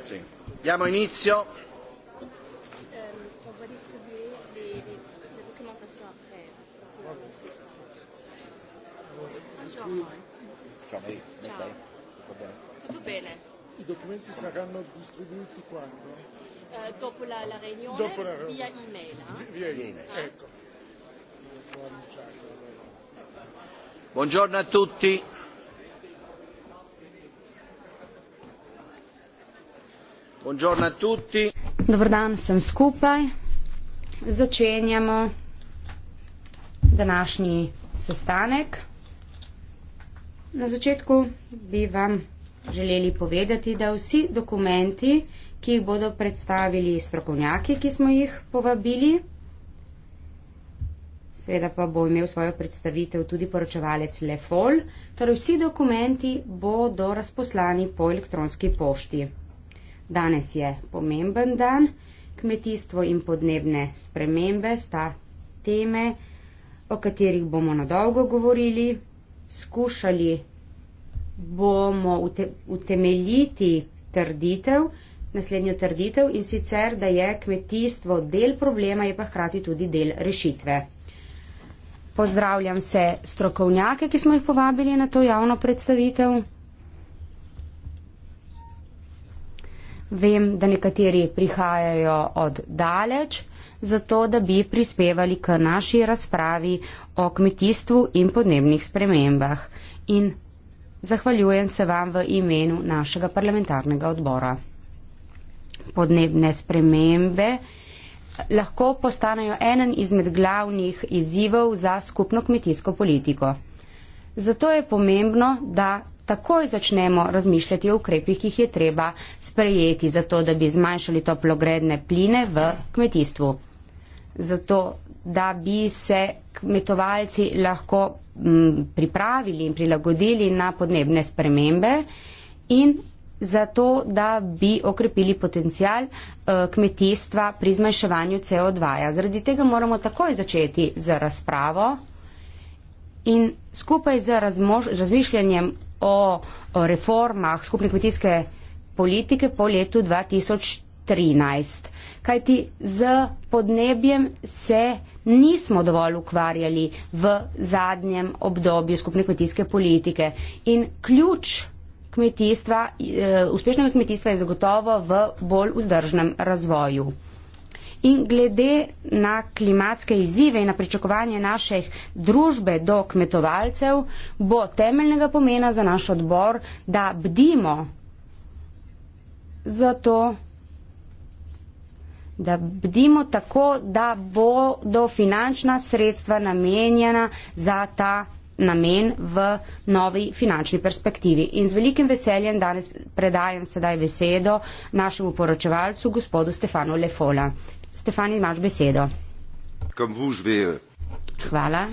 Sì. Diamo inizio. Tutto bene. I documenti saranno distribuiti quando? Eh, dopo la, la riunione dopo la... via email. Eh? Via email. Ah. Ecco. Buongiorno a tutti. Dobar dan vsem skupaj. Začenjamo današnji sestanek. Na začetku bi vam želeli povedati, da vsi dokumenti, ki jih bodo predstavili strokovnjaki, ki smo jih povabili, seveda pa bo imel svojo predstavitev tudi poročevalec Lefol, torej vsi dokumenti bodo razposlani po elektronski pošti. Danes je pomemben dan. Kmetijstvo in podnebne spremembe sta teme, o katerih bomo na dolgo govorili. Skušali bomo ute utemeljiti trditev, naslednjo trditev in sicer, da je kmetijstvo del problema, je pa hkrati tudi del rešitve. Pozdravljam se strokovnjake, ki smo jih povabili na to javno predstavitev. Vem, da nekateri prihajajo od daleč, zato da bi prispevali k naši razpravi o kmetijstvu in podnebnih spremembah. In zahvaljujem se vam v imenu našega parlamentarnega odbora. Podnebne spremembe lahko postanejo enen izmed glavnih izzivov za skupno kmetijsko politiko. Zato je pomembno, da takoj začnemo razmišljati o ukrepih, ki jih je treba sprejeti za to, da bi zmanjšali toplogredne pline v kmetijstvu. Zato, da bi se kmetovalci lahko m, mm, pripravili in prilagodili na podnebne spremembe in zato, da bi okrepili potencial e, kmetijstva pri zmanjševanju CO2. -ja. Zaradi tega moramo takoj začeti z razpravo in skupaj z razmišljanjem o reformah skupne kmetijske politike po letu 2013. Kajti z podnebjem se nismo dovolj ukvarjali v zadnjem obdobju skupne kmetijske politike in ključ kmetijstva, eh, uspešnega kmetijstva je zagotovo v bolj vzdržnem razvoju. In glede na klimatske izzive in na pričakovanje naše družbe do kmetovalcev, bo temeljnega pomena za naš odbor, da bdimo za to, da bdimo tako, da bodo finančna sredstva namenjena za ta namen v novi finančni perspektivi. In z velikim veseljem danes predajam sedaj besedo našemu poročevalcu, gospodu Stefanu Lefola. Stefani, imaš besedo. Euh, Hvala,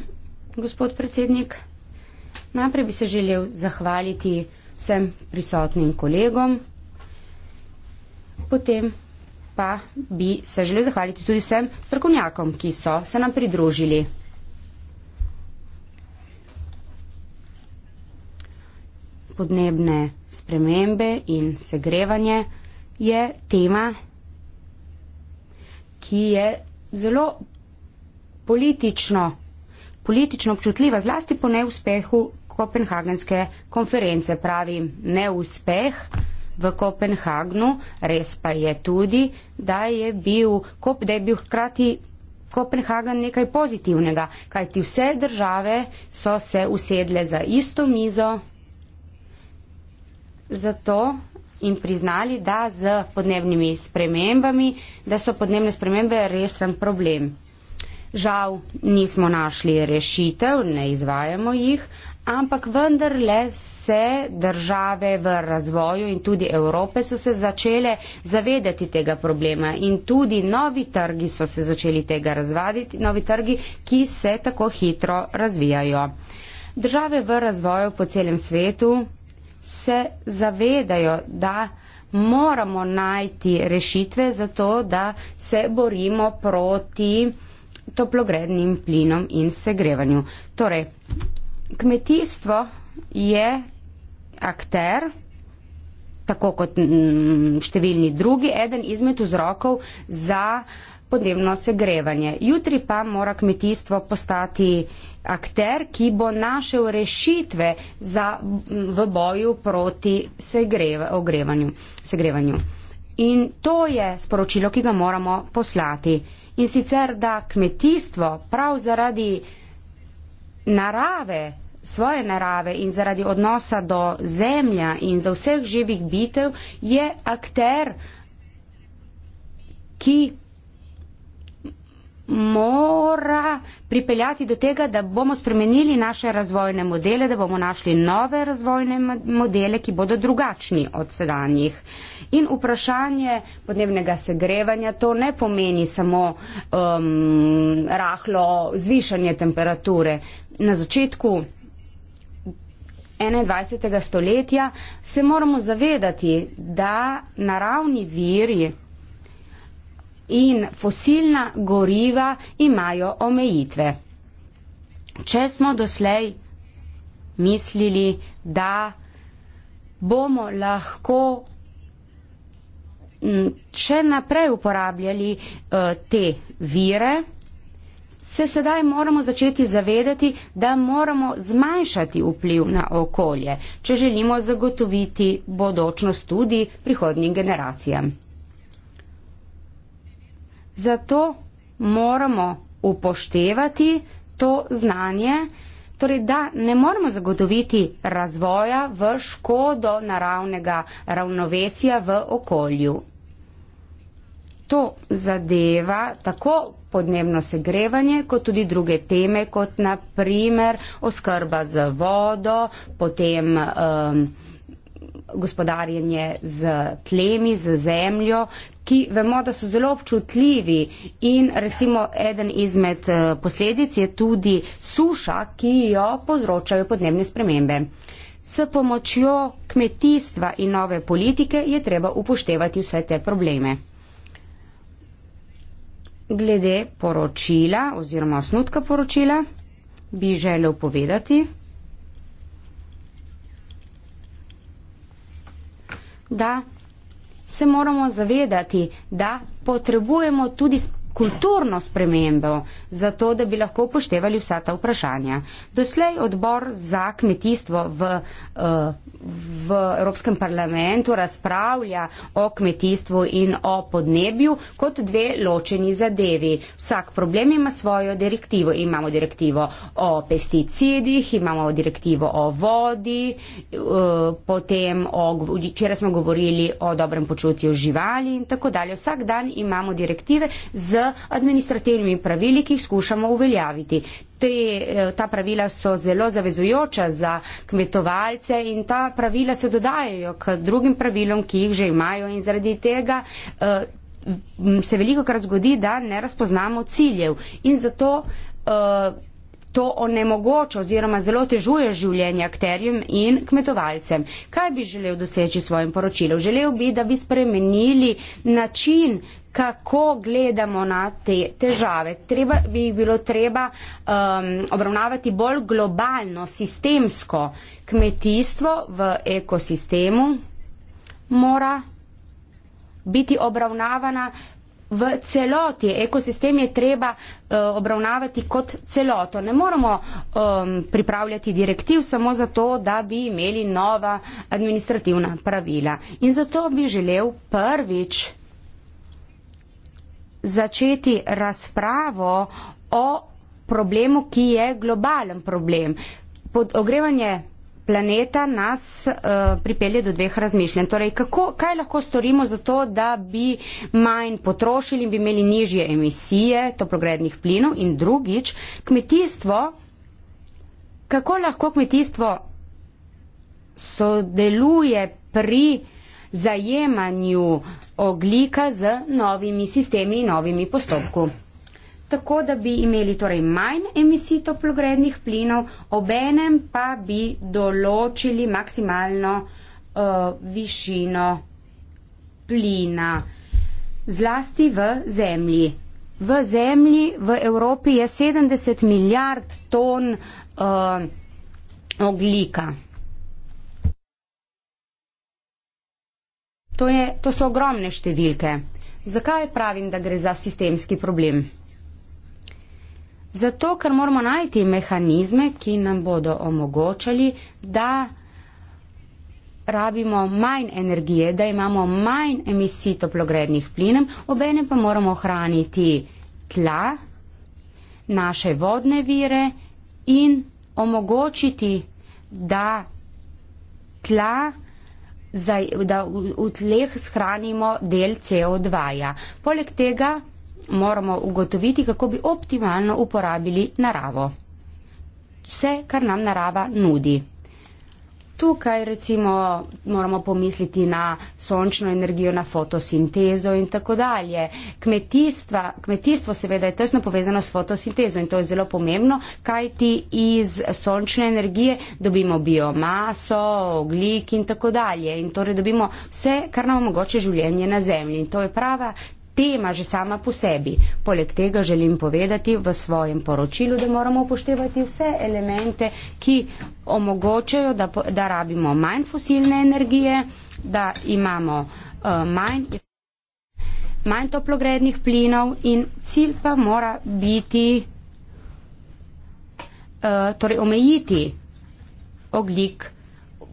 gospod predsednik. Najprej bi se želel zahvaliti vsem prisotnim kolegom, potem pa bi se želel zahvaliti tudi vsem strokovnjakom, ki so se nam pridružili. Podnebne spremembe in segrevanje je tema, ki je zelo politično, politično občutljiva, zlasti po neuspehu kopenhagenske konference. Pravi neuspeh v Kopenhagnu, res pa je tudi, da je bil, da je bil hkrati. Kopenhagen nekaj pozitivnega, kajti vse države so se usedle za isto mizo, zato in priznali, da z podnebnimi spremembami, da so podnebne spremembe resen problem. Žal nismo našli rešitev, ne izvajamo jih, ampak vendarle se države v razvoju in tudi Evrope so se začele zavedati tega problema in tudi novi trgi so se začeli tega razvaditi, novi trgi, ki se tako hitro razvijajo. Države v razvoju po celem svetu se zavedajo, da moramo najti rešitve za to, da se borimo proti toplogrednim plinom in segrevanju. Torej, kmetijstvo je akter, tako kot m, mm, številni drugi, eden izmed vzrokov za uh, podnebno segrevanje. Jutri pa mora kmetijstvo postati akter, ki bo našel rešitve za, v boju proti segreva, ogrevanju, segrevanju. In to je sporočilo, ki ga moramo poslati. In sicer, da kmetijstvo prav zaradi narave, svoje narave in zaradi odnosa do zemlja in do vseh živih bitev je akter, ki mora pripeljati do tega, da bomo spremenili naše razvojne modele, da bomo našli nove razvojne modele, ki bodo drugačni od sedanjih. In vprašanje podnebnega segrevanja to ne pomeni samo um, rahlo zvišanje temperature. Na začetku 21. stoletja se moramo zavedati, da naravni viri in fosilna goriva imajo omejitve. Če smo doslej mislili, da bomo lahko še naprej uporabljali e, te vire, se sedaj moramo začeti zavedati, da moramo zmanjšati vpliv na okolje, če želimo zagotoviti bodočnost tudi prihodnjim generacijam. Zato moramo upoštevati to znanje, torej da ne moramo zagotoviti razvoja v škodo naravnega ravnovesja v okolju. To zadeva tako podnebno segrevanje, kot tudi druge teme, kot naprimer oskrba z vodo, potem um, gospodarjenje z tlemi, z zemljo, ki vemo, da so zelo občutljivi in recimo eden izmed eh, posledic je tudi suša, ki jo povzročajo podnebne spremembe. S pomočjo kmetijstva in nove politike je treba upoštevati vse te probleme. Glede poročila oziroma osnutka poročila bi želel povedati, da se moramo zavedati, da potrebujemo tudi kulturno spremembo, zato da bi lahko upoštevali vsa ta vprašanja. Doslej odbor za kmetijstvo v, eh, v Evropskem parlamentu razpravlja o kmetijstvu in o podnebju kot dve ločeni zadevi. Vsak problem ima svojo direktivo. Imamo direktivo o pesticidih, imamo direktivo o vodi, eh, potem o, včeraj smo govorili o dobrem počutju živali in tako dalje. Vsak dan imamo direktive. Z administrativnimi pravili, ki jih skušamo uveljaviti. Te, eh, ta pravila so zelo zavezujoča za kmetovalce in ta pravila se dodajajo k drugim pravilom, ki jih že imajo in zaradi tega eh, se veliko krat zgodi, da ne razpoznamo ciljev in zato eh, to onemogoča oziroma zelo težuje življenje akterjem in kmetovalcem. Kaj bi želel doseči svojim poročilom? Želel bi, da bi spremenili način kako gledamo na te težave. Treba, bi jih bilo treba um, obravnavati bolj globalno, sistemsko. Kmetijstvo v ekosistemu mora biti obravnavana v celoti. Ekosistem je treba uh, obravnavati kot celoto. Ne moramo um, pripravljati direktiv samo zato, da bi imeli nova administrativna pravila. In zato bi želel prvič začeti razpravo o problemu, ki je globalen problem. Pod ogrevanje planeta nas uh, pripelje do dveh razmišljanj. Torej, kako, kaj lahko storimo za to, da bi manj potrošili in bi imeli nižje emisije toplogrednih plinov? In drugič, kmetijstvo, kako lahko kmetijstvo sodeluje pri zajemanju oglika z novimi sistemi in novimi postopki. Tako da bi imeli torej manj emisij toplogrednih plinov, obenem pa bi določili maksimalno uh, višino plina, zlasti v zemlji. V zemlji v Evropi je 70 milijard ton uh, oglika. To, je, to so ogromne številke. Zakaj pravim, da gre za sistemski problem? Zato, ker moramo najti mehanizme, ki nam bodo omogočali, da rabimo manj energije, da imamo manj emisij toplogrednih plinem, obenem pa moramo ohraniti tla, naše vodne vire in omogočiti, da tla za, da v, v tleh shranimo del CO2. -ja. Poleg tega moramo ugotoviti, kako bi optimalno uporabili naravo. Vse, kar nam narava nudi. Tukaj recimo moramo pomisliti na sončno energijo, na fotosintezo in tako dalje. Kmetijstvo seveda je tesno povezano s fotosintezo in to je zelo pomembno, kaj ti iz sončne energije dobimo biomaso, oglik in tako dalje. In torej dobimo vse, kar nam omogoče življenje na zemlji. In to je prava tema že sama po sebi. Poleg tega želim povedati v svojem poročilu, da moramo upoštevati vse elemente, ki omogočajo, da, da rabimo manj fosilne energije, da imamo uh, manj, manj toplogrednih plinov in cilj pa mora biti uh, torej omejiti oglik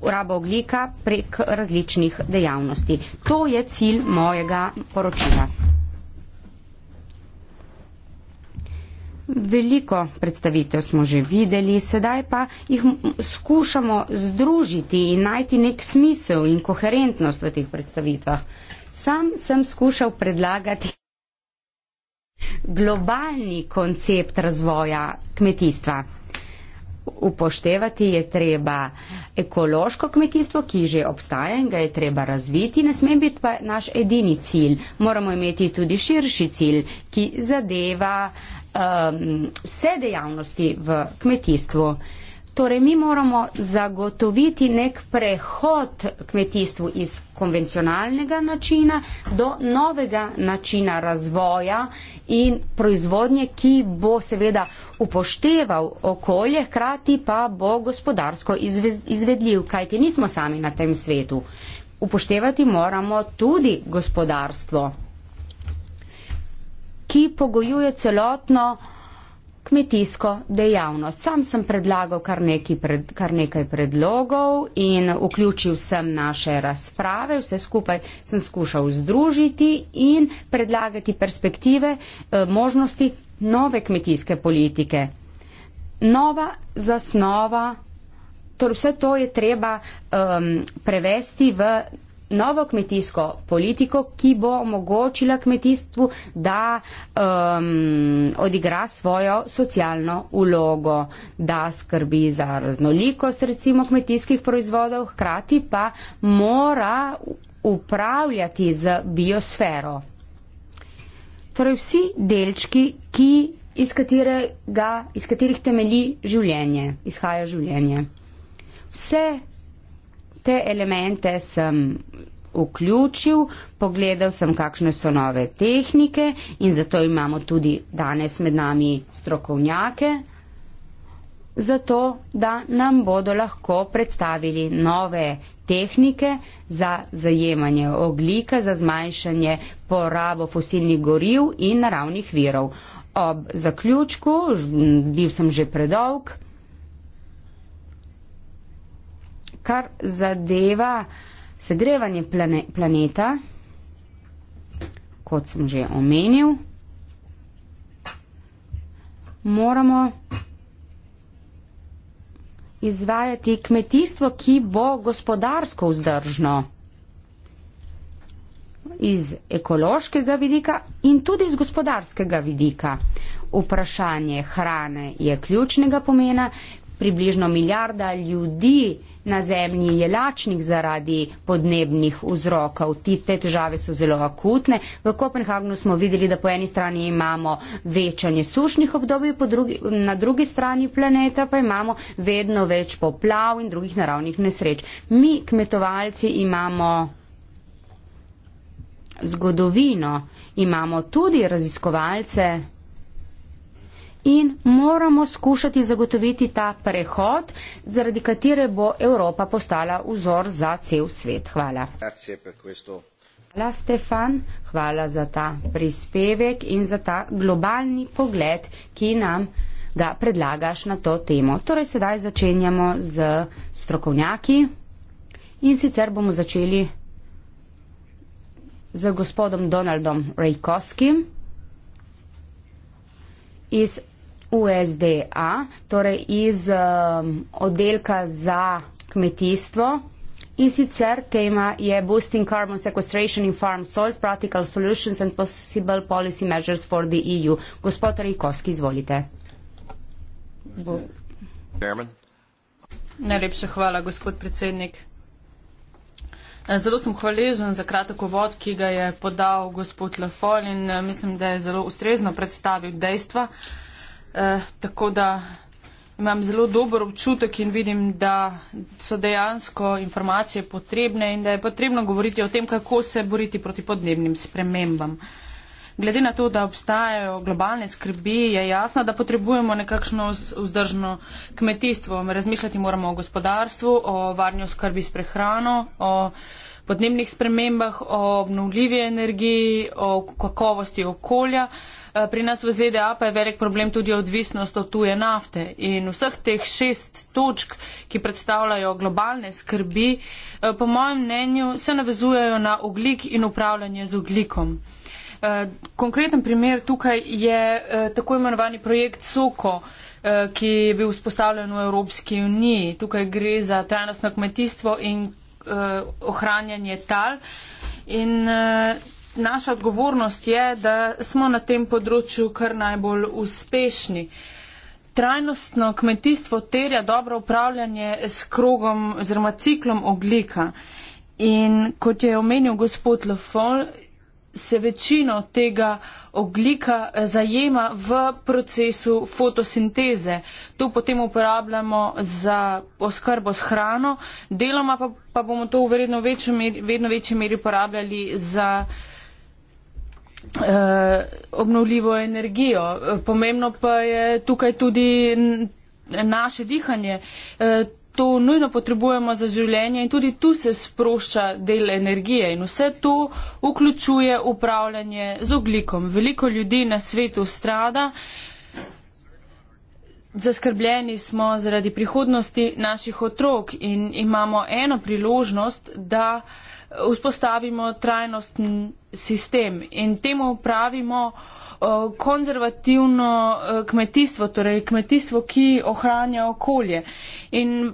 uraba oglika prek različnih dejavnosti. To je cilj mojega poročila. Veliko predstavitev smo že videli, sedaj pa jih skušamo združiti in najti nek smisel in koherentnost v teh predstavitvah. Sam sem skušal predlagati globalni koncept razvoja kmetijstva. Upoštevati je treba ekološko kmetijstvo, ki že obstaja in ga je treba razviti, ne sme biti pa naš edini cilj. Moramo imeti tudi širši cilj, ki zadeva um, vse dejavnosti v kmetijstvu. Torej, mi moramo zagotoviti nek prehod kmetijstvu iz konvencionalnega načina do novega načina razvoja in proizvodnje, ki bo seveda upošteval okolje, hkrati pa bo gospodarsko izvedljiv, kajti nismo sami na tem svetu. Upoštevati moramo tudi gospodarstvo ki pogojuje celotno kmetijsko dejavnost. Sam sem predlagal kar nekaj, pred, kar nekaj predlogov in vključil sem naše razprave, vse skupaj sem skušal združiti in predlagati perspektive, eh, možnosti nove kmetijske politike. Nova zasnova, torej vse to je treba um, prevesti v novo kmetijsko politiko, ki bo omogočila kmetijstvu, da um, odigra svojo socialno ulogo, da skrbi za raznolikost recimo kmetijskih proizvodov, hkrati pa mora upravljati z biosfero. Torej vsi delčki, ki, iz, katerega, iz katerih temelji življenje, izhaja življenje. Vse te elemente sem vključil, pogledal sem, kakšne so nove tehnike in zato imamo tudi danes med nami strokovnjake, zato da nam bodo lahko predstavili nove tehnike za zajemanje oglika, za zmanjšanje porabo fosilnih goriv in naravnih virov. Ob zaključku, bil sem že predolg, kar zadeva segrevanje plane, planeta, kot sem že omenil, moramo izvajati kmetijstvo, ki bo gospodarsko vzdržno iz ekološkega vidika in tudi iz gospodarskega vidika. Vprašanje hrane je ključnega pomena, Približno milijarda ljudi na zemlji je lačnih zaradi podnebnih vzrokov. Ti, te težave so zelo akutne. V Kopenhagnu smo videli, da po eni strani imamo večanje sušnih obdobij, drugi, na drugi strani planeta pa imamo vedno več poplav in drugih naravnih nesreč. Mi, kmetovalci, imamo zgodovino, imamo tudi raziskovalce, in moramo skušati zagotoviti ta prehod, zaradi katere bo Evropa postala vzor za cel svet. Hvala. Hvala Stefan, hvala za ta prispevek in za ta globalni pogled, ki nam ga predlagaš na to temo. Torej, sedaj začenjamo z strokovnjaki in sicer bomo začeli z gospodom Donaldom Rejkovskim iz USDA, torej iz um, oddelka za kmetijstvo. In sicer tema je Boosting Carbon Sequestration in Farm Soils, Practical Solutions and Possible Policy Measures for the EU. Gospod Rejkovski, izvolite. Najlepša hvala, gospod predsednik. Zelo sem hvaležen za kratek uvod, ki ga je podal gospod Lafol in eh, mislim, da je zelo ustrezno predstavil dejstva, uh, Eh, tako da imam zelo dober občutek in vidim, da so dejansko informacije potrebne in da je potrebno govoriti o tem, kako se boriti proti podnebnim spremembam. Glede na to, da obstajajo globalne skrbi, je jasno, da potrebujemo nekakšno vzdržno kmetijstvo. Razmišljati moramo o gospodarstvu, o varnju skrbi s prehrano, o podnebnih spremembah, o obnovljivi energiji, o kakovosti okolja. Eh, Eh, pri nas v ZDA pa je velik problem tudi odvisnost od tuje nafte in vseh teh šest točk, ki predstavljajo globalne skrbi, eh, po mojem mnenju se navezujejo na oglik in upravljanje z oglikom. Eh, konkreten primer tukaj je tako imenovani projekt SOKO, ki je bil vzpostavljen v Evropski uniji. Tukaj gre za trajnostno kmetijstvo in ohranjanje tal. In, naša odgovornost je, da smo na tem področju kar najbolj uspešni. Trajnostno kmetijstvo terja dobro upravljanje s krogom oziroma ciklom oglika. In kot je omenil gospod Lofon, se večino tega oglika zajema v procesu fotosinteze. To potem uporabljamo za oskrbo s hrano, deloma pa, pa bomo to v vedno večji meri, meri uporabljali za uh, Eh, obnovljivo energijo. Pomembno pa je tukaj tudi naše dihanje. Eh, to nujno potrebujemo za življenje in tudi tu se sprošča del energije in vse to vključuje upravljanje z oglikom. Veliko ljudi na svetu strada. Zaskrbljeni smo zaradi prihodnosti naših otrok in imamo eno priložnost, da uh, vzpostavimo trajnostni sistem in temu pravimo eh, konzervativno eh, kmetijstvo, torej kmetijstvo, ki ohranja okolje. In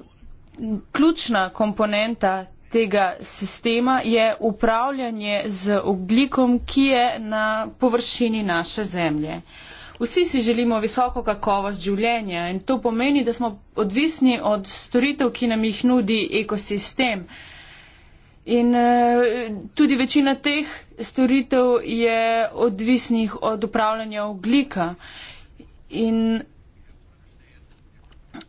ključna komponenta tega sistema je upravljanje z oglikom, ki je na površini naše zemlje. Vsi si želimo visoko kakovost življenja in to pomeni, da smo odvisni od storitev, ki nam jih nudi ekosistem. In uh, tudi večina teh storitev je odvisnih od upravljanja oglika. In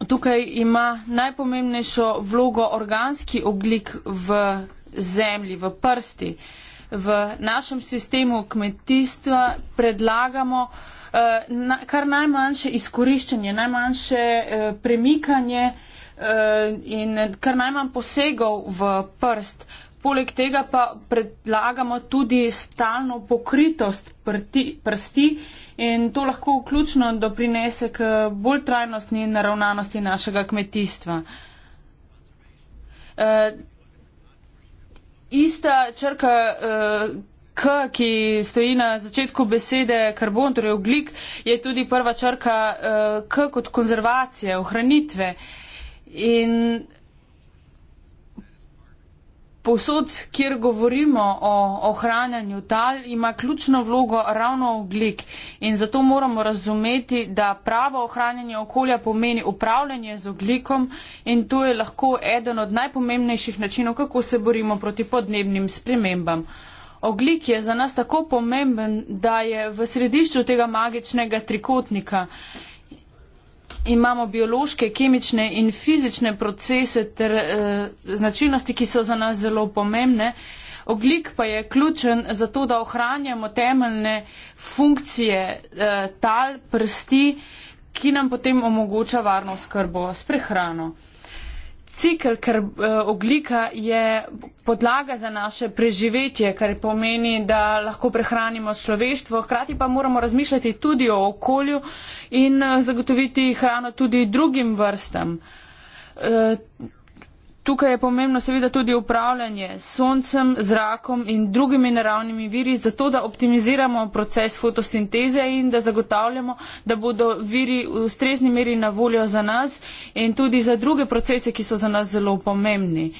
tukaj ima najpomembnejšo vlogo organski oglik v zemlji, v prsti. V našem sistemu kmetijstva predlagamo uh, na, kar najmanjše izkoriščanje, najmanjše uh, premikanje uh, in kar najmanj posegov v prst. Poleg tega pa predlagamo tudi stalno pokritost prti, prsti in to lahko vključno doprinese k bolj trajnostni naravnanosti našega kmetijstva. E, ista črka e, K, ki stoji na začetku besede karbon, torej oglik, je tudi prva črka e, K kot konzervacije, ohranitve. In Povsod, kjer govorimo o ohranjanju tal, ima ključno vlogo ravno oglik in zato moramo razumeti, da pravo ohranjanje okolja pomeni upravljanje z oglikom in to je lahko eden od najpomembnejših načinov, kako se borimo proti podnebnim spremembam. Oglik je za nas tako pomemben, da je v središču tega magičnega trikotnika imamo biološke, kemične in fizične procese ter eh, značilnosti, ki so za nas zelo pomembne. Oglik pa je ključen za to, da ohranjamo temeljne funkcije eh, tal, prsti, ki nam potem omogoča varno skrbo s prehrano cikl, ker uh, oglika je podlaga za naše preživetje, kar pomeni, da lahko prehranimo človeštvo, hkrati pa moramo razmišljati tudi o okolju in uh, zagotoviti hrano tudi drugim vrstam. Uh, Tukaj je pomembno seveda tudi upravljanje s soncem, zrakom in drugimi naravnimi viri, zato da optimiziramo proces fotosinteze in da zagotavljamo, da bodo viri v ustrezni meri na voljo za nas in tudi za druge procese, ki so za nas zelo pomembni.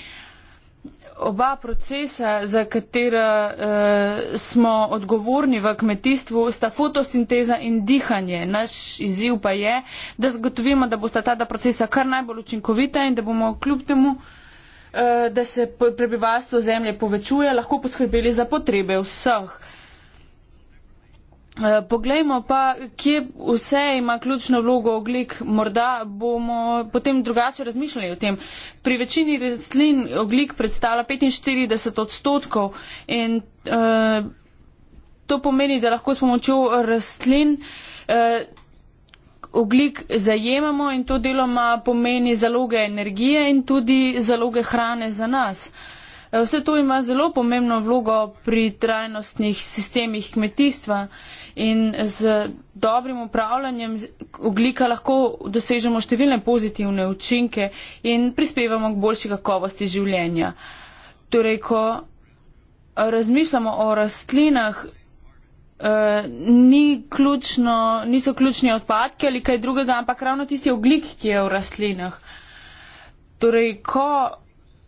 Oba procesa, za katera eh, smo odgovorni v kmetijstvu, sta fotosinteza in dihanje. Naš izziv pa je, da zagotovimo, da bosta ta dva procesa kar najbolj učinkovita in da bomo kljub temu. Eh, da se prebivalstvo zemlje povečuje, lahko poskrbeli za potrebe vseh. Eh, poglejmo pa, kje vse ima ključno vlogo oglik, morda bomo potem drugače razmišljali o tem. Pri večini rastlin oglik predstavlja 45 odstotkov in uh, to pomeni, da lahko s pomočjo rastlin uh, oglik zajemamo in to deloma pomeni zaloge energije in tudi zaloge hrane za nas. Eh, vse to ima zelo pomembno vlogo pri trajnostnih sistemih kmetijstva in z dobrim upravljanjem oglika lahko dosežemo številne pozitivne učinke in prispevamo k boljši kakovosti življenja. Torej, ko razmišljamo o rastlinah, Eh, ni ključno, niso ključni odpadki ali kaj drugega, ampak ravno tisti oglik, ki je v rastlinah. Torej, ko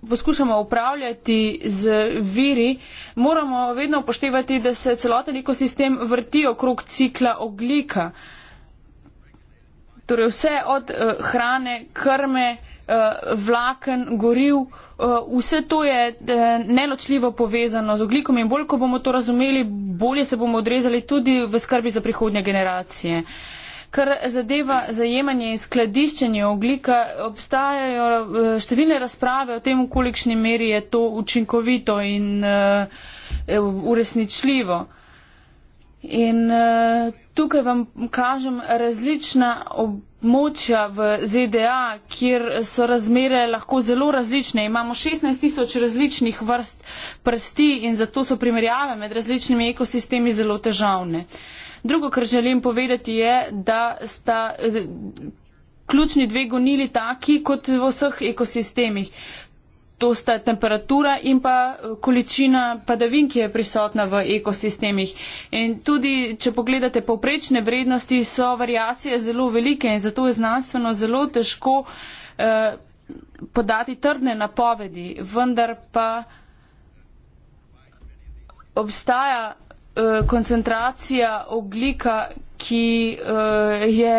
poskušamo upravljati z viri, moramo vedno upoštevati, da se celoten ekosistem vrti okrog cikla oglika. Torej, vse od uh, hrane, krme, Eh, vlaken, goril, eh, vse to je eh, neločljivo povezano z oglikom in bolj, ko bomo to razumeli, bolje se bomo odrezali tudi v skrbi za prihodnje generacije. Kar zadeva zajemanje in skladiščenje oglika, obstajajo številne razprave o tem, v kolikšni meri je to učinkovito in uresničljivo. In tukaj vam kažem različna oblika območja v ZDA, kjer so razmere lahko zelo različne. Imamo 16 tisoč različnih vrst prsti in zato so primerjave med različnimi ekosistemi zelo težavne. Drugo, kar želim povedati, je, da sta eh, ključni dve gonili taki kot v vseh ekosistemih to sta temperatura in pa eh, količina padavin, ki je prisotna v ekosistemih. In tudi, če pogledate povprečne vrednosti, so variacije zelo velike in zato je znanstveno zelo težko eh, podati trdne napovedi, vendar pa obstaja eh, koncentracija oglika, ki eh, je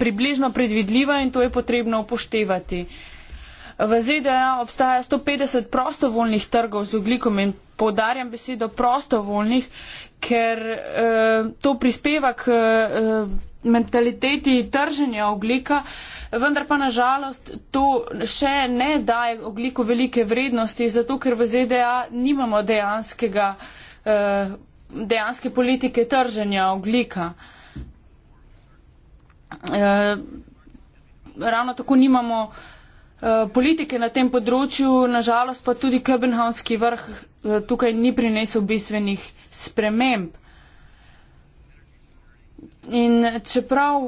približno predvidljiva in to je potrebno upoštevati. Eh, V ZDA obstaja 150 prostovoljnih trgov z oglikom in podarjam besedo prostovoljnih, ker eh, to prispeva k eh, mentaliteti trženja oglika, vendar pa nažalost to še ne daje ogliku velike vrednosti, zato ker v ZDA nimamo dejanskega, eh, dejanske politike trženja oglika. Eh, ravno tako nimamo eh, Eh, politike na tem področju, nažalost pa tudi Köbenhavnski vrh eh, tukaj ni prinesel bistvenih sprememb. In čeprav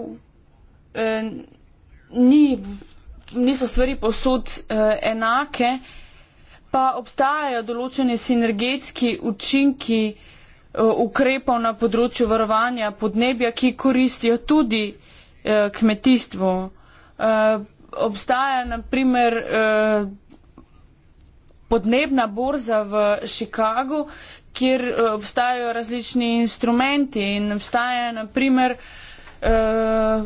eh, ni, niso stvari posod eh, enake, pa obstajajo določene sinergetski učinki eh, ukrepov na področju varovanja podnebja, ki koristijo tudi eh, kmetijstvu. Eh, obstaja naprimer eh, podnebna borza v Chicagu, kjer eh, obstajajo različni instrumenti in obstaja naprimer eh,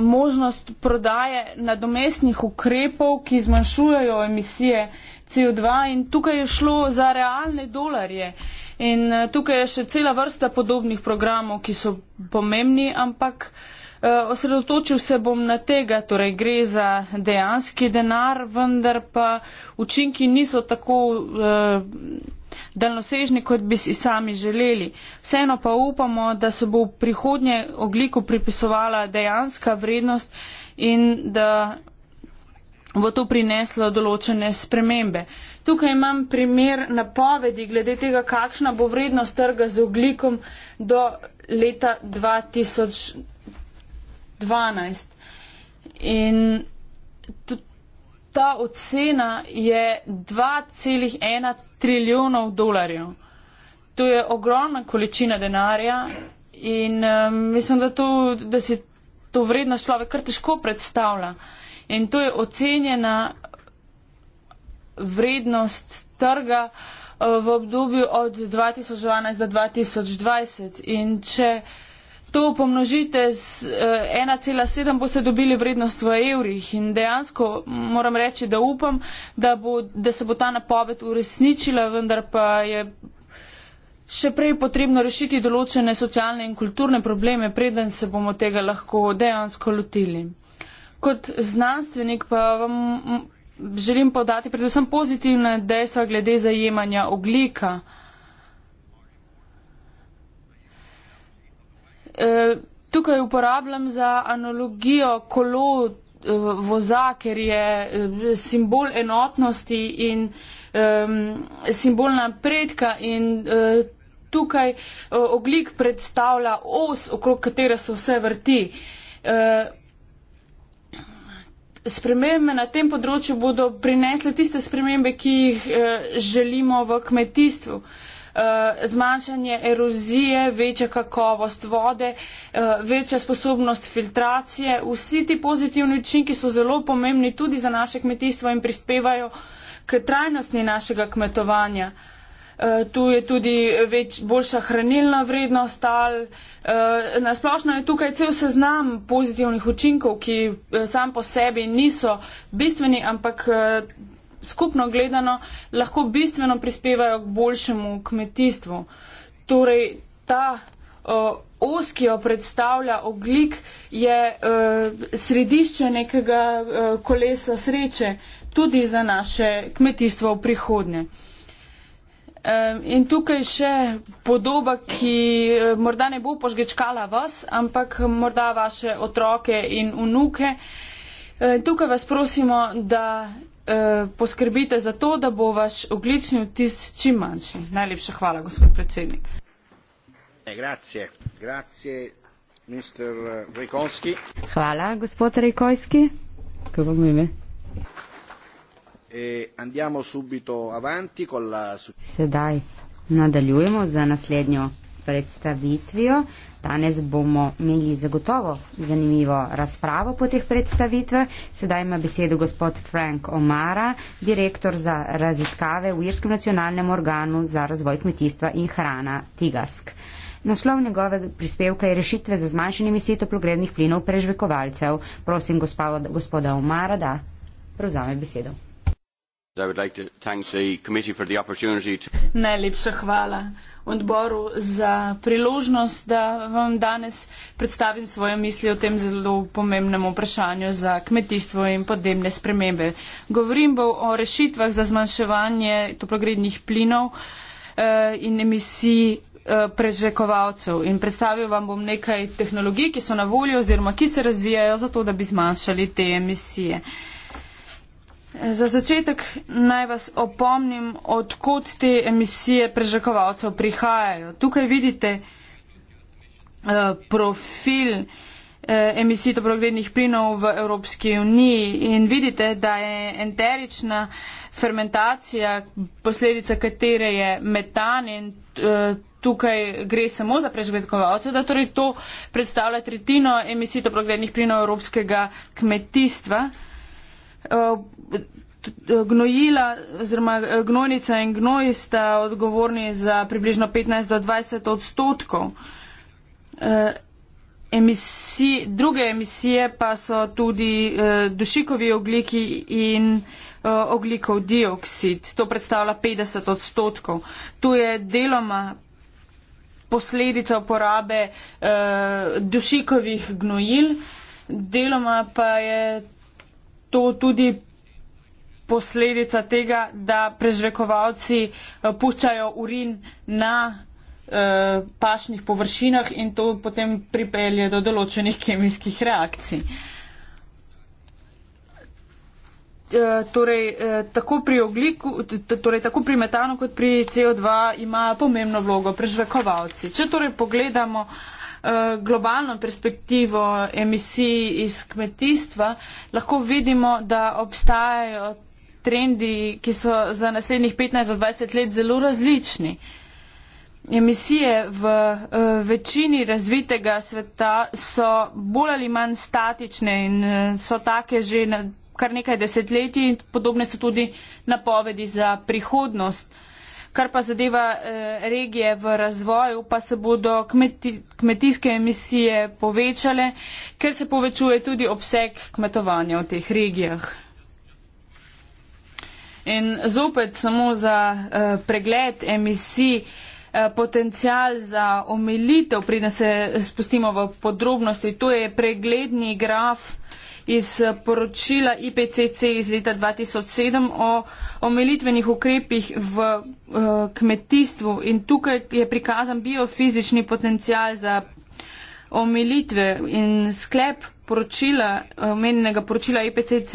možnost prodaje nadomestnih ukrepov, ki zmanjšujejo emisije CO2 in tukaj je šlo za realne dolarje. In tukaj je še cela vrsta podobnih programov, ki so pomembni, ampak uh, Eh, osredotočil se bom na tega, torej gre za dejanski denar, vendar pa učinki niso tako eh, daljnosežni, kot bi si sami želeli. Vseeno pa upamo, da se bo v prihodnje ogliku pripisovala dejanska vrednost in da bo to prineslo določene spremembe. Tukaj imam primer napovedi glede tega, kakšna bo vrednost trga z oglikom do leta 2020. 12. In ta ocena je 2,1 trilijonov dolarjev. To je ogromna količina denarja in um, mislim, da, to, da si to vredno človek kar težko predstavlja. In to je ocenjena vrednost trga uh, v obdobju od 2012 do 2020. In če To pomnožite z 1,7, eh, boste dobili vrednost v evrih in dejansko moram reči, da upam, da, bo, da se bo ta napoved uresničila, vendar pa je še prej potrebno rešiti določene socialne in kulturne probleme, preden se bomo tega lahko dejansko lotili. Kot znanstvenik pa vam želim podati predvsem pozitivne dejstva glede zajemanja oglika. Eh, tukaj uporabljam za analogijo kolo eh, voza, ker je eh, simbol enotnosti in um, simbol napredka in uh, tukaj uh, oglik predstavlja os, okrog katere se vse vrti. Uh, spremembe na tem področju bodo prinesle tiste spremembe, ki jih uh, želimo v kmetijstvu. Uh, Eh, zmanjšanje erozije, večja kakovost vode, eh, večja sposobnost filtracije. Vsi ti pozitivni učinki so zelo pomembni tudi za naše kmetijstvo in prispevajo k trajnostni našega kmetovanja. Eh, tu je tudi več, boljša hranilna vrednost tal. Na splošno je tukaj cel seznam pozitivnih učinkov, ki sam po sebi niso bistveni, ampak skupno gledano lahko bistveno prispevajo k boljšemu kmetijstvu. Torej, ta uh, os, ki jo predstavlja oglik, je uh, središče nekega uh, kolesa sreče tudi za naše kmetijstvo v prihodnje. In tukaj še podoba, ki e, morda ne bo požgečkala vas, ampak morda vaše otroke in unuke. E, tukaj vas prosimo, da Eh, poskrbite za to, da bo vaš oglični vtis čim manjši. Najlepša hvala, gospod predsednik. Eh, grazie. Grazie, mister eh, Rejkovski. Hvala, gospod Rejkovski. Kako mi je? E, Sedaj nadaljujemo za naslednjo predstavitvijo. Danes bomo imeli zagotovo zanimivo razpravo po teh predstavitvah. Sedaj ima besedo gospod Frank Omara, direktor za raziskave v Irskem nacionalnem organu za razvoj kmetijstva in hrana Tigask. Naslov njegove prispevka je rešitve za zmanjšanje emisij toplogrednih plinov prežvekovalcev. Prosim gospoda Omara, da prevzame besedo. Like to... Najlepša hvala odboru za priložnost, da vam danes predstavim svoje misli o tem zelo pomembnem vprašanju za kmetijstvo in podnebne spremembe. Govorim bo o rešitvah za zmanjševanje toplogrednih plinov eh, in emisij eh, prežekovalcev in predstavil vam bom nekaj tehnologij, ki so na voljo oziroma ki se razvijajo za to, da bi zmanjšali te emisije. Eh, Za začetek naj vas opomnim, odkot te emisije prežakovalcev prihajajo. Tukaj vidite uh, profil eh, emisij toproglednih plinov v Evropski uniji in vidite, da je enterična fermentacija, posledica katere je metan in eh, tukaj gre samo za prežgledkovalce, da torej to predstavlja tretjino emisij toproglednih plinov evropskega kmetijstva. Eh, gnojila oziroma eh, gnojnica in gnoj sta odgovorni za približno 15 do 20 odstotkov. Eh, Emisij, druge emisije pa so tudi dušikovi ogliki in oglikov dioksid. To predstavlja 50 odstotkov. Tu je deloma posledica uporabe dušikovih gnojil, deloma pa je to tudi posledica tega, da prežrekovalci eh, puščajo urin na eh, pašnih površinah in to potem pripelje do določenih kemijskih reakcij. Eh, torej, tako pri ogliku, torej, tako pri metanu kot pri CO2 ima pomembno vlogo prežvekovalci. Če torej pogledamo uh, Eh, globalno perspektivo emisij iz kmetijstva, lahko vidimo, da obstajajo trendi, ki so za naslednjih 15-20 let zelo različni. Emisije v eh, večini razvitega sveta so bolj ali manj statične in eh, so take že kar nekaj desetletij in podobne so tudi napovedi za prihodnost. Kar pa zadeva eh, regije v razvoju, pa se bodo kmeti, kmetijske emisije povečale, ker se povečuje tudi obseg kmetovanja v teh regijah. In zopet samo za eh, pregled emisij. Eh, potencial za omilitev, preden se spustimo v podrobnosti, to je pregledni graf eh, iz poročila IPCC iz leta 2007 o omilitvenih ukrepih v eh, kmetijstvu in tukaj je prikazan biofizični potencial za omilitve in sklep poročila, omenjenega poročila IPCC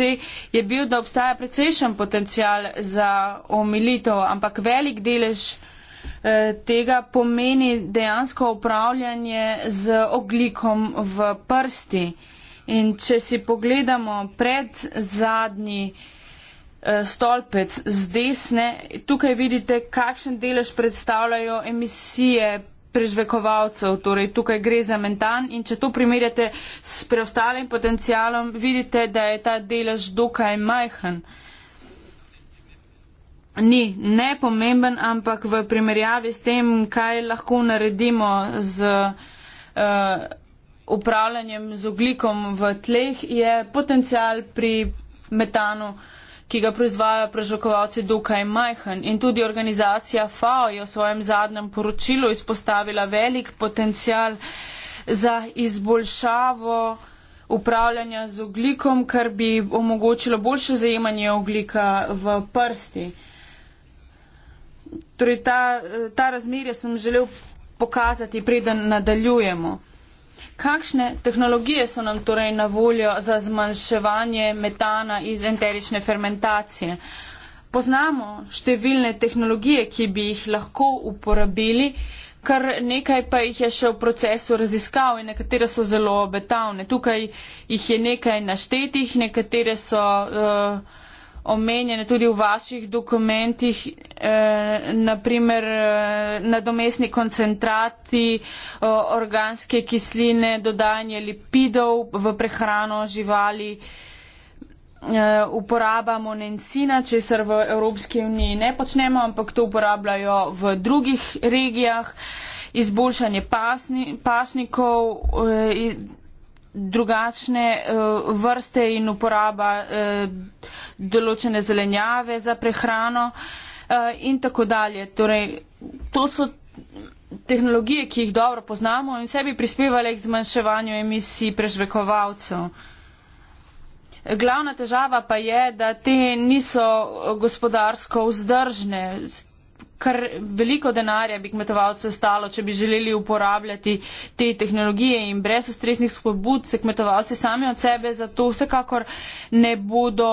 je bil, da obstaja precejšen potencial za omilitev, ampak velik delež eh, tega pomeni dejansko upravljanje z oglikom v prsti. In če si pogledamo pred zadnji eh, stolpec z desne, tukaj vidite, kakšen delež predstavljajo emisije prežvekovalcev, torej tukaj gre za mentan in če to primerjate s preostalim potencialom, vidite, da je ta delež dokaj majhen. Ni nepomemben, ampak v primerjavi s tem, kaj lahko naredimo z. Uh, upravljanjem z oglikom v tleh je potencial pri metanu, ki ga proizvajajo prežvakovalci, dokaj majhen. In tudi organizacija FAO je v svojem zadnjem poročilu izpostavila velik potencial za izboljšavo upravljanja z oglikom, kar bi omogočilo boljše zajemanje oglika v prsti. Torej, ta, eh, ta razmerje sem želel pokazati, preden nadaljujemo. Kakšne tehnologije so nam torej na voljo za zmanjševanje metana iz enterične fermentacije? Poznamo številne tehnologije, ki bi jih lahko uporabili, kar nekaj pa jih je še v procesu raziskav in nekatere so zelo obetavne. Tukaj jih je nekaj naštetih, nekatere so. Uh, omenjene tudi v vaših dokumentih, eh, naprimer eh, nadomestni koncentrati, eh, organske kisline, dodanje lipidov v prehrano živali, eh, uporaba monencina, če se v Evropski uniji ne počnemo, ampak to uporabljajo v drugih regijah, izboljšanje pasni, pasnikov. Eh, drugačne uh, vrste in uporaba uh, določene zelenjave za prehrano uh, in tako dalje. Torej, to so tehnologije, ki jih dobro poznamo in sebi prispevale k zmanjševanju emisij prežvekovalcev. Glavna težava pa je, da te niso gospodarsko vzdržne kar veliko denarja bi kmetovalce stalo, če bi želeli uporabljati te tehnologije in brez ustreznih spodbud se kmetovalci sami od sebe za to vsekakor ne bodo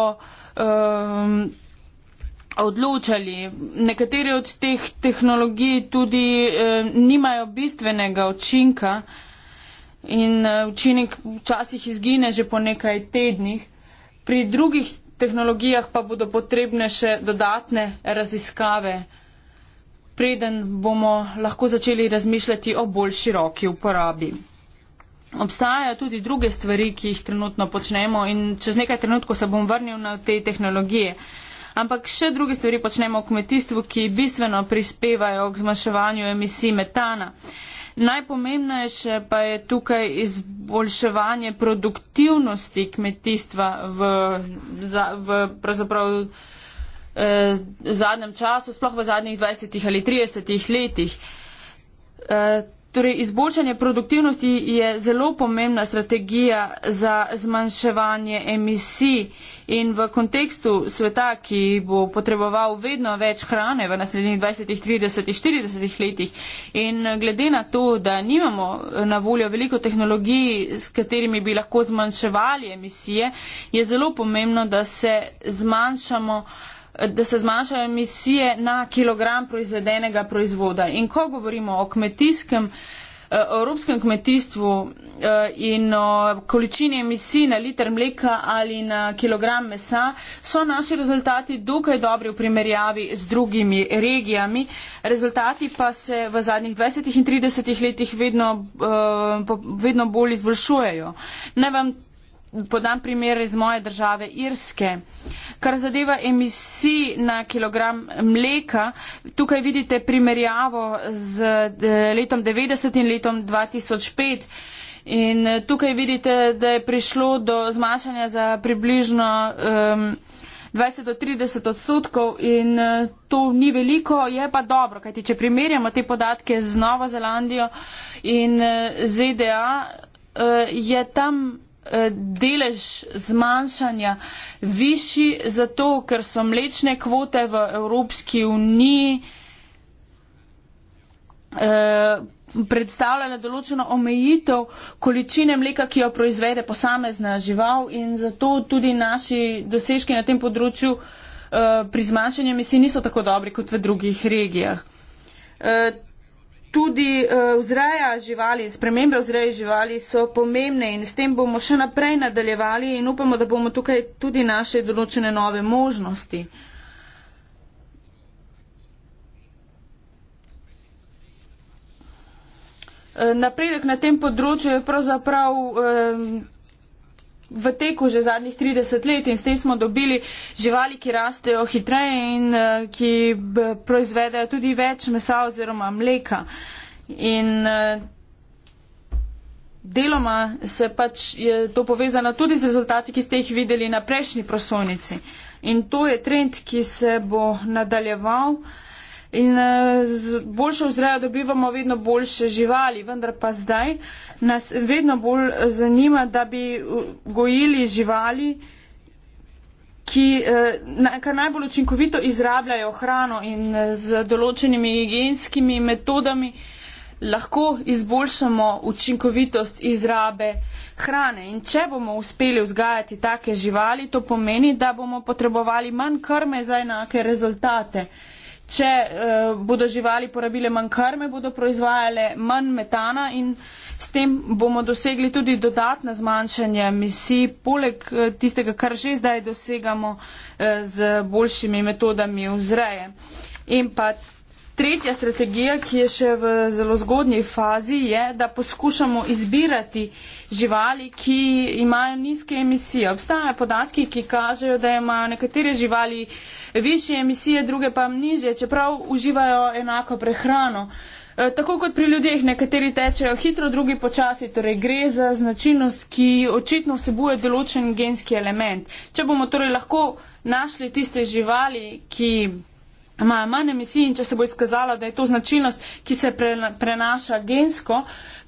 um, odločali. Nekatere od teh tehnologij tudi um, nimajo bistvenega učinka in uh, učinek včasih izgine že po nekaj tednih. Pri drugih tehnologijah pa bodo potrebne še dodatne raziskave preden bomo lahko začeli razmišljati o bolj široki uporabi. Obstajajo tudi druge stvari, ki jih trenutno počnemo in čez nekaj trenutkov se bom vrnil na te tehnologije. Ampak še druge stvari počnemo v kmetijstvu, ki bistveno prispevajo k zmanjševanju emisij metana. Najpomembnejše pa je tukaj izboljševanje produktivnosti kmetijstva v, za, v pravzaprav Eh, v zadnjem času, sploh v zadnjih 20 ali 30 letih. Eh, torej, izboljšanje produktivnosti je zelo pomembna strategija za zmanjševanje emisij in v kontekstu sveta, ki bo potreboval vedno več hrane v naslednjih 20, 30, 40 letih in glede na to, da nimamo na voljo veliko tehnologij, s katerimi bi lahko zmanjševali emisije, je zelo pomembno, da se zmanjšamo da se zmanjšajo emisije na kilogram proizvedenega proizvoda. In ko govorimo o kmetijskem, eh, o evropskem kmetijstvu eh, in o količini emisij na liter mleka ali na kilogram mesa, so naši rezultati dokaj dobri v primerjavi z drugimi regijami. Rezultati pa se v zadnjih 20 in 30 letih vedno, eh, vedno bolj izboljšujejo. Naj vam podam primer iz moje države Irske. Kar zadeva emisij na kilogram mleka, tukaj vidite primerjavo z eh, letom 90 in letom 2005. In eh, tukaj vidite, da je prišlo do zmanjšanja za približno um, ehm, 20 do 30 odstotkov in eh, to ni veliko, je pa dobro, kajti če primerjamo te podatke z Novo Zelandijo in ZDA, uh, je tam Eh, delež zmanjšanja višji, zato ker so mlečne kvote v Evropski uniji eh, predstavljale določeno omejitev količine mleka, ki jo proizvede posamezna žival in zato tudi naši dosežki na tem področju eh, pri zmanjšanju misli niso tako dobri kot v drugih regijah tudi eh, vzreja živali, spremembe vzreje živali so pomembne in s tem bomo še naprej nadaljevali in upamo, da bomo tukaj tudi naše določene nove možnosti. Eh, napredek na tem področju je pravzaprav eh, v teku že zadnjih 30 let in s tem smo dobili živali, ki rastejo hitreje in eh, ki proizvedajo tudi več mesa oziroma mleka. In eh, deloma se pač je to povezano tudi z rezultati, ki ste jih videli na prejšnji prosojnici. In to je trend, ki se bo nadaljeval. Uh, In eh, z boljšo vzrejo dobivamo vedno boljše živali, vendar pa zdaj nas vedno bolj eh, zanima, da bi eh, gojili živali, ki najbolj učinkovito izrabljajo hrano in z določenimi higijenskimi metodami lahko izboljšamo učinkovitost izrabe hrane. In če bomo uspeli vzgajati take živali, to pomeni, da bomo potrebovali manj krme za enake rezultate. Če uh, bodo živali porabile manj krme, bodo proizvajale manj metana in s tem bomo dosegli tudi dodatne zmanjšanje emisij, poleg uh, tistega, kar že zdaj dosegamo uh, z boljšimi metodami vzreje. In pa Tretja strategija, ki je še v zelo zgodnji fazi, je, da poskušamo izbirati živali, ki imajo nizke emisije. Obstajajo podatki, ki kažejo, da imajo nekatere živali više emisije, druge pa niže, čeprav uživajo enako prehrano. E, tako kot pri ljudeh, nekateri tečejo hitro, drugi počasi, torej gre za značilnost, ki očitno vsebuje določen genski element. Če bomo torej lahko našli tiste živali, ki imajo manj emisij in če se bo izkazalo, da je to značilnost, ki se prenaša gensko,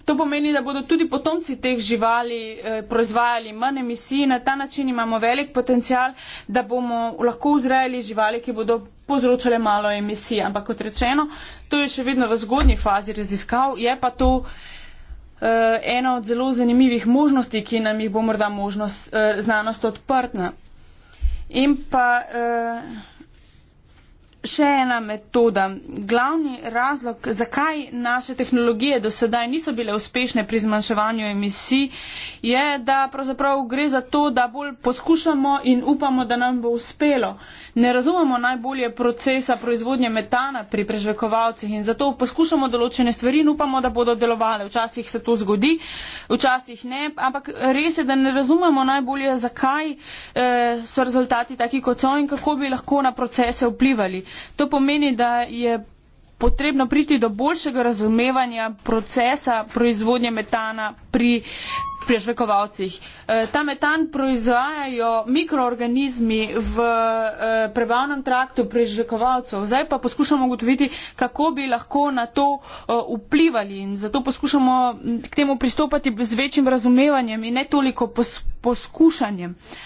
to pomeni, da bodo tudi potomci teh živali eh, proizvajali manj emisij in na ta način imamo velik potencial, da bomo lahko vzrejali živali, ki bodo povzročale malo emisij. Ampak kot rečeno, to je še vedno v zgodnji fazi raziskav, je pa to. Uh, ena od zelo zanimivih možnosti, ki nam jih bo morda možnost uh, znanost odprtna. In pa uh, še ena metoda. Glavni razlog, zakaj naše tehnologije do sedaj niso bile uspešne pri zmanjševanju emisij, je, da pravzaprav gre za to, da bolj poskušamo in upamo, da nam bo uspelo. Ne razumemo najbolje procesa proizvodnje metana pri prežvekovalcih in zato poskušamo določene stvari in upamo, da bodo delovale. Včasih se to zgodi, včasih ne, ampak res je, da ne razumemo najbolje, zakaj eh, so rezultati taki, kot so in kako bi lahko na procese vplivali. To pomeni, da je potrebno priti do boljšega razumevanja procesa proizvodnje metana pri prežvekovalcih. E, ta metan proizvajajo mikroorganizmi v e, prebavnem traktu prežvekovalcev. Zdaj pa poskušamo ugotoviti, kako bi lahko na to e, vplivali in zato poskušamo k temu pristopati z večjim razumevanjem in ne toliko poskušanjem. Pos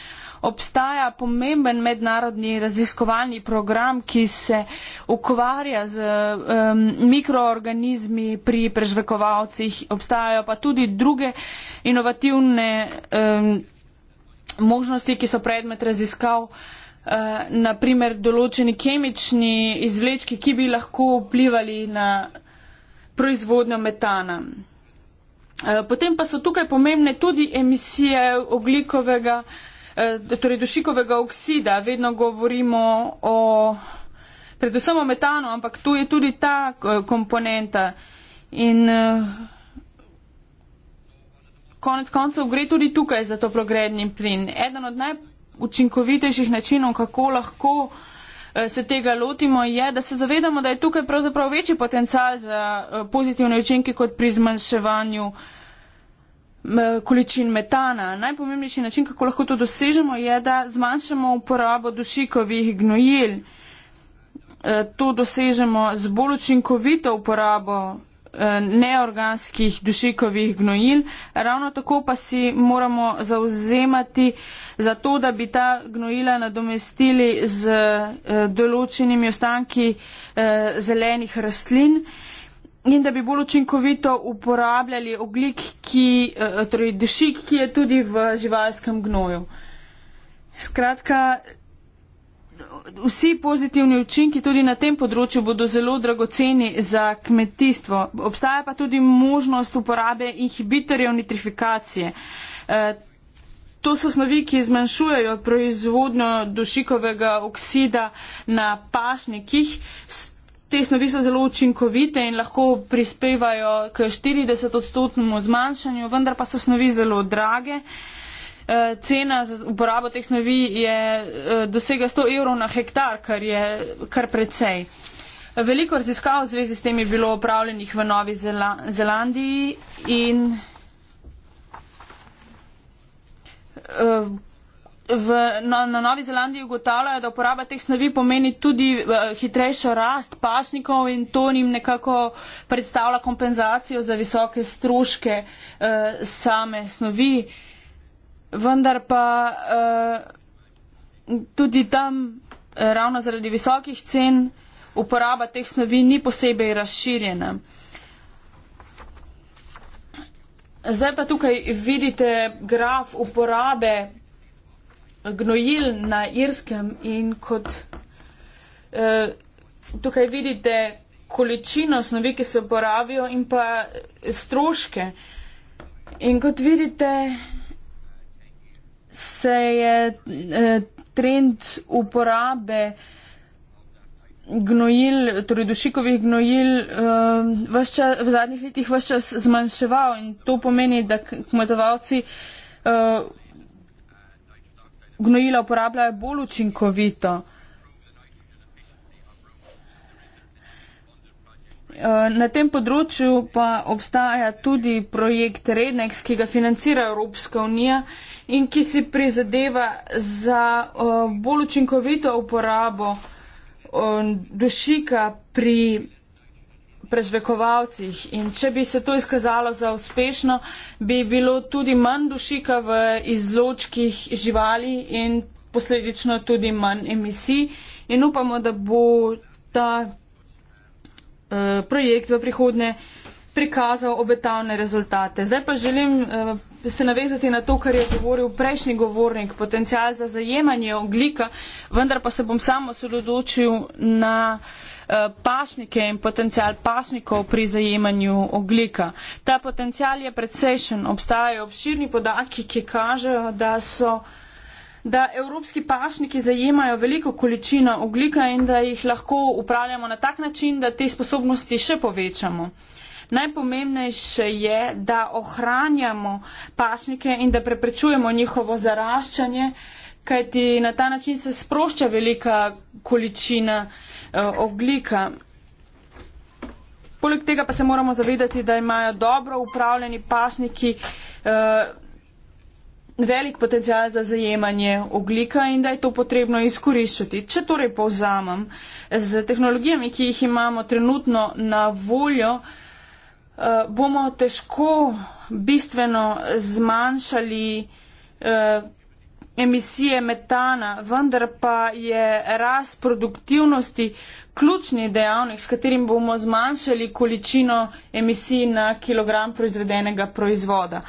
obstaja pomemben mednarodni raziskovalni program, ki se ukvarja z um, mikroorganizmi pri prežvekovalcih. Obstajajo pa tudi druge inovativne um, možnosti, ki so predmet raziskav. Uh, eh, naprimer, določeni kemični izvlečki, ki bi lahko vplivali na proizvodnjo metana. Uh, potem pa so tukaj pomembne tudi emisije oglikovega uh, Eh, torej dušikovega oksida, vedno govorimo o predvsem o metanu, ampak tu je tudi ta eh, komponenta. In eh, konec koncev gre tudi tukaj za to progredni plin. Eden od najučinkovitejših načinov, kako lahko se tega lotimo, je, da se zavedamo, da je tukaj pravzaprav večji potencial za pozitivne učinke kot pri zmanjševanju uh, količin metana. Najpomembnejši način, kako lahko to dosežemo, je, da zmanjšamo uporabo dušikovih gnojil. E, to dosežemo z bolj učinkovito uporabo e, neorganskih dušikovih gnojil. Ravno tako pa si moramo zauzemati za to, da bi ta gnojila nadomestili z e, določenimi ostanki zelenih rastlin in da bi bolj učinkovito uporabljali oglik, ki, eh, torej dušik, ki je tudi v živalskem gnoju. Skratka, vsi pozitivni učinki tudi na tem področju bodo zelo dragoceni za kmetijstvo. Obstaja pa tudi možnost uporabe inhibitorjev nitrifikacije. Eh, to so snovi, ki zmanjšujejo proizvodnjo dušikovega oksida na pašnikih te snovi so zelo učinkovite in lahko prispevajo k 40 odstotnemu zmanjšanju, vendar pa so snovi zelo drage. Eh, cena za uporabo teh snovi je eh, dosega 100 evrov na hektar, kar je kar precej. Veliko raziskav v zvezi s tem je bilo opravljenih v Novi Zela Zelandiji in eh, v, na, na Novi Zelandiji ugotavljajo, da uporaba teh snovi pomeni tudi uh, hitrejšo rast pašnikov in to njim nekako predstavlja kompenzacijo za visoke stroške uh, same snovi. Vendar pa uh, tudi tam, ravno zaradi visokih cen, uporaba teh snovi ni posebej razširjena. Zdaj pa tukaj vidite graf uporabe gnojil na irskem in kot eh, tukaj vidite količino snovi, ki se uporabijo in pa eh, stroške. In kot vidite, se je eh, trend uporabe gnojil, torej dušikovih gnojil, eh, vsa, v zadnjih letih vse čas zmanjševal in to pomeni, da kmetovalci eh, gnojila uporabljajo bolj učinkovito. Eh, na tem področju pa obstaja tudi projekt Rednex, ki ga financira Evropska unija in ki si prizadeva za eh, bolj učinkovito uporabo eh, dušika pri prežvekovalcih. In če bi se to izkazalo za uspešno, bi bilo tudi manj dušika v izločkih živali in posledično tudi manj emisij. In upamo, da bo ta eh, projekt v prihodnje prikazal obetavne rezultate. Zdaj pa želim eh, se navezati na to, kar je govoril prejšnji govornik, potencial za zajemanje oglika, vendar pa se bom samo sododočil na eh, Eh, pašnike in potencial pašnikov pri zajemanju oglika. Ta potencial je precejšen. Obstajajo obširni podatki, ki kažejo, da so da evropski pašniki zajemajo veliko količino oglika in da jih lahko upravljamo na tak način, da te sposobnosti še povečamo. Najpomembnejše je, da ohranjamo pašnike in da preprečujemo njihovo zaraščanje, uh, kajti na ta način se sprošča velika količina eh, oglika. Poleg tega pa se moramo zavedati, da imajo dobro upravljeni pašniki eh, velik potencial za zajemanje oglika in da je to potrebno izkoriščati. Če torej povzamem, z tehnologijami, ki jih imamo trenutno na voljo, eh, bomo težko bistveno zmanjšali eh, emisije metana, vendar pa je rast produktivnosti ključni dejavnik, s katerim bomo zmanjšali količino emisij na kilogram proizvedenega proizvoda.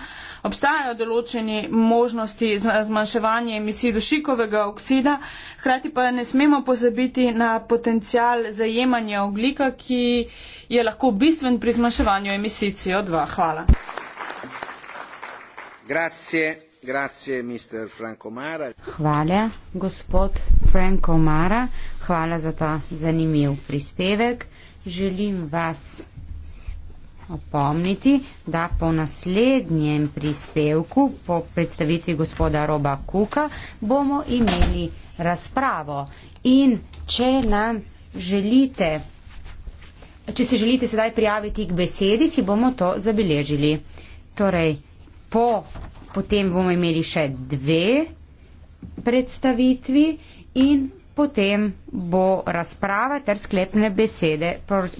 Obstajajo določeni možnosti za zmanjševanje emisij dušikovega oksida, hkrati pa ne smemo pozabiti na potencial zajemanja oglika, ki je lahko bistven pri zmanjševanju emisij CO2. Hvala. Grazie. Hvala, gospod Franko Mara, hvala za ta zanimiv prispevek. Želim vas opomniti, da po naslednjem prispevku, po predstavitvi gospoda Roba Kuka, bomo imeli razpravo. In če nam želite, če se želite sedaj prijaviti k besedi, si bomo to zabeležili. Torej, po potem bomo imeli še dve predstavitvi in potem bo razprava ter sklepne besede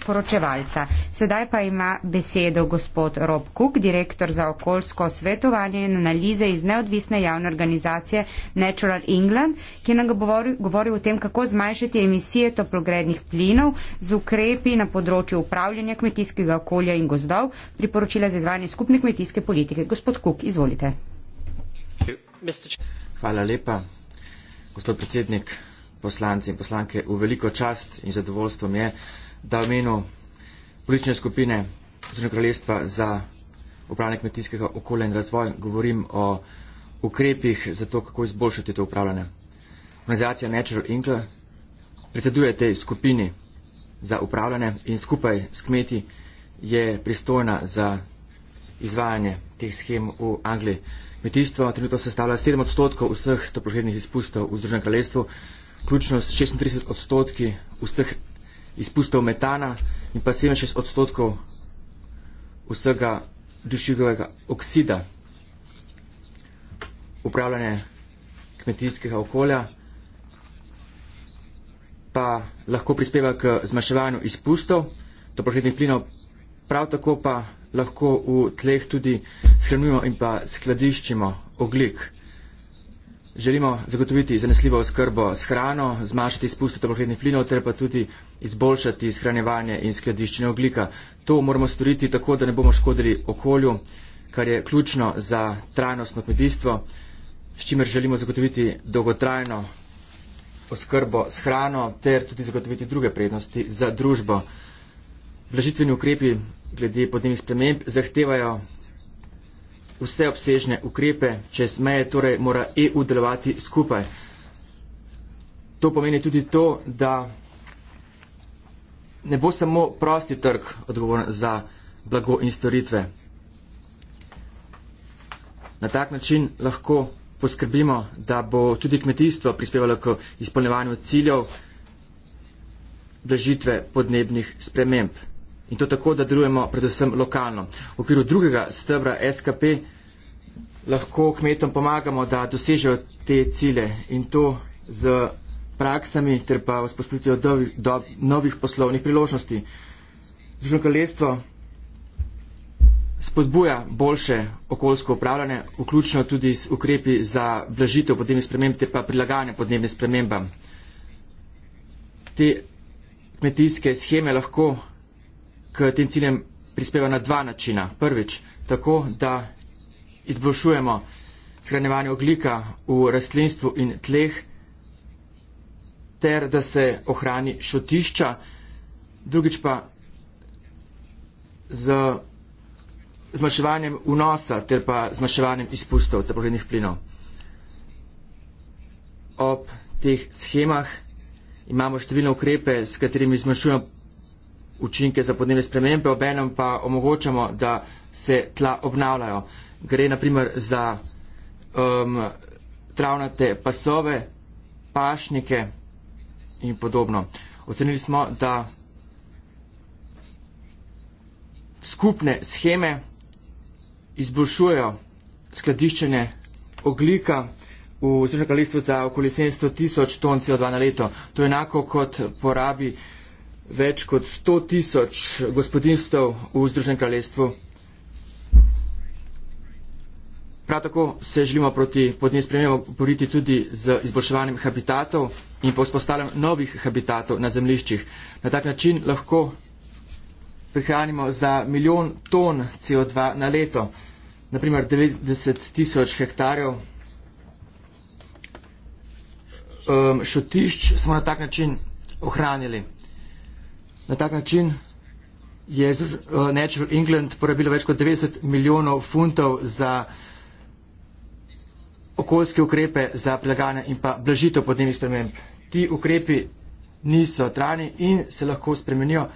poročevalca. Sedaj pa ima besedo gospod Rob Kuk, direktor za okoljsko svetovanje in analize iz neodvisne javne organizacije Natural England, ki nam govori, govori o tem, kako zmanjšati emisije toplogrednih plinov z ukrepi na področju upravljanja kmetijskega okolja in gozdov, priporočila za izvajanje skupne kmetijske politike. Gospod Kuk, izvolite. Hvala lepa, gospod predsednik poslanci in poslanke, v veliko čast in zadovoljstvo mi je, da v imenu politične skupine Združenega kraljestva za upravljanje kmetijskega okolja in razvoj govorim o ukrepih za to, kako izboljšati to upravljanje. Organizacija Natural Inc. predseduje tej skupini za upravljanje in skupaj s kmeti je pristojna za izvajanje teh schem v Angliji. Kmetijstvo trenutno sestavlja 7 odstotkov vseh toplohrednih izpustov v Združenem kraljestvu vključno s 36 odstotki vseh izpustov metana in pa 76 odstotkov vsega dušikovega oksida. Upravljanje kmetijskega okolja pa lahko prispeva k zmanjševanju izpustov toplogrednih plinov, prav tako pa lahko v tleh tudi shranjujemo in pa skladiščimo ogljik želimo zagotoviti zanesljivo oskrbo s hrano, zmanjšati izpuste toplogrednih plinov, ter pa tudi izboljšati shranjevanje in skladiščenje oglika. To moramo storiti tako, da ne bomo škodili okolju, kar je ključno za trajnostno kmetijstvo, s čimer želimo zagotoviti dolgotrajno oskrbo s hrano, ter tudi zagotoviti druge prednosti za družbo. Blažitveni ukrepi glede podnebnih sprememb zahtevajo vseobsežne ukrepe, čez meje torej mora EU delovati skupaj. To pomeni tudi to, da ne bo samo prosti trg odgovoren za blago in storitve. Na tak način lahko poskrbimo, da bo tudi kmetijstvo prispevalo k izpolnjevanju ciljev blažitve podnebnih sprememb in to tako, da delujemo predvsem lokalno. V okviru drugega stebra SKP lahko kmetom pomagamo, da dosežejo te cilje in to z praksami ter pa vzpostavitvijo do, do novih poslovnih priložnosti. Združeno kraljestvo spodbuja boljše okoljsko upravljanje, vključno tudi z ukrepi za blažitev podnebnih sprememb ter pa prilagajanje podnebnim spremembam. Te kmetijske scheme lahko tem ciljem prispeva na dva načina. Prvič, tako, da izboljšujemo shranjevanje oglika v rastlinstvu in tleh, ter da se ohrani šotišča. Drugič pa z zmanjševanjem vnosa ter pa zmanjševanjem izpustov toplogrednih plinov. Ob teh schemah imamo številne ukrepe, s katerimi zmanjšujemo učinke za podnebne spremembe, obenem pa omogočamo, da se tla obnavljajo. Gre naprimer za um, travnate pasove, pašnike in podobno. Ocenili smo, da skupne scheme izboljšujejo skladiščenje oglika v Združenem kraljestvu za okoli 700 tisoč ton CO2 na leto. To je enako kot porabi uh, več kot 100 tisoč gospodinstv v Združenem kraljestvu. Prav tako se želimo proti podnebnim spremembam boriti tudi z izboljševanjem habitatov in pa vzpostavljanjem novih habitatov na zemljiščih. Na tak način lahko prihranimo za milijon ton CO2 na leto, naprimer 90 tisoč hektarjev um, šotišč smo na tak način ohranili. Na tak način je eh, Natural England porabilo več kot 90 milijonov funtov za okoljske ukrepe za prilagajanje in pa blažitev podnebnih sprememb. Ti ukrepi niso trajni in se lahko spremenijo.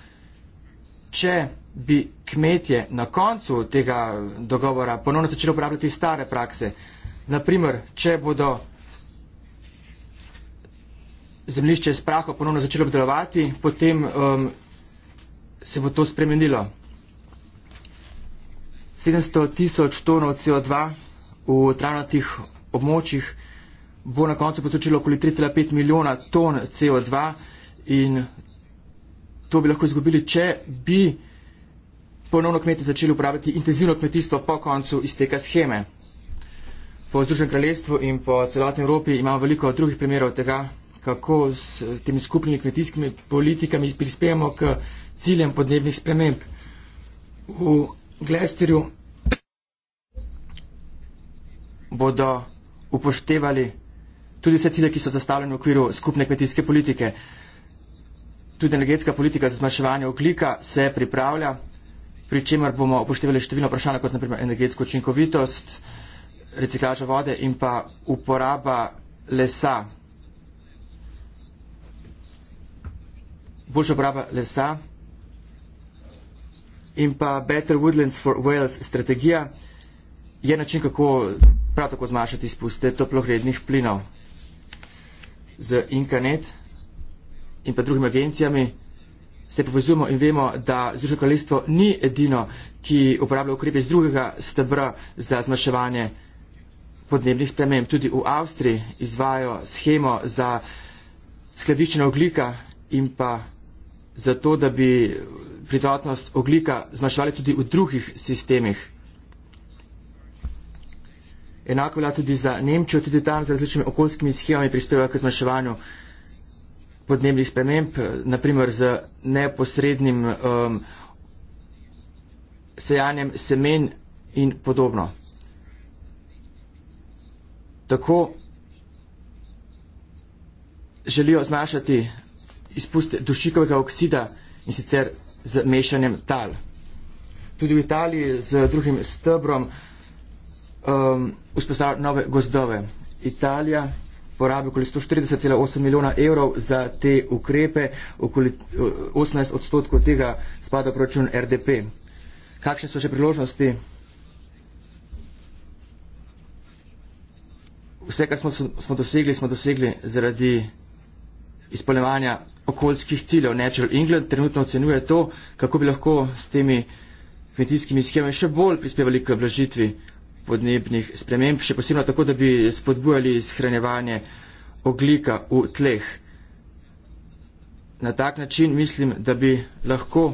Če bi kmetje na koncu tega dogovora ponovno začeli uporabljati stare prakse, naprimer, če bodo zemljišče s prahom ponovno začeli obdelovati, potem um, se bo to spremenilo. 700 tisoč tonov CO2 v travnatih območjih bo na koncu potočilo okoli 3,5 milijona ton CO2 in to bi lahko izgubili, če bi ponovno kmeti začeli upravljati intenzivno kmetijstvo po koncu izteka scheme. Po Združenem kraljestvu in po celotni Evropi imamo veliko drugih primerov tega, kako s temi skupnimi kmetijskimi politikami prispevamo k ciljem podnebnih sprememb. V Glesterju bodo upoštevali tudi vse cilje, ki so zastavljene v okviru skupne kmetijske politike. Tudi energetska politika za zmanjševanje oklika se pripravlja, pri čemer bomo upoštevali številno vprašanje, kot naprimer energetsko učinkovitost, reciklaža vode in pa uporaba lesa. Boljša uporaba lesa in pa Better Woodlands for Wales strategija je način, kako prav tako zmanjšati izpuste toplogrednih plinov z Inkanet in pa drugimi agencijami. Se povezujemo in vemo, da Združeno kraljestvo ni edino, ki uporablja ukrepe iz drugega stebra za zmanjševanje podnebnih sprememb. Tudi v Avstriji izvajo schemo za skladiščenje oglika in pa za to, da bi prisotnost oglika zmanjševali tudi v drugih sistemih. Enako velja tudi za Nemčijo, tudi tam z različnimi okoljskimi schemami prispeva k zmanjševanju podnebnih sprememb, naprimer z neposrednim um, sejanjem semen in podobno. Tako želijo zmanjšati izpuste dušikovega oksida in sicer z mešanjem tal. Tudi v Italiji z drugim stebrom um, uspostavlja nove gozdove. Italija porabi okoli 140,8 milijona evrov za te ukrepe, okoli 18 uh, odstotkov tega spada v proračun RDP. Kakšne so še priložnosti? Vse, kar smo, smo dosegli, smo dosegli zaradi izpolnevanja okoljskih ciljev. Natural England trenutno ocenjuje to, kako bi lahko s temi kmetijskimi schemami še bolj prispevali k blažitvi podnebnih sprememb, še posebej tako, da bi spodbujali shranjevanje oglika v tleh. Na tak način mislim, da bi lahko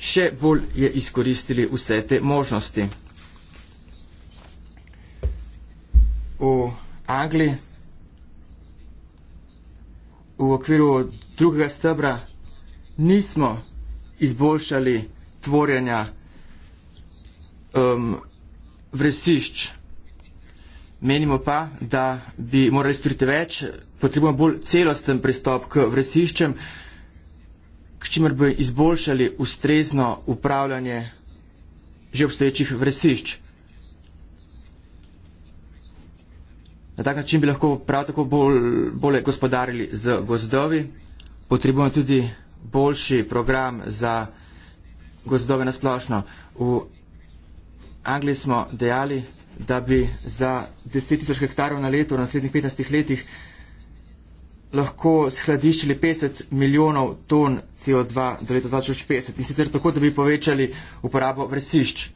še bolj je izkoristili vse te možnosti. V Angliji v okviru drugega stebra nismo izboljšali tvorjenja um, vresišč. Menimo pa, da bi morali storiti več, potrebujemo bolj celosten pristop k vresiščem, k čimer bi izboljšali ustrezno upravljanje že obstoječih vresišč. Na tak način bi lahko prav tako bolj gospodarili z gozdovi. Potrebujemo tudi boljši program za gozdove na splošno. V Angliji smo dejali, da bi za 10 tisoč hektarov na leto v naslednjih 15 letih lahko skladiščili 50 milijonov ton CO2 do leta 2050. In sicer tako, da bi povečali uporabo vresišč.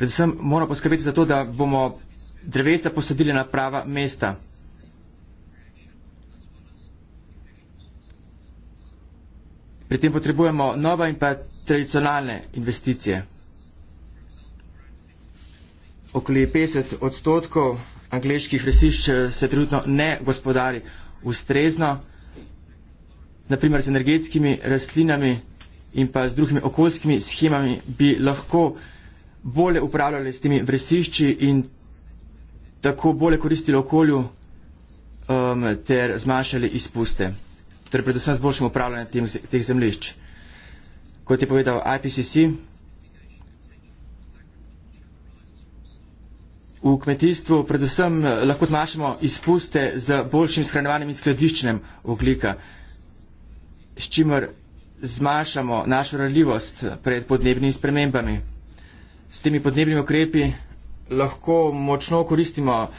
Predvsem moramo poskrbeti za to, da bomo drevesa posadili na prava mesta. Pri tem potrebujemo nove in pa tradicionalne investicije. Okoli 50 odstotkov angliških resišč eh, se trenutno ne gospodari ustrezno, naprimer z energetskimi rastlinami in pa z drugimi okoljskimi schemami bi lahko bolje upravljali s temi vresišči in tako bolje koristili okolju um, ter zmanjšali izpuste. Torej, predvsem z boljšim upravljanjem tem, teh zemlišč. Kot je povedal IPCC, v kmetijstvu predvsem eh, lahko zmanjšamo izpuste z boljšim shranjevanjem in skladiščenjem oglika, s čimer zmanjšamo našo ranljivost pred podnebnimi spremembami s temi podnebnimi ukrepi lahko močno koristimo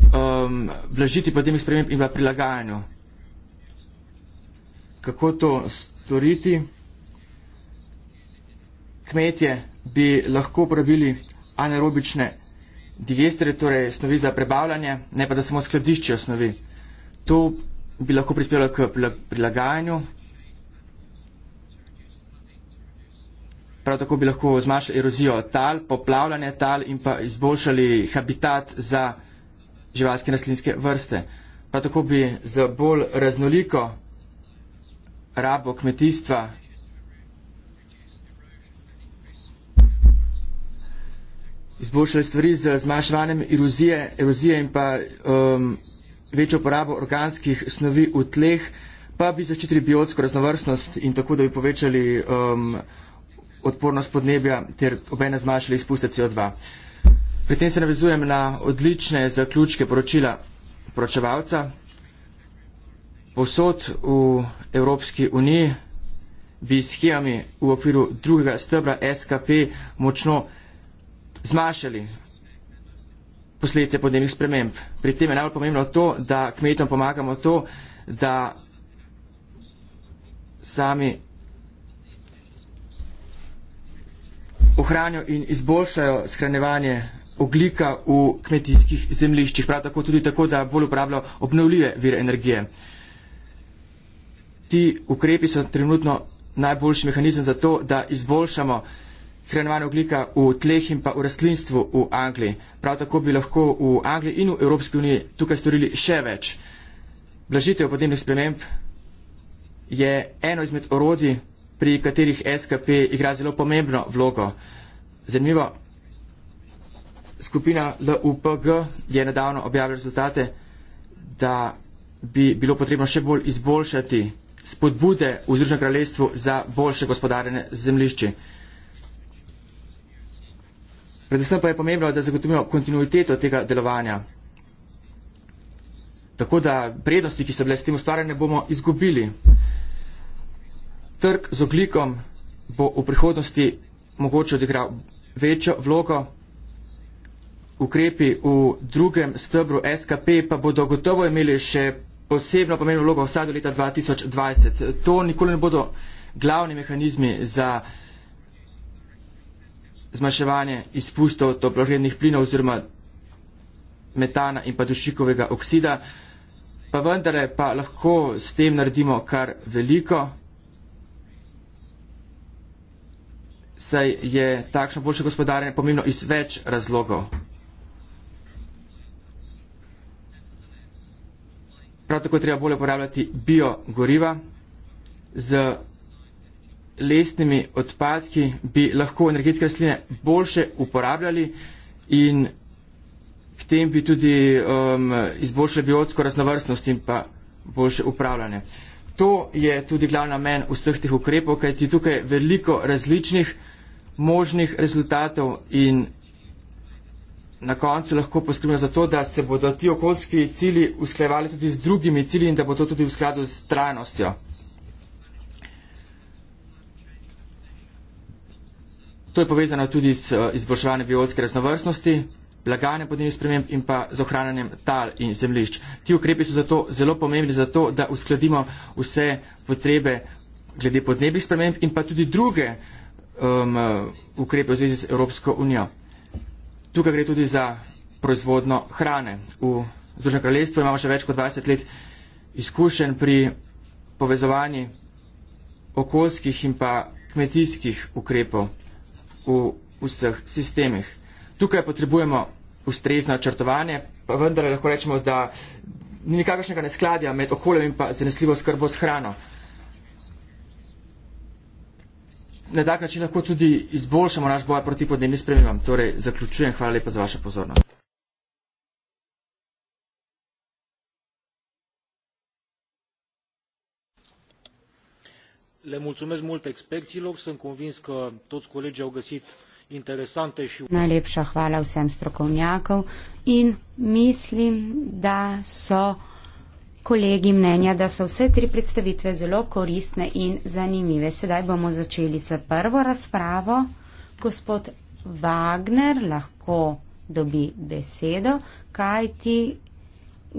um, blažiti podnebnih sprememb in pa prilagajanju. Kako to storiti? Kmetje bi lahko uporabili anaerobične digestere, torej snovi za prebavljanje, ne pa da samo skladiščijo snovi. To bi lahko prispelo k prilagajanju, Prav tako bi lahko zmanjšali erozijo tal, poplavljanje tal in pa izboljšali habitat za živalske naslinske vrste. Prav tako bi za bolj raznoliko rabo kmetijstva izboljšali stvari z zmanjševanjem erozije, erozije in pa um, večjo porabo organskih snovi v tleh, pa bi zaščitili biotsko raznovrstnost in tako, da bi povečali um, odpornost podnebja ter obene zmanjšali izpuste CO2. Pri tem se navizujem na odlične zaključke poročila poročevalca. Posod v Evropski uniji bi s schemami v okviru drugega stebra SKP močno zmanjšali posledice podnebnih sprememb. Pri tem je najbolj pomembno to, da kmetom pomagamo to, da sami ohranijo in izboljšajo shranjevanje oglika v kmetijskih zemljiščih, prav tako tudi tako, da bolj uporabljajo obnovljive vire energije. Ti ukrepi so trenutno najboljši mehanizem za to, da izboljšamo shranjevanje oglika v tleh in pa v rastlinstvu v Angliji. Prav tako bi lahko v Angliji in v Evropski uniji tukaj storili še več. Blažitev podnebnih sprememb je eno izmed orodij, pri katerih SKP igra zelo pomembno vlogo. Zanimivo, skupina LUPG je nedavno objavila rezultate, da bi bilo potrebno še bolj izboljšati spodbude v Združenem kraljestvu za boljše gospodarjene zemlišči. Predvsem pa je pomembno, da zagotovimo kontinuiteto tega delovanja. Tako da prednosti, ki so bile s tem ustvarjene, bomo izgubili trg z oglikom bo v prihodnosti mogoče odigral večjo vlogo, ukrepi v drugem stebru SKP pa bodo gotovo imeli še posebno pomembno vlogo vsaj do leta 2020. To nikoli ne bodo glavni mehanizmi za zmaševanje izpustov toplogrednih plinov oziroma metana in pa dušikovega oksida, pa vendar pa lahko s tem naredimo kar veliko. saj je takšno boljše gospodarjenje pomembno iz več razlogov. Prav tako je treba bolje uporabljati biogoriva. Z lesnimi odpadki bi lahko energetske rastline boljše uporabljali in k tem bi tudi um, izboljšali biotsko raznovrstnost in pa boljše upravljanje. To je tudi glavna men vseh teh ukrepov, kajti tukaj je veliko različnih možnih rezultatov in na koncu lahko poskrbimo za to, da se bodo ti okoljski cili usklajevali tudi z drugimi cili in da bo to tudi v skladu s trajnostjo. To je povezano tudi s eh, izboljševanjem biotske raznovrstnosti, blaganjem podnebnih sprememb in pa z ohranjanjem tal in zemljišč. Ti ukrepi so zato zelo pomembni, zato, da uskladimo vse potrebe glede podnebnih sprememb in pa tudi druge uh, um, ukrepe v zvezi z Evropsko unijo. Tukaj gre tudi za proizvodno hrane. V Združenem kraljestvu imamo že več kot 20 let izkušen pri povezovanju okoljskih in pa kmetijskih ukrepov v vseh sistemih. Tukaj potrebujemo ustrezno črtovanje, pa vendar lahko rečemo, da ni nikakršnega neskladja med okoljem in pa zanesljivo skrbo s hrano. na tak način lahko tudi izboljšamo naš boj proti podnebnim spremembam. Torej, zaključujem. Hvala lepa za vašo pozornost. Le mulțumesc mult experților, sunt convins că toți colegii au găsit interesante și... Najlepša hvala vsem strokovnjakov in mislim, da so kolegi mnenja, da so vse tri predstavitve zelo koristne in zanimive. Sedaj bomo začeli s prvo razpravo. Gospod Wagner lahko dobi besedo, kajti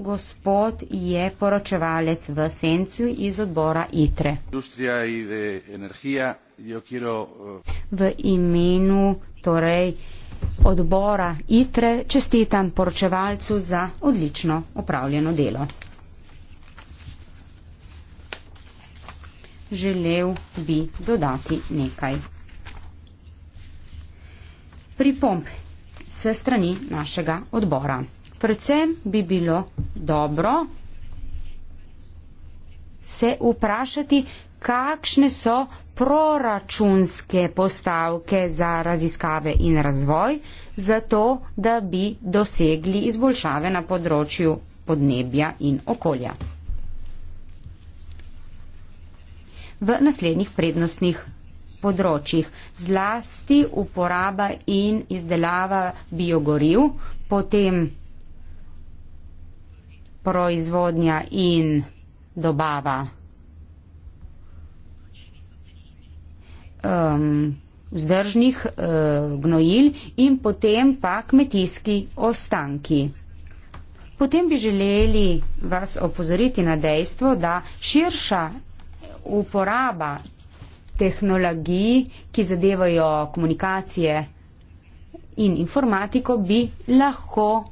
gospod je poročevalec v Sencu iz odbora ITRE. Eh, v imenu torej odbora ITRE čestitam poročevalcu za odlično opravljeno delo. želel bi dodati nekaj pripomb s strani našega odbora. Predvsem bi bilo dobro se vprašati, kakšne so proračunske postavke za raziskave in razvoj, zato da bi dosegli izboljšave na področju podnebja in okolja. v naslednjih prednostnih področjih. Zlasti uporaba in izdelava biogoriv, potem proizvodnja in dobava um, vzdržnih uh, gnojil in potem pa kmetijski ostanki. Potem bi želeli vas opozoriti na dejstvo, da širša uporaba tehnologij, ki zadevajo komunikacije in informatiko, bi lahko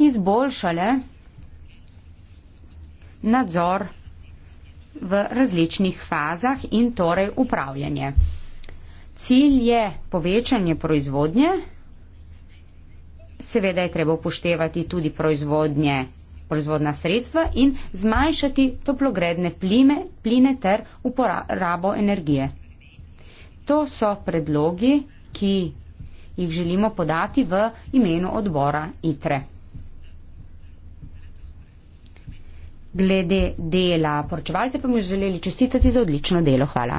izboljšale nadzor v različnih fazah in torej upravljanje. Cilj je povečanje proizvodnje, seveda je treba upoštevati tudi proizvodnje proizvodna sredstva in zmanjšati toplogredne plime, pline ter uporabo energije. To so predlogi, ki jih želimo podati v imenu odbora ITRE. Glede dela poročevalce pa mi želeli čestitati za odlično delo. Hvala.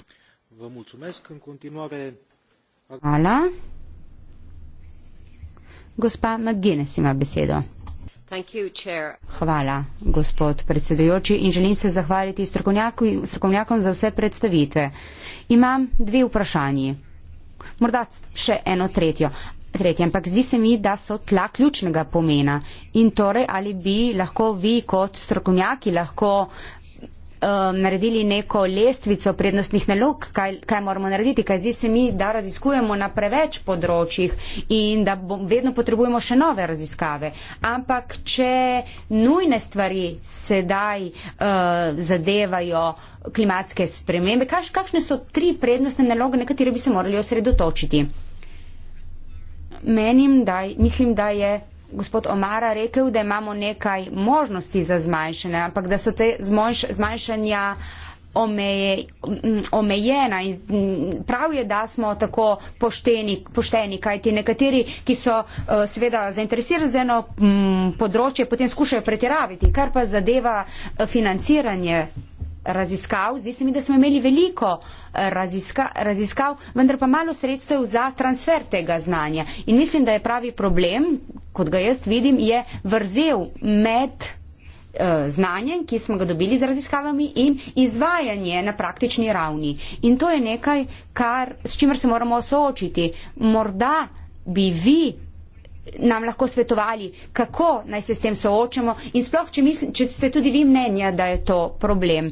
Hvala. Gospa McGuinness ima besedo. Hvala, gospod predsedujoči, in želim se zahvaliti strokovnjakom za vse predstavitve. Imam dve vprašanji, morda še eno tretjo. Tretje, ampak zdi se mi, da so tla ključnega pomena. In torej, ali bi lahko vi kot strokovnjaki lahko um, naredili neko lestvico prednostnih nalog, kaj, kaj moramo narediti, kaj zdi se mi, da raziskujemo na preveč področjih in da bom, vedno potrebujemo še nove raziskave. Ampak, če nujne stvari sedaj uh, zadevajo klimatske spremembe, kaž, kakšne so tri prednostne naloge, na katere bi se morali osredotočiti? Menim, da, mislim, da je gospod Omara rekel, da imamo nekaj možnosti za zmanjšanje, ampak da so te zmanjš zmanjšanja omeje, omejena in prav je, da smo tako pošteni, pošteni kajti nekateri, ki so uh, seveda zainteresirani za eno um, področje, potem skušajo pretiraviti, kar pa zadeva eh, financiranje raziskav, zdi se mi, da smo imeli veliko eh, raziska, raziskav, vendar pa malo sredstev za transfer tega znanja. In mislim, da je pravi problem, kot ga jaz vidim, je vrzel med eh, znanjem, ki smo ga dobili z raziskavami in izvajanje na praktični ravni. In to je nekaj, kar, s čimer se moramo soočiti. Morda bi vi nam lahko svetovali, kako naj se s tem soočamo in sploh, če, misl, če ste tudi vi mnenja, da je to problem.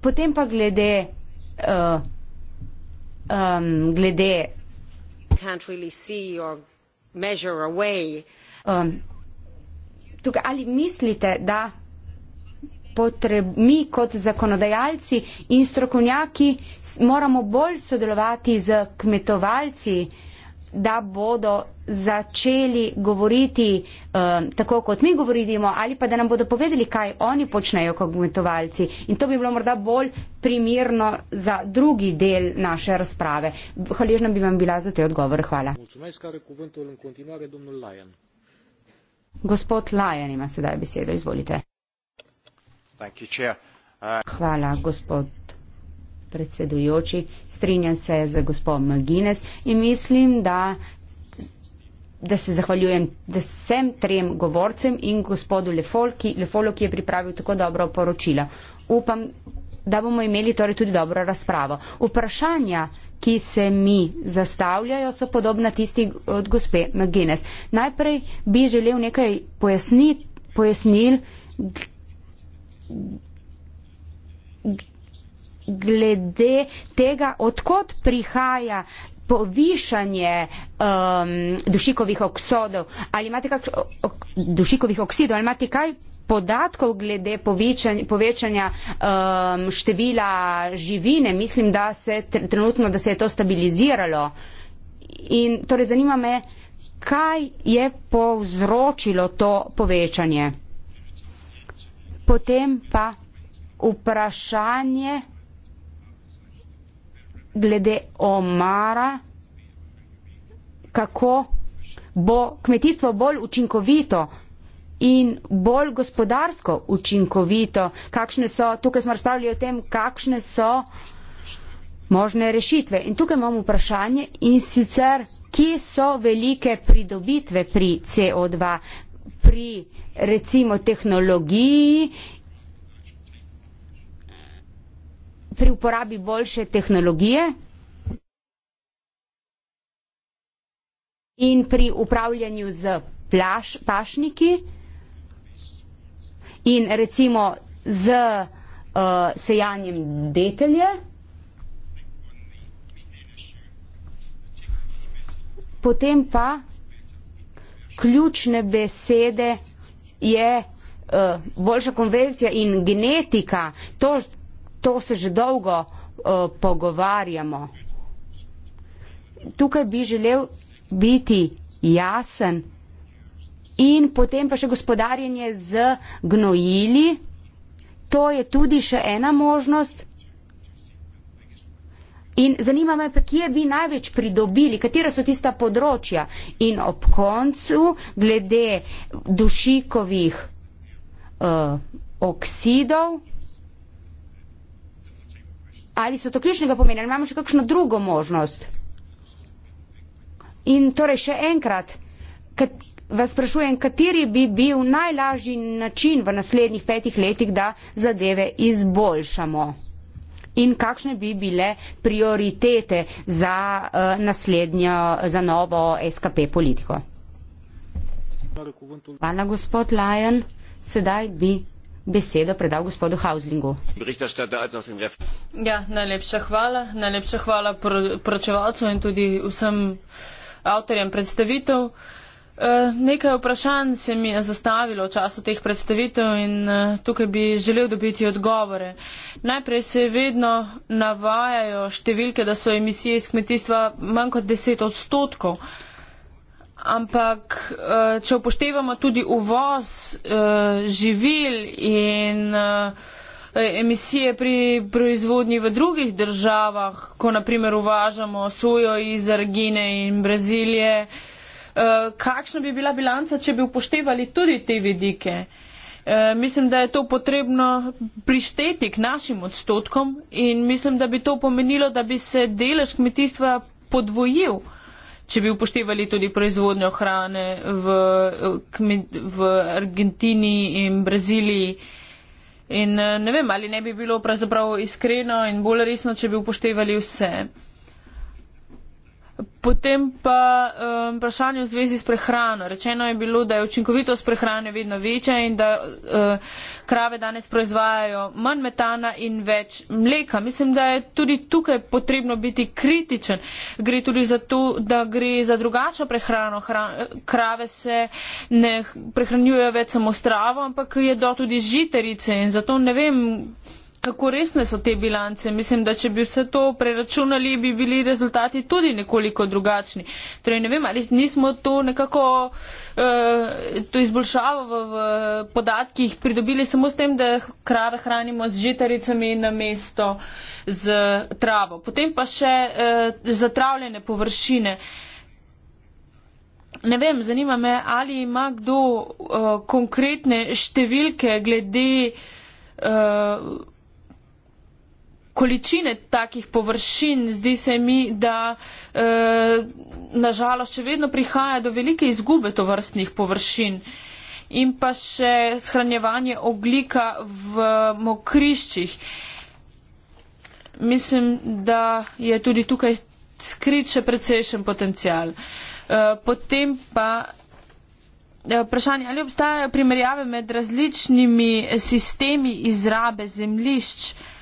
Potem pa glede. Uh, um, glede um, tukaj, ali mislite, da potreb, mi kot zakonodajalci in strokovnjaki moramo bolj sodelovati z kmetovalci, uh, da bodo začeli govoriti uh, tako, kot mi govorimo, ali pa da nam bodo povedali, kaj oni počnejo kot kmetovalci. In to bi bilo morda bolj primirno za drugi del naše razprave. Hvaležna bi vam bila za te odgovore. Hvala. Gospod Lajan ima sedaj besedo. Izvolite. Uh, Hvala, gospod predsedujoči. Strinjam se z gospod Magines in mislim, da, da se zahvaljujem vsem trem govorcem in gospodu Lefolu, ki je pripravil tako dobro poročilo. Upam, da bomo imeli torej tudi dobro razpravo. Vprašanja, ki se mi zastavljajo, so podobna tisti od gospe Magines. Najprej bi želel nekaj pojasni, pojasnil, glede tega, odkot prihaja povišanje um, dušikovih oksidov ali imate kak, ok, dušikovih oksidov ali imate kaj podatkov glede povečanja, povečanja um, števila živine. Mislim, da se trenutno, da se je to stabiliziralo. In torej zanima me, kaj je povzročilo to povečanje. Potem pa vprašanje glede omara, kako bo kmetijstvo bolj učinkovito in bolj gospodarsko učinkovito, kakšne so, tukaj smo razpravljali o tem, kakšne so možne rešitve. In tukaj imamo vprašanje in sicer, kje so velike pridobitve pri CO2, pri recimo tehnologiji pri uporabi boljše tehnologije in pri upravljanju z plaš, pašniki in recimo z uh, sejanjem detelje. Potem pa ključne besede je uh, boljša konvencija in genetika. To, to se že dolgo uh, pogovarjamo. Tukaj bi želel biti jasen in potem pa še gospodarjenje z gnojili. To je tudi še ena možnost. In zanima me, kje bi največ pridobili, katera so tista področja. In ob koncu, glede dušikovih uh, oksidov, ali so to ključnega pomena, ali imamo še kakšno drugo možnost. In torej še enkrat, kad vas sprašujem, kateri bi bil najlažji način v naslednjih petih letih, da zadeve izboljšamo in kakšne bi bile prioritete za uh, naslednjo, za novo SKP politiko. Hvala, gospod Lajen. Sedaj bi besedo predal gospodu Hauslingu. Ja, najlepša hvala. Najlepša hvala pr pročevalcu in tudi vsem avtorjem predstavitev. Eh, nekaj vprašanj se mi je zastavilo v času teh predstavitev in eh, tukaj bi želel dobiti odgovore. Najprej se vedno navajajo številke, da so emisije iz kmetijstva manj kot 10 odstotkov ampak eh, če upoštevamo tudi uvoz eh, živil in eh, emisije pri proizvodnji v drugih državah, ko naprimer uvažamo sojo iz Argine in Brazilije, kakšna bi bila bilanca, če bi upoštevali tudi te vidike? Mislim, da je to potrebno prišteti k našim odstotkom in mislim, da bi to pomenilo, da bi se delež kmetijstva podvojil če bi upoštevali tudi proizvodnjo hrane v, v Argentini in Braziliji. In eh, ne vem, ali ne bi bilo pravzaprav iskreno in bolj resno, če bi upoštevali vse. Potem pa um, vprašanje v zvezi s prehrano. Rečeno je bilo, da je učinkovitost prehrane vedno večja in da uh, krave danes proizvajajo manj metana in več mleka. Mislim, da je tudi tukaj potrebno biti kritičen. Gre tudi za to, da gre za drugačno prehrano. Hran, krave se ne prehranjujejo več samo stravo, ampak jedo tudi žiterice in zato ne vem, Kako resne so te bilance? Mislim, da če bi vse to preračunali, bi bili rezultati tudi nekoliko drugačni. Torej, ne vem, ali nismo to nekako eh, to izboljšavo v, v podatkih pridobili samo s tem, da krada hranimo z žitaricami na mesto z travo. Potem pa še eh, zatravljene površine. Ne vem, zanima me, ali ima kdo eh, konkretne številke glede. Eh, količine takih površin, zdi se mi, da e, eh, nažalost še vedno prihaja do velike izgube tovrstnih površin. In pa še shranjevanje oglika v mokriščih. Mislim, da je tudi tukaj skrit še precejšen potencial. E, potem pa eh, vprašanje, ali obstajajo primerjave med različnimi sistemi izrabe zemlišč. E,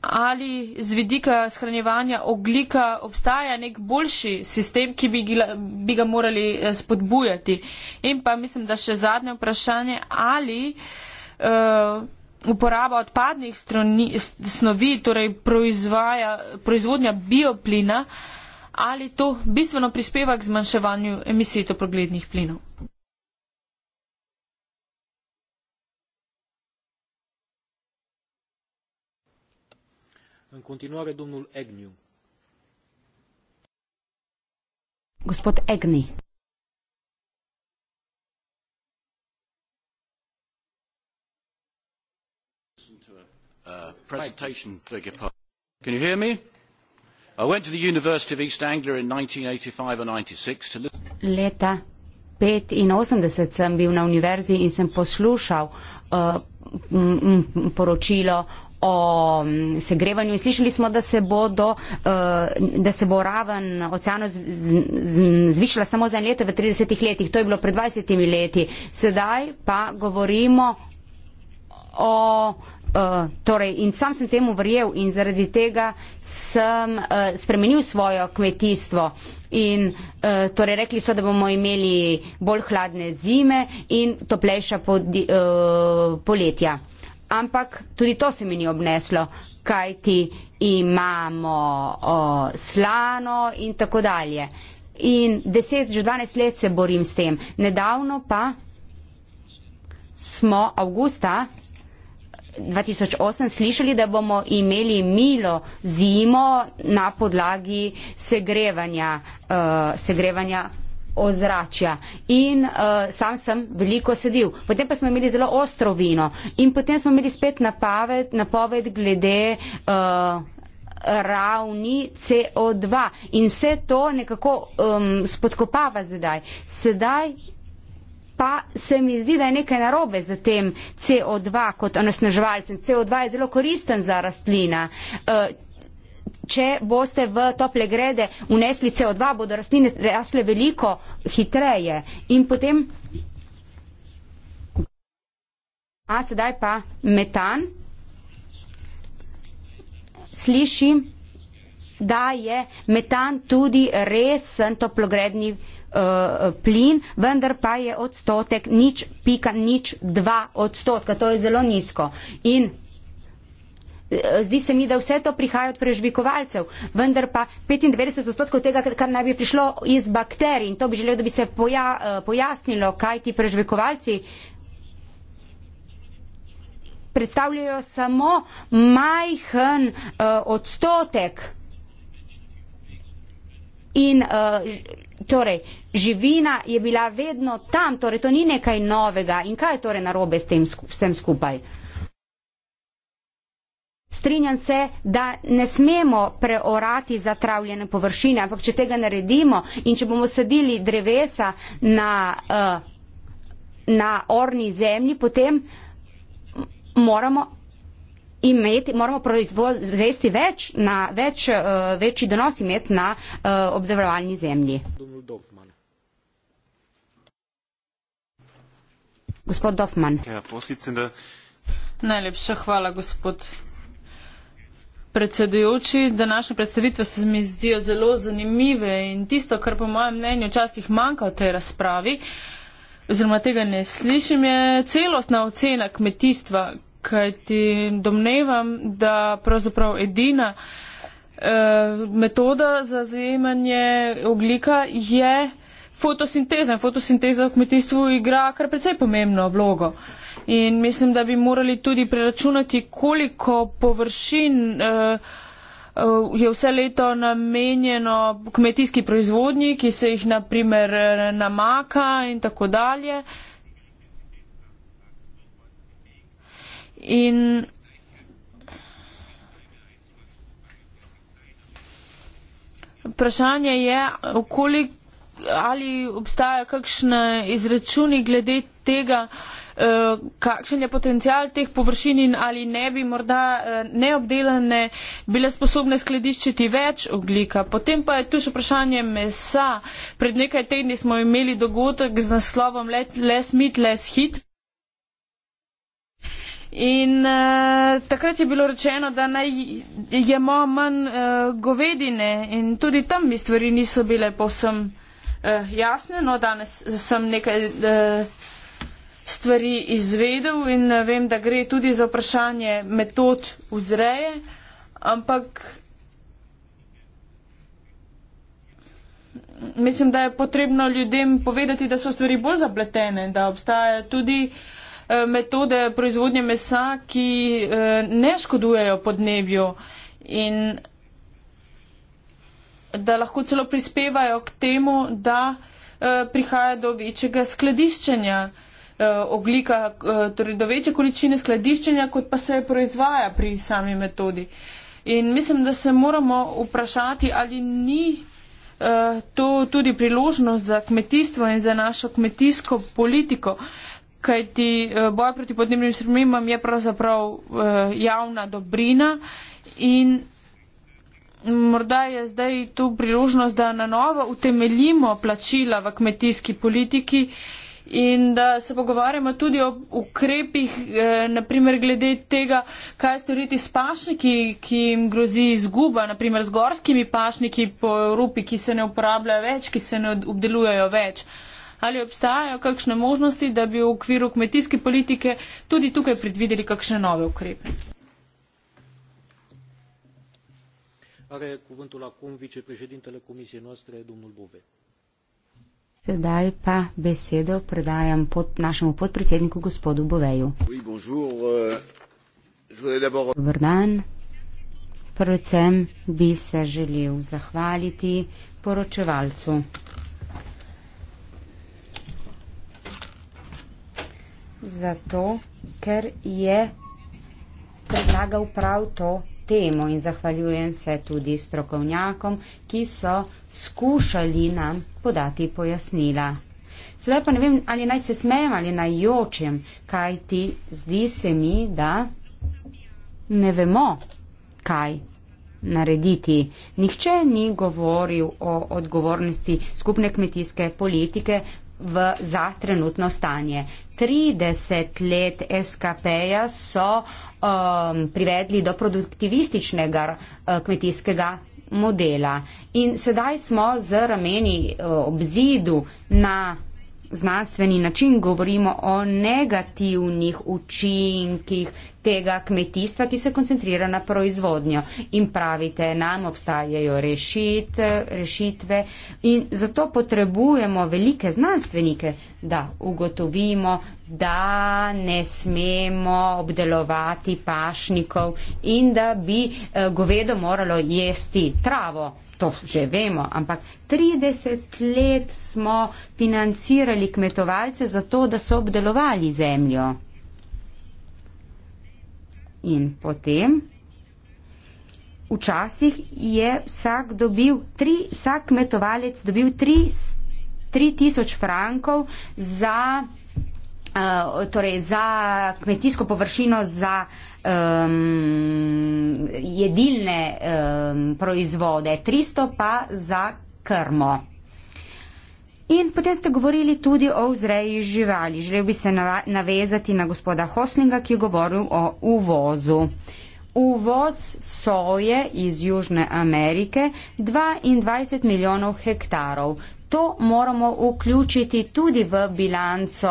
ali z vidika shranjevanja oglika obstaja nek boljši sistem, ki bi, gila, bi ga morali eh, spodbujati. In pa mislim, da še zadnje vprašanje, ali uh, uporaba odpadnih stroni, snovi, torej proizvodnja bioplina, ali to bistveno prispeva k zmanjševanju emisij toproglednih plinov. Gospod Egni. Uh, Can you hear me? I went to the University of East Anglia in 1985 or 96 to listen. pet in osemdeset sem bil na univerzi in sem poslušal uh, m, m, poročilo o mm, segrevanju in slišali smo, da se, bodo, eh, da se bo raven oceanov zvišala samo za en let v 30 letih. To je bilo pred 20 leti. Sedaj pa govorimo o. Uh, torej, in sam sem temu verjel in zaradi tega sem uh, spremenil svojo kmetijstvo. In uh, torej rekli so, da bomo imeli bolj hladne zime in toplejša podi, uh, poletja ampak tudi to se mi ni obneslo, kaj ti imamo o, slano in tako dalje. In deset, že dvanajst let se borim s tem. Nedavno pa smo avgusta 2008 slišali, da bomo imeli milo zimo na podlagi segrevanja, uh, segrevanja ozračja in uh, sam sem veliko sedil. Potem pa smo imeli zelo ostro vino in potem smo imeli spet napaved, napoved glede uh, ravni CO2 in vse to nekako um, spodkopava zdaj. Sedaj pa se mi zdi, da je nekaj narobe z tem CO2 kot onesnaževalcem. CO2 je zelo koristen za rastlina. Uh, če boste v tople grede unesli CO2, bodo rastline rasle veliko hitreje. In potem. A sedaj pa metan. Slišim, da je metan tudi resen toplogredni eh, plin, vendar pa je odstotek nič pika nič dva odstotka, to je zelo nizko. In zdi se mi, da vse to prihaja od prežvikovalcev, vendar pa 95 odstotkov tega, kar naj bi prišlo iz bakterij in to bi želel, da bi se poja, eh, pojasnilo, kaj ti prežvikovalci predstavljajo samo majhen uh, odstotek in uh, torej živina je bila vedno tam, torej to ni nekaj novega in kaj je torej narobe s tem skupaj? Strinjam se, da ne smemo preorati zatravljene površine, ampak če tega naredimo in če bomo sadili drevesa na, uh, na orni zemlji, potem moramo imeti, moramo proizvesti več, na več, uh, večji donos imeti na uh, obdelovalni zemlji. Gospod Dofman. Ja, Najlepša hvala, gospod predsedujoči, današnje predstavitve se mi zdijo zelo zanimive in tisto, kar po mojem mnenju včasih manjka v tej razpravi, oziroma tega ne slišim, je celostna ocena kmetijstva, kajti domnevam, da pravzaprav edina eh, metoda za zajemanje oglika je fotosinteza in fotosinteza v kmetijstvu igra kar precej pomembno vlogo. In mislim, da bi morali tudi preračunati, koliko površin uh, uh, je vse leto namenjeno kmetijski proizvodnji, ki se jih naprimer namaka in tako dalje. In vprašanje je, koliko ali obstaja kakšne izračuni glede tega, eh, kakšen je potencial teh površin in ali ne bi morda eh, neobdelane bile sposobne skladiščiti več oglika. Potem pa je tu še vprašanje mesa. Pred nekaj tedni smo imeli dogodek z naslovom Less Meat, Less Heat. In uh, takrat je bilo rečeno, da naj jemo manj uh, govedine in tudi tam mi stvari niso bile posebno uh, eh, jasne. No, danes sem nekaj uh, stvari izvedel in uh, vem, da gre tudi za vprašanje metod vzreje, ampak. Mislim, da je potrebno ljudem povedati, da so stvari bolj zapletene, da obstajajo tudi metode proizvodnje mesa, ki ne škodujejo podnebju. In da lahko celo prispevajo k temu, da eh, prihaja do večjega skladiščenja eh, oglika, eh, torej do večje količine skladiščenja, kot pa se proizvaja pri sami metodi. In mislim, da se moramo vprašati, ali ni to tudi priložnost za kmetijstvo in za našo kmetijsko politiko, kajti boj proti podnebnim spremembam je pravzaprav javna dobrina in morda je zdaj tu priložnost, da na novo utemeljimo plačila v kmetijski politiki in da se pogovarjamo tudi o ukrepih, eh, naprimer glede tega, kaj storiti s pašniki, ki jim grozi izguba, naprimer z gorskimi pašniki po Evropi, ki se ne uporabljajo več, ki se ne obdelujejo več. Ali obstajajo kakšne možnosti, da bi v okviru kmetijske politike tudi tukaj predvideli kakšne nove ukrepe? Are cuvântul acum vicepreședintele comisiei noastre, domnul Bove. Sedaj pa besedo predajam pod našemu podpredsedniku gospodu Boveju. Oui, bonjour. Euh, Dobar dan. Predvsem bi se želel zahvaliti poročevalcu. Zato, ker je predlagal prav to, temo in zahvaljujem se tudi strokovnjakom, ki so skušali nam podati pojasnila. Sedaj pa ne vem, ali naj se smejem ali naj jočem, kaj ti zdi se mi, da ne vemo, kaj narediti. Nihče ni govoril o odgovornosti skupne kmetijske politike v za trenutno stanje. 30 let SKP-ja so um, privedli do produktivističnega uh, kmetijskega modela. In sedaj smo z rameni uh, ob zidu na znanstveni način govorimo o negativnih učinkih tega kmetijstva, ki se koncentrira na proizvodnjo. In pravite, nam obstajajo rešit, rešitve in zato potrebujemo velike znanstvenike, da ugotovimo, da ne smemo obdelovati pašnikov in da bi eh, govedo moralo jesti travo to že vemo, ampak 30 let smo financirali kmetovalce za to, da so obdelovali zemljo. In potem včasih je vsak dobil, tri, vsak kmetovalec dobil 3000 frankov za Eh, torej za kmetijsko površino, za um, jedilne um, proizvode, 300 pa za krmo. In potem ste govorili tudi o vzreji živali. Želel bi se navezati na gospoda Hoslinga, ki je govoril o uvozu. Uvoz soje iz Južne Amerike 22 milijonov hektarov to moramo vključiti tudi v bilanco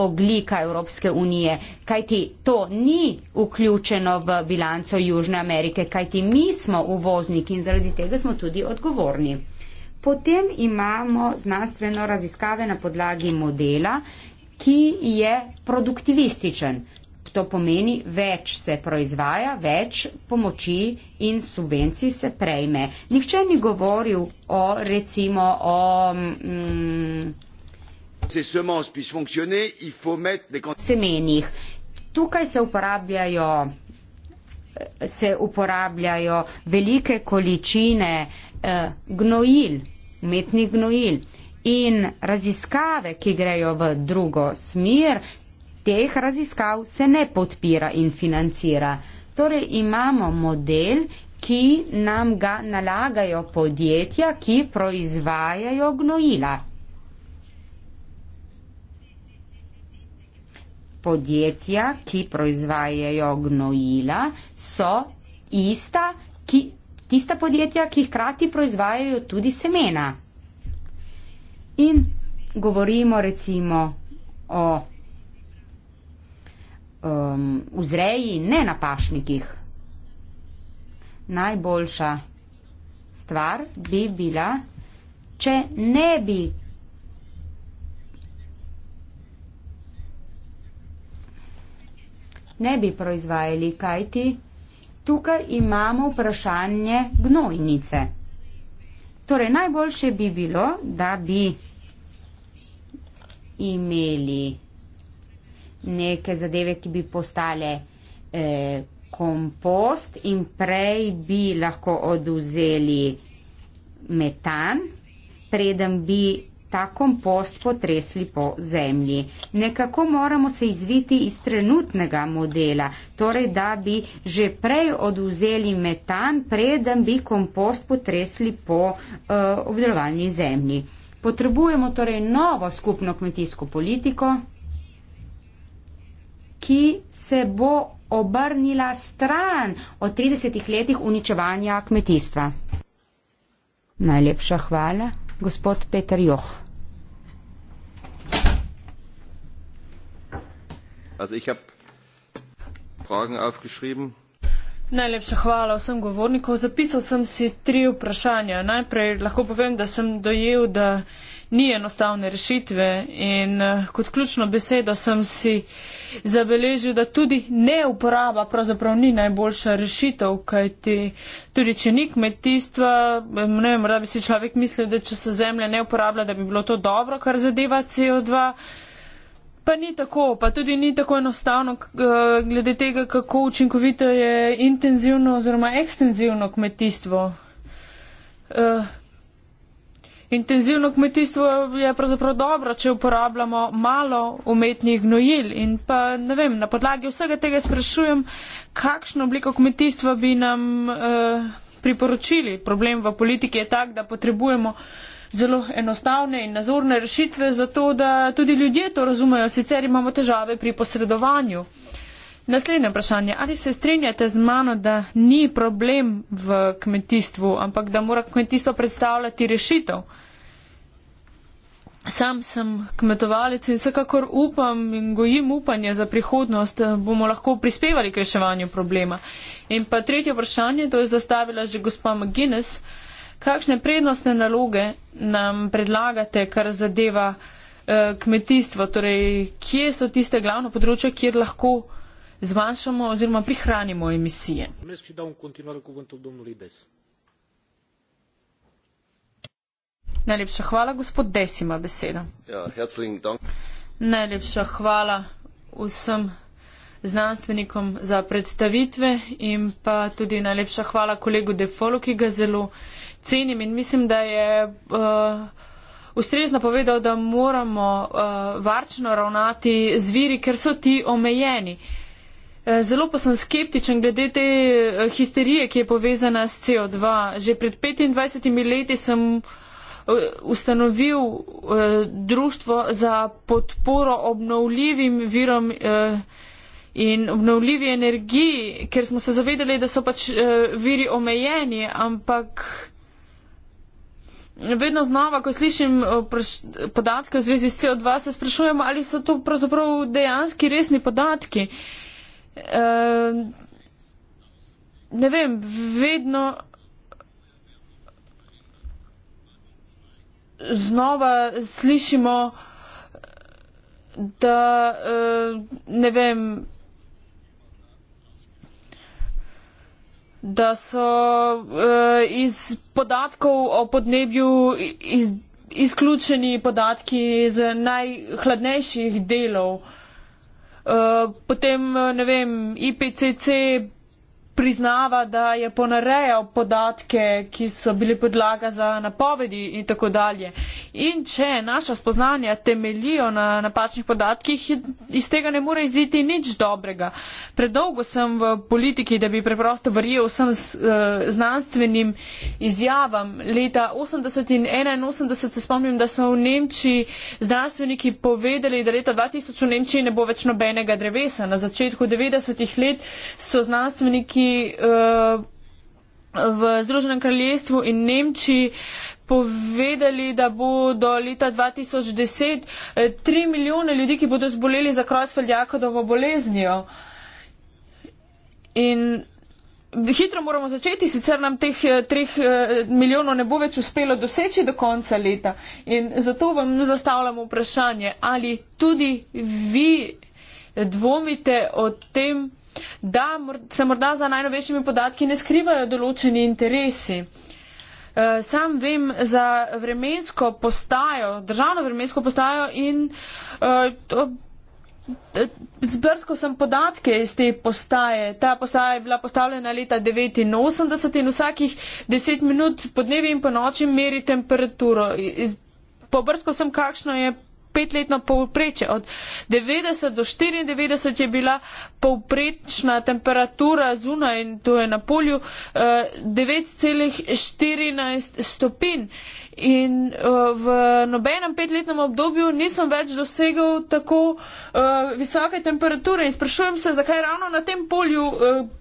oglika Evropske unije, kajti to ni vključeno v bilanco Južne Amerike, kajti mi smo uvozniki in zaradi tega smo tudi odgovorni. Potem imamo znanstveno raziskave na podlagi modela, ki je produktivističen. To pomeni, več se proizvaja, več pomoči in subvencij se prejme. Nihče ni govoril o recimo o. Mm, semenih. Tukaj se uporabljajo se uporabljajo velike količine eh, gnojil, umetnih gnojil. In raziskave, ki grejo v drugo smer, teh raziskav se ne podpira in financira. Torej imamo model, ki nam ga nalagajo podjetja, ki proizvajajo gnojila. Podjetja, ki proizvajajo gnojila, so ista, ki, tista podjetja, ki hkrati proizvajajo tudi semena. In govorimo recimo o um, vzreji, ne na pašnikih. Najboljša stvar bi bila, če ne bi ne bi proizvajali kajti. Tukaj imamo vprašanje gnojnice. Torej, najboljše bi bilo, da bi imeli neke zadeve, ki bi postale eh, kompost in prej bi lahko oduzeli metan, preden bi ta kompost potresli po zemlji. Nekako moramo se izviti iz trenutnega modela, torej da bi že prej oduzeli metan, preden bi kompost potresli po uh, obdelovalni zemlji. Potrebujemo torej novo skupno kmetijsko politiko ki se bo obrnila stran o 30 letih uničevanja kmetijstva. Najlepša hvala, gospod Peter Joh. Najlepša hvala vsem govornikom. Zapisal sem si tri vprašanja. Najprej lahko povem, da sem dojel, da ni enostavne rešitve in eh, kot ključno besedo sem si zabeležil, da tudi neuporaba pravzaprav ni najboljša rešitev, kajti tudi če ni kmetijstva, ne vem, rad bi si človek mislil, da če se zemlja ne uporablja, da bi bilo to dobro, kar zadeva CO2. Pa ni tako, pa tudi ni tako enostavno, eh, glede tega, kako učinkovito je intenzivno oziroma ekstenzivno kmetijstvo. Eh, Intenzivno kmetijstvo je pravzaprav dobro, če uporabljamo malo umetnih gnojil. Pa, vem, na podlagi vsega tega sprašujem, kakšno obliko kmetijstva bi nam eh, priporočili. Problem v politiki je tak, da potrebujemo zelo enostavne in nazorne rešitve, zato da tudi ljudje to razumejo, sicer imamo težave pri posredovanju. Eh, Naslednje vprašanje. Ali se strinjate z mano, da ni problem v kmetijstvu, ampak da mora kmetijstvo predstavljati rešitev? Sam sem kmetovalec in vsekakor upam in gojim upanje za prihodnost, eh, bomo lahko prispevali k reševanju problema. In pa tretje vprašanje, to je zastavila že gospa McGuinness. Kakšne prednostne naloge nam predlagate, kar zadeva eh, kmetijstvo? Torej, kje so tiste glavno področje, kjer lahko zmanjšamo oziroma prihranimo emisije. Najlepša hvala, gospod Desima, beseda. Ja, Najlepša hvala vsem znanstvenikom za predstavitve in pa tudi najlepša hvala kolegu Defolu, ki ga zelo cenim in mislim, da je uh, ustrezno povedal, da moramo uh, varčno ravnati z viri, ker so ti omejeni. Uh, Eh, zelo pa sem skeptičen glede te eh, histerije, ki je povezana s CO2. Že pred 25 leti sem eh, ustanovil društvo za podporo obnovljivim virom in obnovljivi energiji, ker smo se zavedali, da so pač viri omejeni, ampak vedno znova, ko slišim podatke v zvezi s CO2, se sprašujemo, ali so to pravzaprav dejanski resni podatki uh, ne vem, vedno znova slišimo, da uh, ne vem, da so uh, iz podatkov o podnebju iz, izključeni podatki iz najhladnejših delov. Eh, potem, eh, ne vem, IPCC, priznava, da je ponarejal podatke, ki so bili podlaga za napovedi in tako dalje. In če naša spoznanja temelijo na napačnih podatkih, iz tega ne more iziti nič dobrega. Predolgo sem v politiki, da bi preprosto verjel vsem eh, znanstvenim izjavam. Leta 80 in 81 se spomnim, da so v Nemčiji znanstveniki povedali, da leta 2000 v Nemčiji ne bo več nobenega drevesa. Na začetku 90-ih let so znanstveniki ki uh, eh, v Združenem kraljestvu in Nemčiji povedali, da bo do leta 2010 eh, tri eh, milijone ljudi, ki bodo zboleli za Krosfeldjakodovo boleznijo. In hitro moramo začeti, sicer nam teh eh, treh milijonov ne bo več uspelo doseči do konca leta. In zato vam zastavljamo vprašanje, ali tudi vi dvomite o tem, da se morda za najnovejšimi podatki ne skrivajo določeni interesi. Eh, sam vem za vremensko postajo, državno vremensko postajo in to, eh, eh, zbrsko sem podatke iz te postaje. Ta postaja je bila postavljena leta 89 in vsakih 10 minut po dnevi in po noči meri temperaturo. Pobrsko sem, kakšno je petletno povpreče. Od 90 do 94 je bila povprečna temperatura zunaj, to je na polju, 9,14 eh, stopinj. In eh, v nobenem petletnem obdobju nisem več dosegal tako eh, visoke temperature in sprašujem se, zakaj ravno na tem polju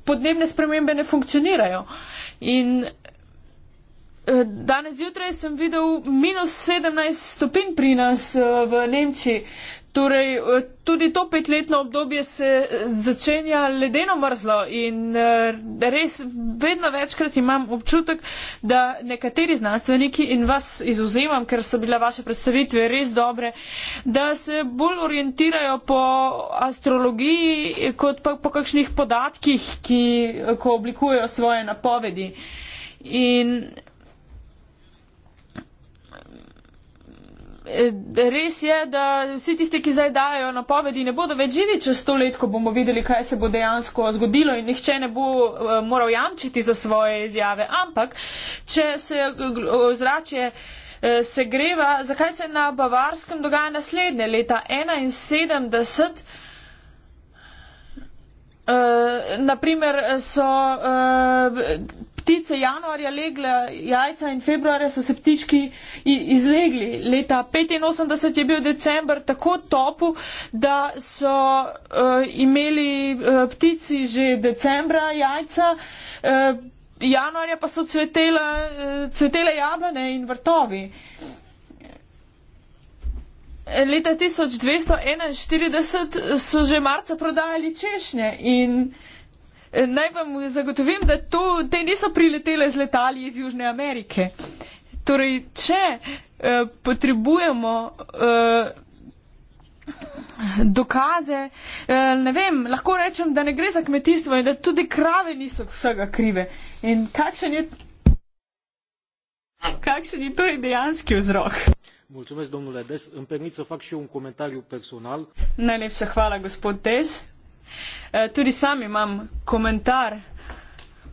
podnebne spremembe ne funkcionirajo. In Eh, danes zjutraj sem videl minus 17 stopinj pri nas eh, v Nemčiji. Torej, eh, tudi to petletno obdobje se začenja ledeno mrzlo in res vedno večkrat imam občutek, da nekateri znanstveniki in vas izuzemam, ker so bile vaše predstavitve res dobre, da se bolj orientirajo po astrologiji kot pa po kakšnih podatkih, ki ko oblikujejo svoje napovedi. In Eh, res je, da vsi tisti, ki zdaj dajo napovedi, ne bodo več živi čez sto let, ko bomo videli, kaj se bo dejansko zgodilo in nihče ne bo eh, moral jamčiti za svoje izjave. Ampak, če se eh, ozračje se greva, zakaj se na Bavarskem dogaja naslednje leta 71? Uh, naprimer so uh, ptice januarja legle jajca in februarja so se ptički izlegli. Leta 85 je bil december tako topu, da so uh, imeli uh, ptici že decembra jajca, uh, januarja pa so cvetela, uh, cvetele jablane in vrtovi. Leta 1241 so že marca prodajali češnje in Eh, naj vam zagotovim, da to, te niso priletele z letali iz Južne Amerike. Torej, če eh, potrebujemo eh, dokaze, eh, ne vem, lahko rečem, da ne gre za kmetijstvo in da tudi krave niso vsega krive. In kakšen je, kakšen je to torej je dejanski vzrok? Mulțumesc, domnule Des. Îmi permit să fac și eu un comentariu personal. Najlepša hvala, gospod Des. Eh, tudi sam imam komentar.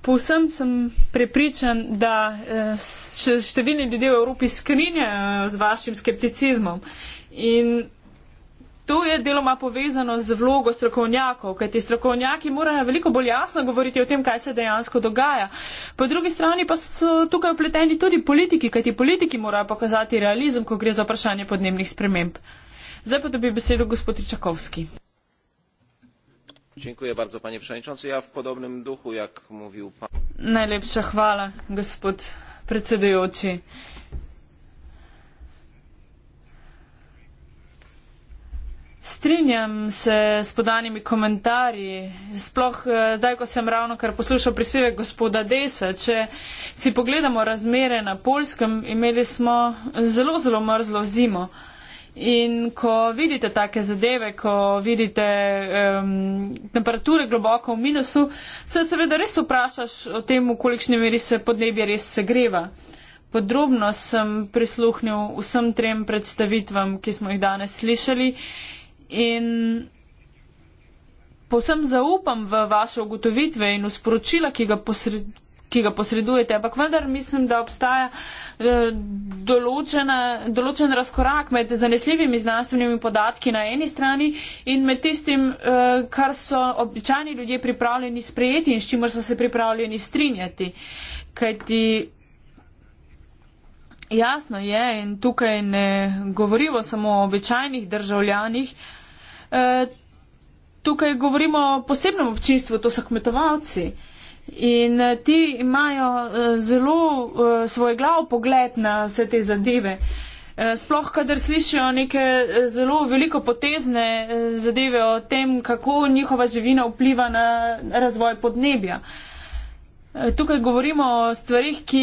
Povsem sem prepričan, da eh, se številni ljudje v Evropi skrinjajo eh, z vašim skepticizmom. In to je deloma povezano z vlogo strokovnjakov, kajti strokovnjaki morajo veliko bolj jasno govoriti o tem, kaj se dejansko dogaja. Po drugi strani pa so tukaj upleteni tudi politiki, kajti politiki morajo pokazati realizem, ko gre za vprašanje podnebnih sprememb. Zdaj pa dobi besedo gospod Čakovski panie przewodniczący! ja w podobnym duchu jak mówił pan. najlepsza chwała gospod predsedujoči. strinjam se s podanimi komentarji sploh eh, zdaj ko sem ravnokar poslušal prispevek gospoda desa če si pogledamo razmere na poljskem imeli smo zelo zelo mrzlo zimo. In ko vidite take zadeve, ko vidite um, temperature globoko v minusu, se seveda res vprašaš o tem, v kolikšni meri se podnebje res segreva. Podrobno sem prisluhnil vsem trem predstavitvam, ki smo jih danes slišali in povsem zaupam v vaše ugotovitve in v sporočila, ki ga posredujete ki ga posredujete, ampak vendar mislim, da obstaja eh, določena, določen razkorak med zanesljivimi znanstvenimi podatki na eni strani in med tistim, eh, kar so običajni ljudje pripravljeni sprejeti in s čimer so se pripravljeni strinjati. Kajti jasno je in tukaj ne govorimo samo o običajnih državljanih, eh, tukaj govorimo o posebnem občinstvu, to so kmetovalci. In eh, ti imajo eh, zelo eh, svoj glav pogled na vse te zadeve. Sploh, kadar slišijo neke zelo veliko potezne zadeve o tem, kako njihova živina vpliva na razvoj podnebja. Uh, Tukaj govorimo o stvarih, ki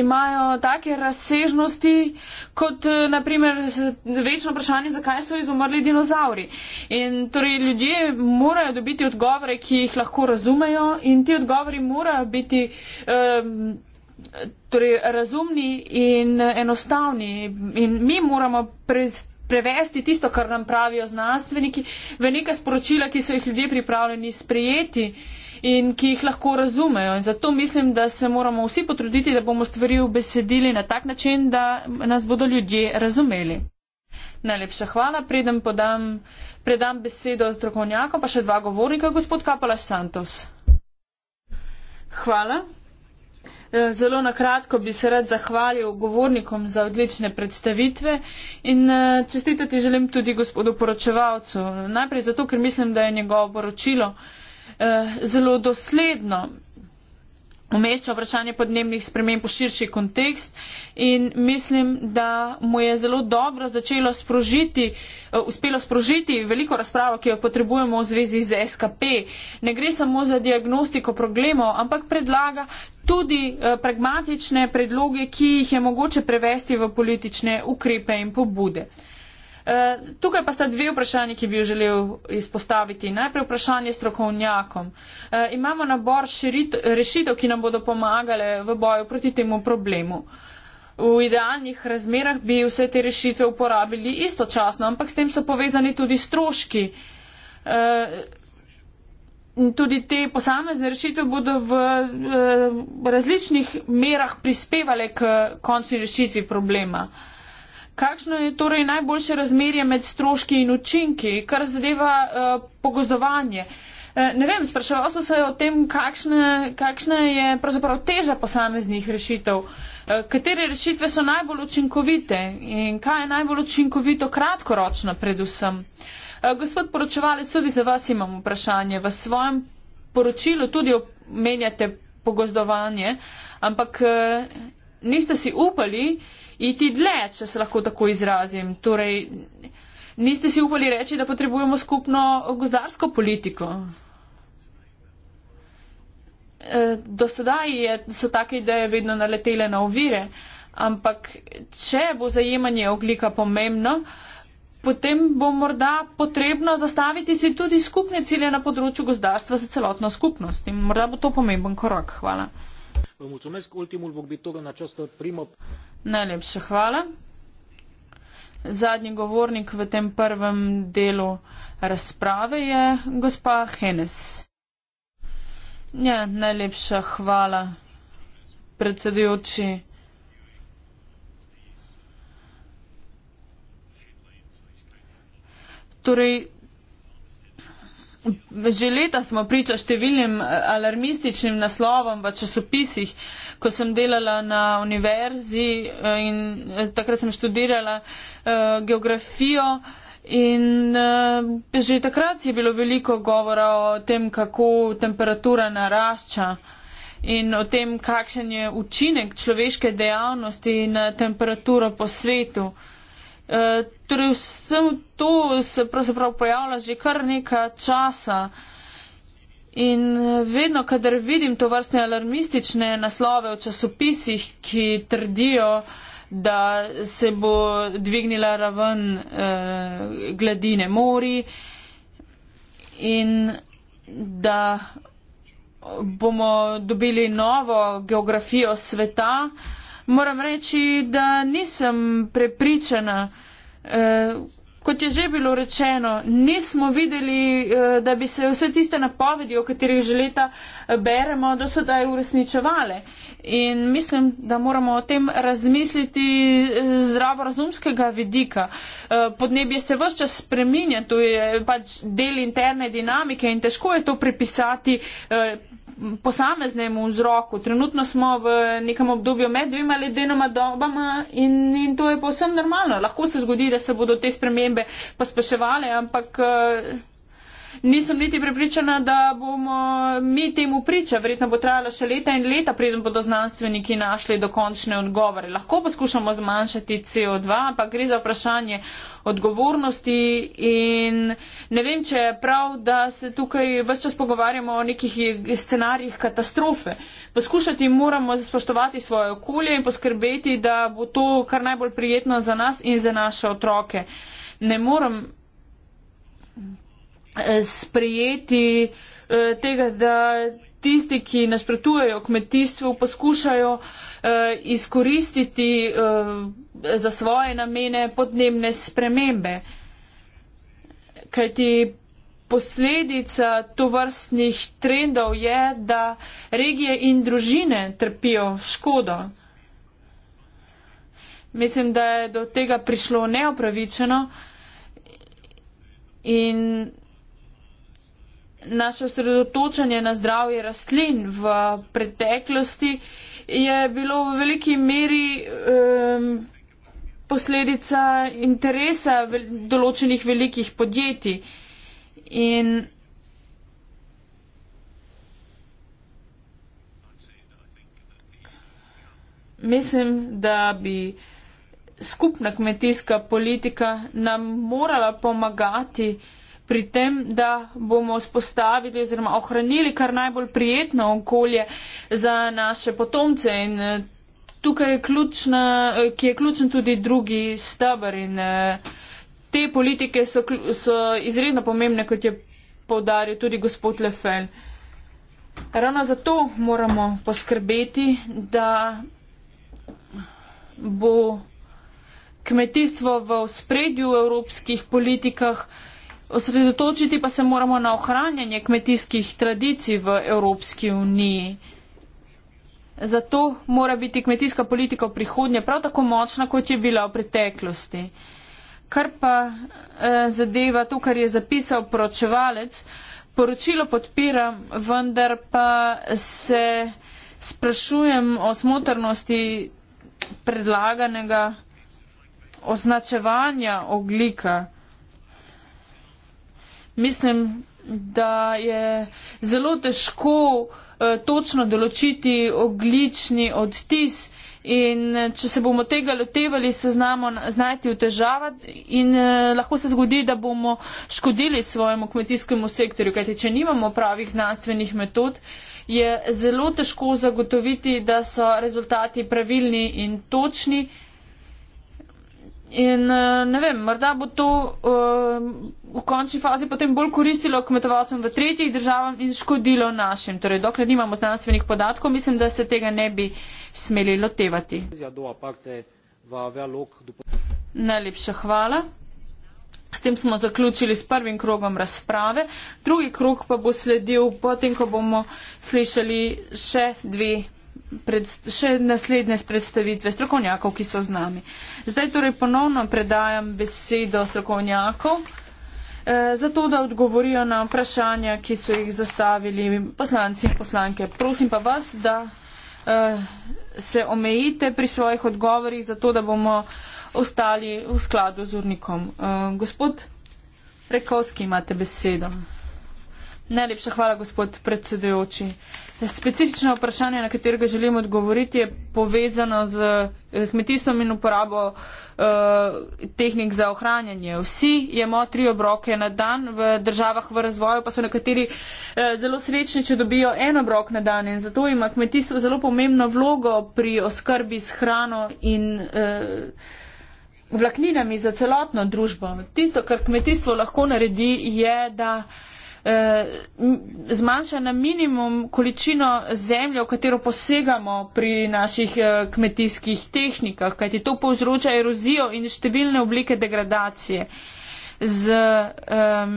imajo take razsežnosti, kot eh, naprimer večno vprašanje, zakaj so izumrli dinozauri. In torej ljudje morajo dobiti odgovore, ki jih lahko razumejo in ti odgovori morajo biti. Um, Torej, razumni in eh, enostavni. In mi moramo pre, prevesti tisto, kar nam pravijo znanstveniki, v neka sporočila, ki so jih ljudje pripravljeni sprejeti. Uh, in ki jih lahko razumejo. In zato mislim, da se moramo vsi potruditi, da bomo stvari obesedili na tak način, da nas bodo ljudje razumeli. Najlepša hvala, predem podam, predam besedo strokovnjakom, pa še dva govornika, gospod Kapala Santos. Hvala. E, zelo na kratko bi se rad zahvalil govornikom za odlične predstavitve in e, čestitati želim tudi gospodu poročevalcu. Najprej zato, ker mislim, da je njegovo poročilo uh, Eh, zelo dosledno umešča vprašanje podnebnih sprememb v širši kontekst in mislim, da mu je zelo dobro začelo sprožiti, eh, uspelo sprožiti veliko razpravo, ki jo potrebujemo v zvezi z SKP. Ne gre samo za diagnostiko problemov, ampak predlaga tudi eh, pragmatične predloge, ki jih je mogoče prevesti v politične ukrepe in pobude. Eh, tukaj pa sta dve vprašanje, ki bi jo želel izpostaviti. Najprej vprašanje strokovnjakom. Eh, imamo nabor rešitev, ki nam bodo pomagale v boju proti temu problemu. V idealnih razmerah bi vse te rešitve uporabili istočasno, ampak s tem so povezani tudi stroški. Eh, tudi te posamezne rešitve bodo v različnih merah prispevale k koncu rešitvi problema. Kakšno je torej najboljše razmerje med stroški in učinki, kar zadeva uh, pogozdovanje? Eh, ne vem, spraševal so se o tem, kakšne, kakšna je pravzaprav teža posameznih rešitev, eh, katere rešitve so najbolj učinkovite in kaj je najbolj učinkovito kratkoročno predvsem. Gospod poročevalec, tudi za vas imam vprašanje. V svojem poročilu tudi omenjate pogozdovanje, ampak niste si upali iti dlje, če se lahko tako izrazim. Torej, niste si upali reči, da potrebujemo skupno gozdarsko politiko. E, do sedaj je, so take ideje vedno naletele na ovire, ampak če bo zajemanje oglika pomembno, potem bo morda potrebno zastaviti si tudi skupne cilje na področju gozdarstva za celotno skupnost in morda bo to pomemben korak. Hvala. Vă mulțumesc. Ultimul vorbitor în această primă... Najlepša hvala. Zadnji govornik v tem prvem delu razprave je gospa Henes. Ja, najlepša hvala, predsedujoči. Torej, Že leta smo priča številnim eh, alarmističnim naslovom v časopisih, ko sem delala na univerzi eh, in eh, takrat sem študirala geografijo in že takrat je bilo veliko govora o tem, kako temperatura narašča in o tem, kakšen je učinek človeške dejavnosti na temperaturo po svetu. Eh, torej vsem to se pravzaprav pojavlja že kar nekaj časa. In eh, vedno, kadar vidim to vrstne alarmistične naslove v časopisih, ki trdijo, da se bo dvignila raven eh, gladine mori in da bomo dobili novo geografijo sveta, eh, moram reči, da nisem prepričana. Eh, kot je že bilo rečeno, nismo videli, eh, da bi se vse tiste napovedi, o katerih že leta eh, beremo, do sedaj uresničevale. In mislim, da moramo o tem razmisliti zdravorazumskega vidika. Podnebje se vse čas spreminja, to je pač del interne dinamike in težko je to prepisati posameznemu vzroku. Trenutno smo v nekem obdobju med dvema ledenoma dobama in, in to je povsem normalno. Lahko se zgodi, da se bodo te spremembe pospeševale, ampak. Uh, nisem niti prepričana, da bomo mi temu priča. Verjetno bo trajalo še leta in leta, preden bodo znanstveniki našli dokončne odgovore. Lahko poskušamo zmanjšati CO2, ampak gre za vprašanje odgovornosti in ne vem, če je prav, da se tukaj vse čas pogovarjamo o nekih scenarijih katastrofe. Poskušati moramo spoštovati svoje okolje in poskrbeti, da bo to kar najbolj prijetno za nas in za naše otroke. Ne morem Eh, sprejeti eh, tega, da tisti, ki nasprotujejo kmetijstvu, poskušajo eh, izkoristiti za svoje namene podnebne spremembe. Kajti posledica tovrstnih trendov je, da regije in družine trpijo škodo. Mislim, da je do tega prišlo neopravičeno in naše osredotočanje na zdravje rastlin v preteklosti je bilo v veliki meri um, posledica interesa določenih velikih podjetij. In mislim, da bi skupna kmetijska politika nam morala pomagati uh, pri tem, da bomo spostavili oziroma ohranili kar najbolj prijetno okolje za naše potomce. In eh, tukaj je ključna, eh, ki je ključen tudi drugi stabr in eh, te politike so, so izredno pomembne, kot je povdaril tudi gospod Lefel. Ravno zato moramo poskrbeti, da bo kmetijstvo v spredju evropskih politikah, osredotočiti pa se moramo na ohranjanje kmetijskih tradicij v Evropski uniji. Zato mora biti kmetijska politika v prihodnje prav tako močna, kot je bila v preteklosti. Kar pa eh, zadeva to, kar je zapisal poročevalec, poročilo podpiram, vendar pa se sprašujem o smotrnosti predlaganega označevanja oglika. Mislim, da je zelo težko eh, točno določiti oglični odtis in eh, če se bomo tega lotevali, se znamo znati v težavah in eh, lahko se zgodi, da bomo škodili svojemu kmetijskemu sektorju, kajti če nimamo pravih znanstvenih metod, je zelo težko zagotoviti, da so rezultati pravilni in točni. In eh, ne vem, morda bo to uh, v končni fazi potem bolj koristilo kmetovalcem v tretjih državah in škodilo našim. Torej, dokler nimamo znanstvenih podatkov, mislim, da se tega ne bi smeli lotevati. Najlepša hvala. S tem smo zaključili s prvim krogom razprave. Drugi krog pa bo sledil potem, ko bomo slišali še dve pred, še naslednje predstavitve strokovnjakov, ki so z nami. Zdaj torej ponovno predajam besedo strokovnjakov, eh, zato da odgovorijo na vprašanja, ki so jih zastavili poslanci in poslanke. Prosim pa vas, da eh, se omejite pri svojih odgovorih, zato da bomo ostali v skladu z urnikom. Eh, gospod Rekovski, imate besedo. Najlepša hvala, gospod predsedujoči. Specifično vprašanje, na katerega želim odgovoriti, je povezano z eh, kmetijstvom in uporabo eh, tehnik za ohranjanje. Vsi jemo tri obroke na dan, v državah v razvoju pa so nekateri eh, zelo srečni, če dobijo en obrok na dan in zato ima kmetijstvo zelo pomembno vlogo pri oskrbi s hrano in. Eh, Vlakninami za celotno družbo. Tisto, kar kmetijstvo lahko naredi, je, da uh, Eh, zmanjša na minimum količino zemlje, v katero posegamo pri naših eh, kmetijskih tehnikah, kajti to povzroča erozijo in številne oblike degradacije. Z um,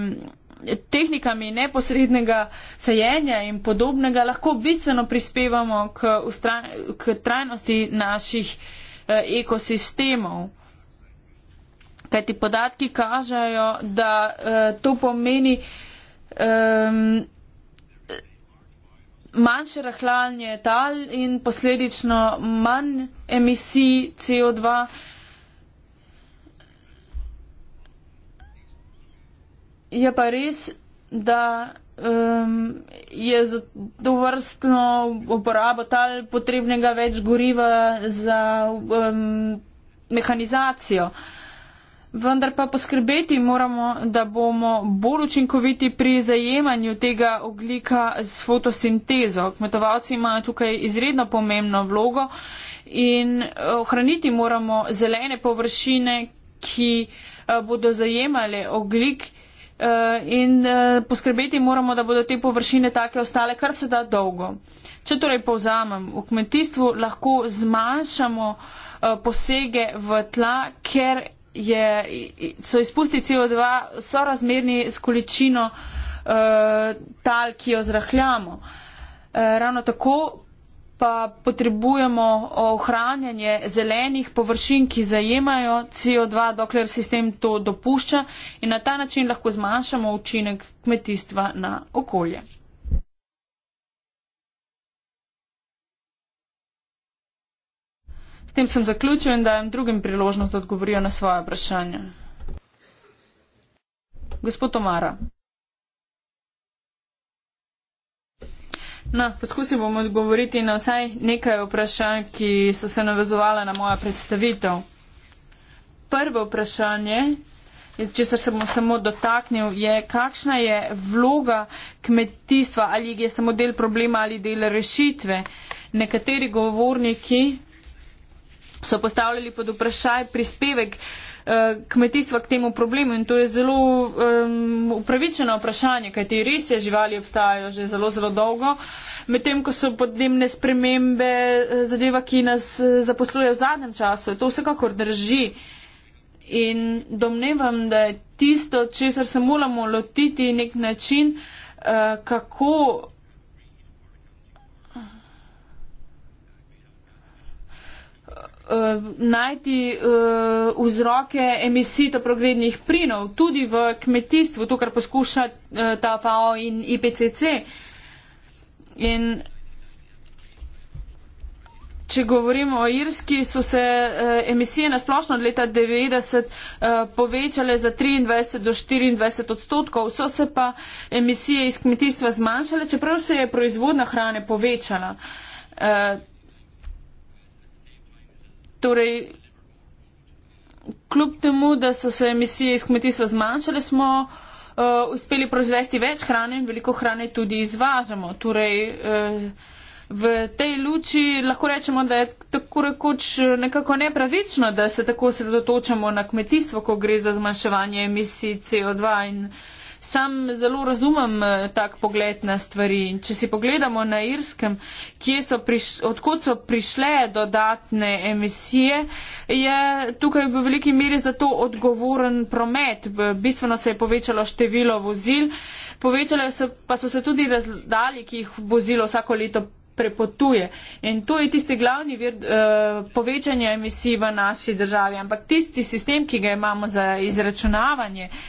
tehnikami neposrednega sajenja in podobnega lahko bistveno prispevamo k, k trajnosti naših eh, ekosistemov. Kajti podatki kažejo, da eh, to pomeni eh, um, manjše rahlanje tal in posledično manj emisij CO2. Je pa res, da um, je za to vrstno uporabo tal potrebnega več goriva za um, mehanizacijo. Uh, vendar pa poskrbeti moramo, da bomo bolj učinkoviti pri zajemanju tega oglika z fotosintezo. Kmetovalci imajo tukaj izredno pomembno vlogo in eh, ohraniti moramo zelene površine, ki eh, bodo zajemali oglik eh, in poskrbeti moramo, da bodo te površine take ostale kar se da dolgo. Če torej povzamem, v kmetijstvu lahko zmanjšamo posege v tla, ker je, so izpusti CO2 sorazmerni s količino uh, tal, ki jo zrahljamo. Uh, ravno tako pa potrebujemo ohranjanje zelenih površin, ki zajemajo CO2, dokler sistem to dopušča in na ta način lahko zmanjšamo učinek kmetijstva na okolje. tem sem zaključil in dajem drugim priložnost, da odgovorijo na svoje vprašanje. Gospod Omara. No, poskusil bom odgovoriti na vsaj nekaj vprašanj, ki so se navezovala na moja predstavitev. Prvo vprašanje, če se bom samo dotaknil, je kakšna je vloga kmetijstva, ali je samo del problema ali del rešitve. Nekateri govorniki, so postavljali pod vprašaj prispevek eh, kmetijstva k temu problemu in to je zelo um, upravičeno vprašanje, kajti res je, živali obstajajo že zelo, zelo dolgo, medtem ko so podnebne spremembe eh, zadeva, ki nas eh, zaposluje v zadnjem času. To vsekakor drži in domnevam, da je tisto, česar se moramo lotiti, nek način, uh, kako uh, najti uh, vzroke emisij toprogrednih plinov tudi v kmetijstvu, to, kar poskuša uh, ta FAO in IPCC. In Če govorimo o Irski, so se uh, emisije nasplošno od leta 90 uh, povečale za 23 do 24 odstotkov, so se pa emisije iz kmetijstva zmanjšale, čeprav se je proizvodna hrane povečala. Uh, Torej, kljub temu, da so se emisije iz kmetijstva zmanjšale, smo uh, uspeli proizvesti več hrane in veliko hrane tudi izvažamo. Torej, uh, v tej luči lahko rečemo, da je tako rekoč eh, nekako nepravično, da se tako sredotočamo na kmetijstvo, ko gre za zmanjševanje emisij CO2 in sam zelo razumem eh, tak pogled na stvari. Če si pogledamo na Irskem, so prišle, odkot so prišle dodatne emisije, je tukaj v veliki meri za to odgovoren promet. Bistveno se je povečalo število vozil, povečale so, pa so se tudi razdalji, ki jih vozilo vsako leto prepotuje. In to je tisti glavni vir uh, eh, povečanja emisij v naši državi. Ampak tisti sistem, ki ga imamo za izračunavanje, uh,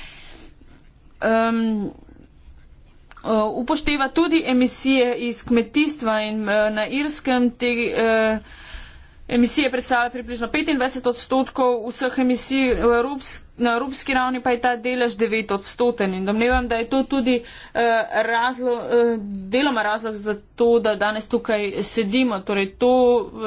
um, uh, upošteva tudi emisije iz kmetijstva in uh, na Irskem te uh, emisije predstavlja približno 25 odstotkov vseh emisij v Evropski na evropski ravni pa je ta delež 9 odstoten in domnevam, da je to tudi eh, razlo, eh, deloma razlog za to, da danes tukaj sedimo. Torej, to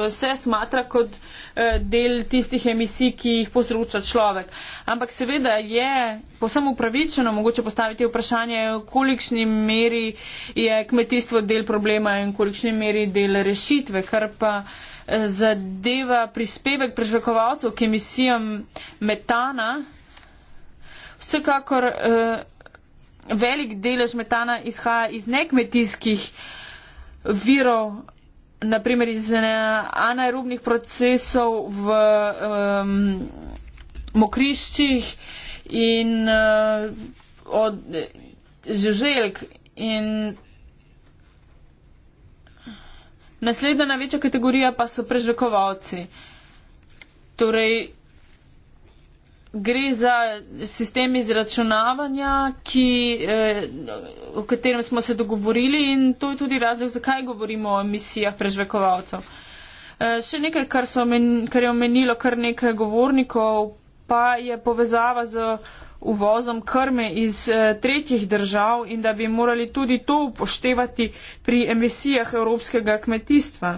eh, se smatra kot eh, del tistih emisij, ki jih pozroča človek. Ampak seveda je posebno upravičeno mogoče postaviti vprašanje, kolikšni meri je kmetijstvo del problema in kolikšni meri del rešitve, kar pa eh, zadeva prispevek prežvekovalcev k emisijam metana, Vsekakor eh, velik delež metana izhaja iz nekmetijskih virov, naprimer iz eh, anaerobnih procesov v eh, mokriščih in eh, od eh, žuželk. In naslednja največja kategorija pa so prežakovalci. Torej, gre za sistem izračunavanja, ki, eh, o katerem smo se dogovorili in to je tudi razlog, zakaj govorimo o emisijah prežvekovalcev. Eh, še nekaj, kar, so, kar je omenilo kar nekaj govornikov, pa je povezava z uvozom krme iz eh, tretjih držav in da bi morali tudi to upoštevati pri emisijah evropskega kmetijstva.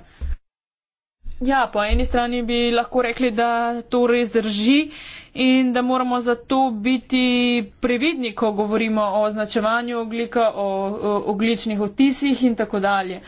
Ja, po eni strani bi lahko rekli, da to res drži in da moramo zato biti previdni, ko govorimo o označevanju oglika, o, o ogličnih otisih in tako dalje.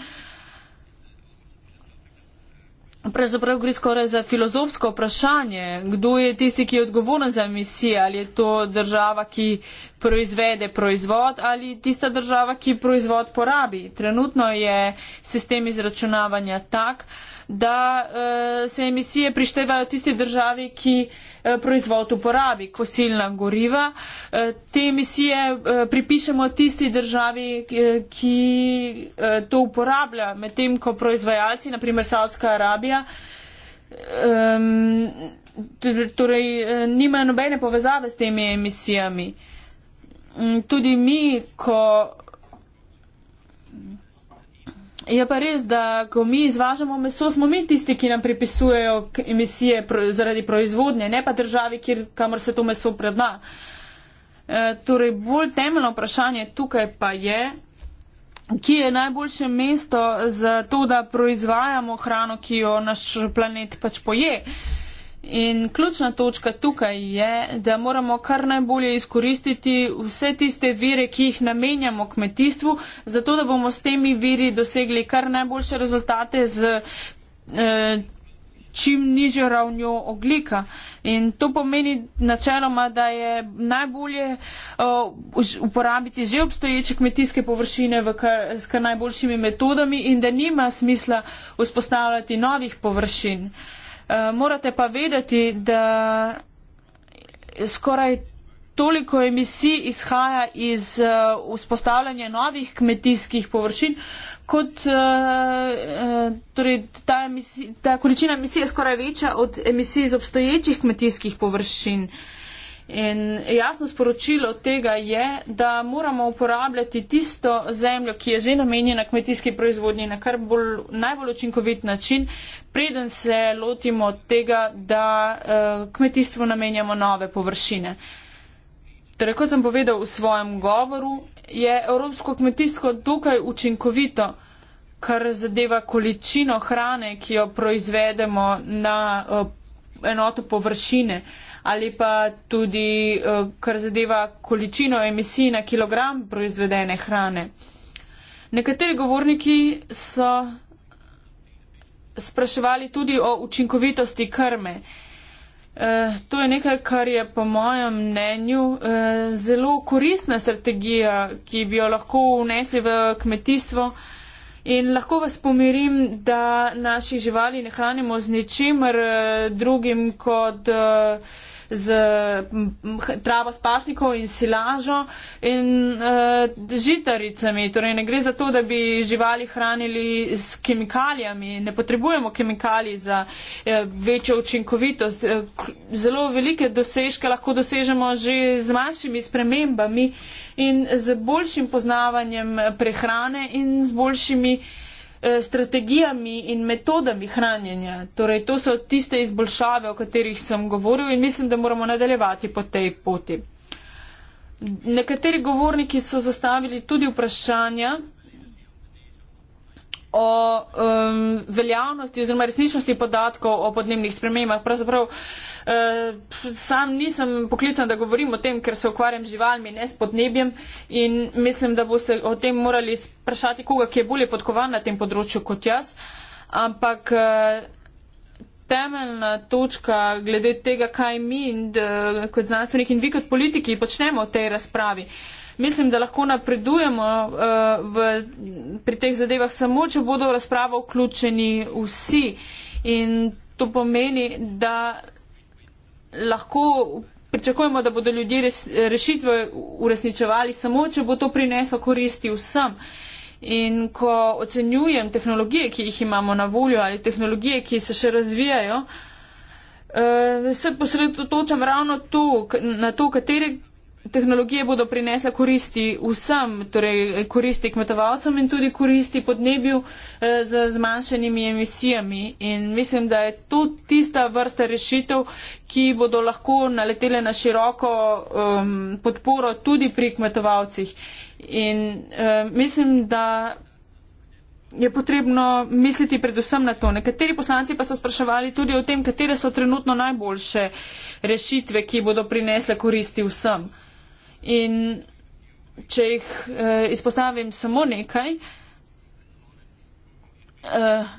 Pravzaprav gre skoraj za filozofsko vprašanje, kdo je tisti, ki je odgovoren za emisije, ali je to država, ki proizvede proizvod ali tista država, ki proizvod porabi. Trenutno je sistem izračunavanja tak, da eh, se emisije prištevajo tisti državi, ki eh, proizvod uporabi, fosilna goriva. Eh, te emisije pripišemo tisti državi, ki to uporablja, medtem ko proizvajalci, naprimer Saudska Arabija, ehm, torej nimajo nobene povezave s temi emisijami. Mm, tudi mi, ko Je pa res, da ko mi izvažamo meso, smo mi tisti, ki nam pripisujejo emisije pro, zaradi proizvodnje, ne pa državi, kjer, kamor se to meso predna. E, torej, bolj temeljno vprašanje tukaj pa je, kje je najboljše mesto za to, da proizvajamo hrano, ki jo naš planet pač poje. E, In ključna točka tukaj je, da moramo kar najbolje izkoristiti vse tiste vire, ki jih namenjamo kmetijstvu, zato da bomo s temi viri dosegli kar najboljše rezultate z eh, čim nižjo ravnjo oglika. In to pomeni načeloma, da je najbolje eh, uporabiti že obstoječe kmetijske površine kar, s kar najboljšimi metodami in da nima smisla vzpostavljati novih površin. Eh, Eh, morate pa vedeti, da skoraj toliko emisij izhaja iz uh, vzpostavljanja novih kmetijskih površin, kot uh, uh, torej ta, emisij, ta količina emisij je skoraj večja od emisij iz obstoječih kmetijskih površin. Uh, In jasno sporočilo tega je, da moramo uporabljati tisto zemljo, ki je že namenjena kmetijski proizvodnji na kar bolj, najbolj učinkovit način, preden se lotimo tega, da eh, kmetijstvu namenjamo nove površine. Torej, kot sem povedal v svojem govoru, je evropsko kmetijstvo dokaj učinkovito, kar zadeva količino hrane, ki jo proizvedemo na eh, enoto površine ali pa tudi, eh, kar zadeva količino emisij na kilogram proizvedene hrane. Nekateri govorniki so spraševali tudi o učinkovitosti krme. E, to je nekaj, kar je po mojem mnenju e, zelo koristna strategija, ki bi jo lahko vnesli v kmetijstvo. In lahko vas pomirim, da naši živali ne hranimo z ničimer drugim kot. E, z travo s pašnikov in silažo in uh, žitaricami. Torej ne gre za to, da bi živali hranili s kemikalijami. Ne potrebujemo kemikalij za uh, večjo učinkovitost. E, zelo velike dosežke lahko dosežemo že z manjšimi spremembami in z boljšim poznavanjem prehrane in z boljšimi uh, Eh, strategijami in metodami hranjenja. Torej, to so tiste izboljšave, o katerih sem govoril in mislim, da moramo nadaljevati po tej poti. Nekateri govorniki so zastavili tudi vprašanja, o um, veljavnosti oziroma resničnosti podatkov o podnebnih spremembah. Pravzaprav uh, sam nisem poklican, da govorim o tem, ker se ukvarjam z živalmi, ne s podnebjem in mislim, da boste o tem morali sprašati koga, ki je bolje podkovan na tem področju kot jaz. Ampak uh, temeljna točka glede tega, kaj mi in, uh, kot znanstveniki in vi kot politiki počnemo v tej razpravi. Uh, mislim, da lahko napredujemo uh, v, pri teh zadevah samo, če bodo v razpravo vključeni vsi. In to pomeni, da lahko pričakujemo, da bodo ljudje res, rešitve uresničevali samo, če bo to prineslo koristi vsem. In ko ocenjujem tehnologije, ki jih imamo na voljo ali tehnologije, ki se še razvijajo, eh, se posredotočam ravno to, na to, katere tehnologije bodo prinesle koristi vsem, torej koristi kmetovalcem in tudi koristi podnebju eh, z zmanjšanimi emisijami. In mislim, da je to tista vrsta rešitev, ki bodo lahko naletele na široko um, podporo tudi pri kmetovalcih. In um, mislim, da. Je potrebno misliti predvsem na to. Nekateri poslanci pa so spraševali tudi o tem, katere so trenutno najboljše rešitve, ki bodo prinesle koristi vsem. Uh, In če jih uh, izpostavim samo nekaj, uh,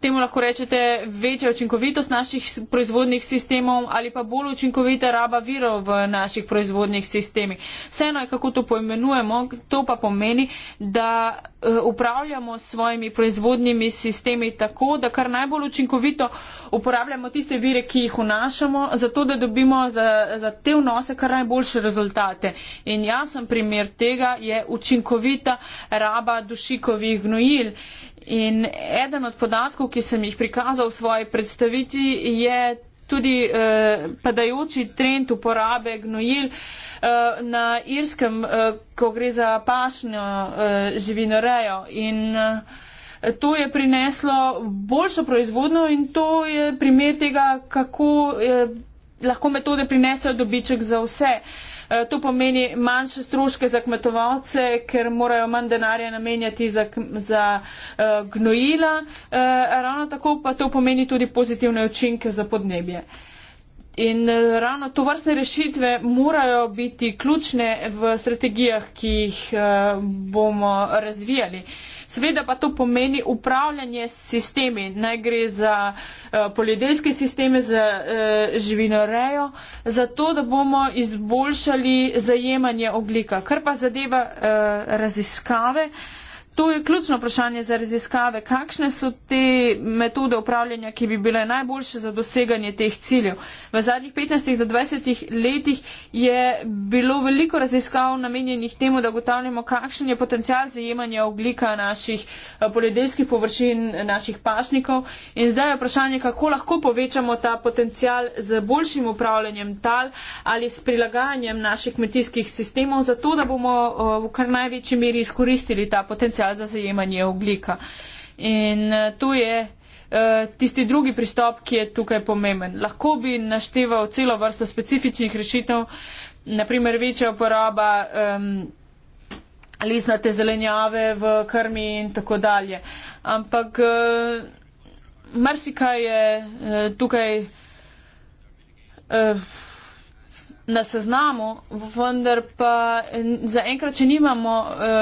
temu lahko rečete večja učinkovitost naših proizvodnih sistemov ali pa bolj učinkovita raba virov v naših proizvodnih sistemih. Vseeno je, kako to poimenujemo, to pa pomeni, da eh, upravljamo s svojimi proizvodnimi sistemi tako, da kar najbolj učinkovito uporabljamo tiste vire, ki jih vnašamo, zato da dobimo za, za te vnose kar najboljše rezultate. In jasen primer tega je učinkovita raba dušikovih gnojil. In eden od podatkov, ki sem jih prikazal v svoji predstaviti, je tudi eh, padajoči trend uporabe gnojil eh, na irskem, eh, ko gre za pašno eh, živinorejo. In eh, to je prineslo boljšo proizvodno in to je primer tega, kako eh, lahko metode prinesejo dobiček za vse. Eh, Eh, to pomeni manjše stroške za kmetovalce, ker morajo manj denarja namenjati za, za eh, gnojila, eh, ravno tako pa to pomeni tudi pozitivne učinke za podnebje. In ravno to vrstne rešitve morajo biti ključne v strategijah, ki jih bomo razvijali. Seveda pa to pomeni upravljanje s sistemi. Naj gre za uh, poljedelske sisteme, za uh, živinorejo, za to, da bomo izboljšali zajemanje oglika. Kar pa zadeva uh, raziskave, uh, to je ključno vprašanje za raziskave. Kakšne so te metode upravljanja, ki bi bile najboljše za doseganje teh ciljev? V zadnjih 15 do 20 letih je bilo veliko raziskav namenjenih temu, da ugotavljamo, kakšen je potencial zajemanja oglika naših eh, poljedeljskih površin, naših pašnikov. In zdaj je vprašanje, kako lahko povečamo ta potencial z boljšim upravljanjem tal ali s prilagajanjem naših kmetijskih sistemov, zato da bomo eh, v kar največji meri izkoristili ta potencial za zajemanje oglika. In eh, tu je eh, tisti drugi pristop, ki je tukaj pomemben. Lahko bi našteval celo vrsto specifičnih rešitev, naprimer večja uporaba um, lisnate zelenjave v krmi in tako dalje. Ampak uh, eh, marsika je uh, tukaj. Uh, na seznamu, vendar pa zaenkrat, če nimamo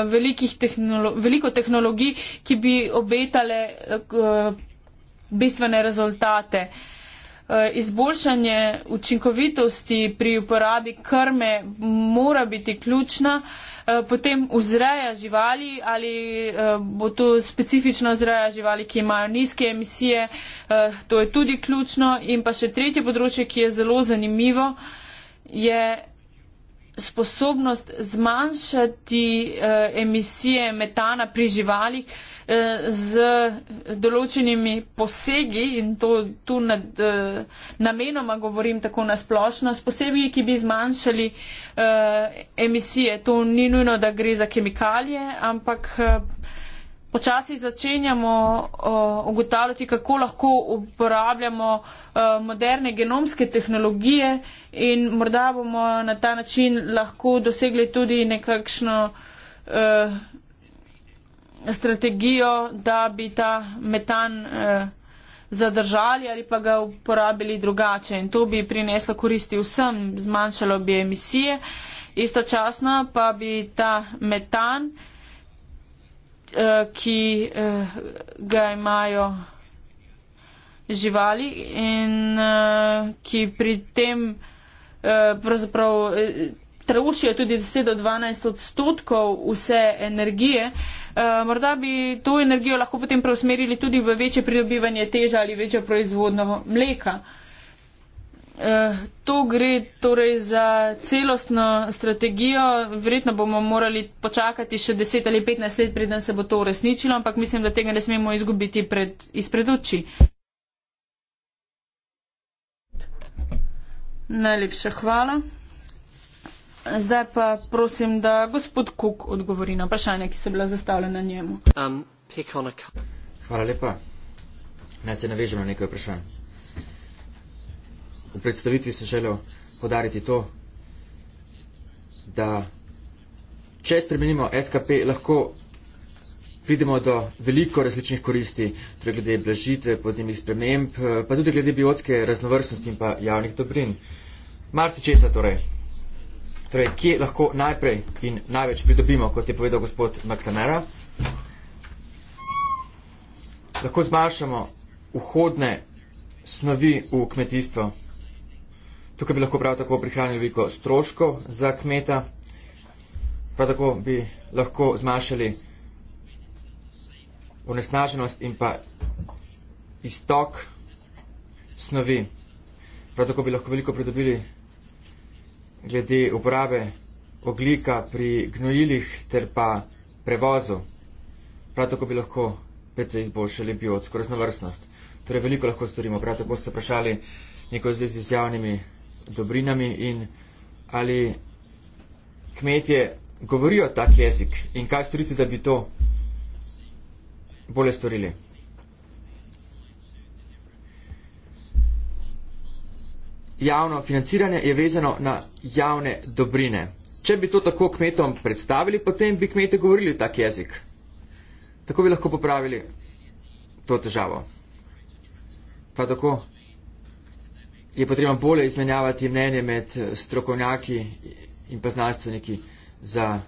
eh, tehnolo veliko tehnologij, ki bi obetale eh, bistvene rezultate. Eh, izboljšanje učinkovitosti pri uporabi krme mora biti ključna, potem vzreja živali ali bo to specifično vzreja živali, ki imajo nizke emisije, to je tudi ključno. In pa še tretje področje, ki je zelo zanimivo, je sposobnost zmanjšati eh, emisije metana pri živalih eh, z določenimi posegi in to tu nad, eh, namenoma govorim tako nasplošno, s posebej, ki bi zmanjšali eh, emisije. To ni nujno, da gre za kemikalije, ampak. Eh, počasi začenjamo uh, ugotavljati, kako lahko uporabljamo uh, moderne genomske tehnologije in morda bomo na ta način lahko dosegli tudi nekakšno uh, strategijo, da bi ta metan. Uh, zadržali ali pa ga uporabili drugače in to bi prineslo koristi vsem, zmanjšalo bi emisije, istočasno pa bi ta metan eh, Eh, ki eh, ga imajo živali in eh, ki pri tem pravzaprav traušijo tudi 10 do 12 odstotkov vse energije. Morda bi to energijo lahko potem preusmerili tudi v večje pridobivanje teža ali večjo proizvodno mleka. Eh, to gre torej za celostno strategijo. Verjetno bomo morali počakati še 10 ali 15 let, preden se bo to uresničilo, ampak mislim, da tega ne smemo izgubiti pred, izpred oči. Najlepša hvala. Zdaj pa prosim, da gospod Kuk odgovori na vprašanje, ki so bila zastavljena njemu. Um, hvala lepa. Naj se navežem na nekaj vprašanj. V predstavitvi sem želel podariti to, da če spremenimo SKP, lahko pridemo do veliko različnih koristi, torej glede blažitve, podnebnih sprememb, eh, pa tudi glede biotske raznovrstnosti in pa javnih dobrin. Marsi česa torej. Torej, kje lahko najprej in največ pridobimo, kot je povedal gospod McNamara, lahko zmanjšamo vhodne snovi v kmetijstvo. Tukaj bi lahko prav tako prihranili veliko stroškov za kmeta, prav tako bi lahko zmanjšali onesnaženost in pa iztok snovi. Prav tako bi lahko veliko pridobili glede uporabe oglika pri gnojilih ter pa prevozu. Prav tako bi lahko precej izboljšali biotsko raznovrstnost. Torej, veliko lahko storimo. Prav tako ste vprašali neko zvezi z javnimi dobrinami in ali kmetje govorijo tak jezik in kaj storiti, da bi to bolje storili. Javno financiranje je vezano na javne dobrine. Če bi to tako kmetom predstavili, potem bi kmete govorili tak jezik. Tako bi lahko popravili to težavo. Prav tako je potrebno bolje izmenjavati mnenje med strokovnjaki in pa znanstveniki za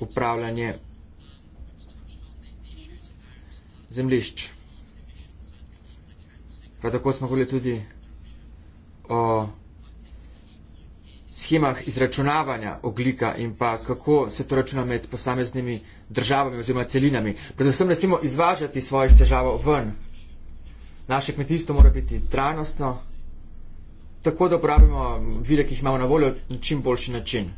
upravljanje zemlišč. Prav tako smo govorili tudi o schemah izračunavanja oglika in pa kako se to računa med posameznimi državami oziroma celinami. Predvsem ne smemo izvažati svojih težav ven naše kmetijstvo mora biti trajnostno, tako da uporabimo vire, ki jih imamo na voljo, na čim boljši način.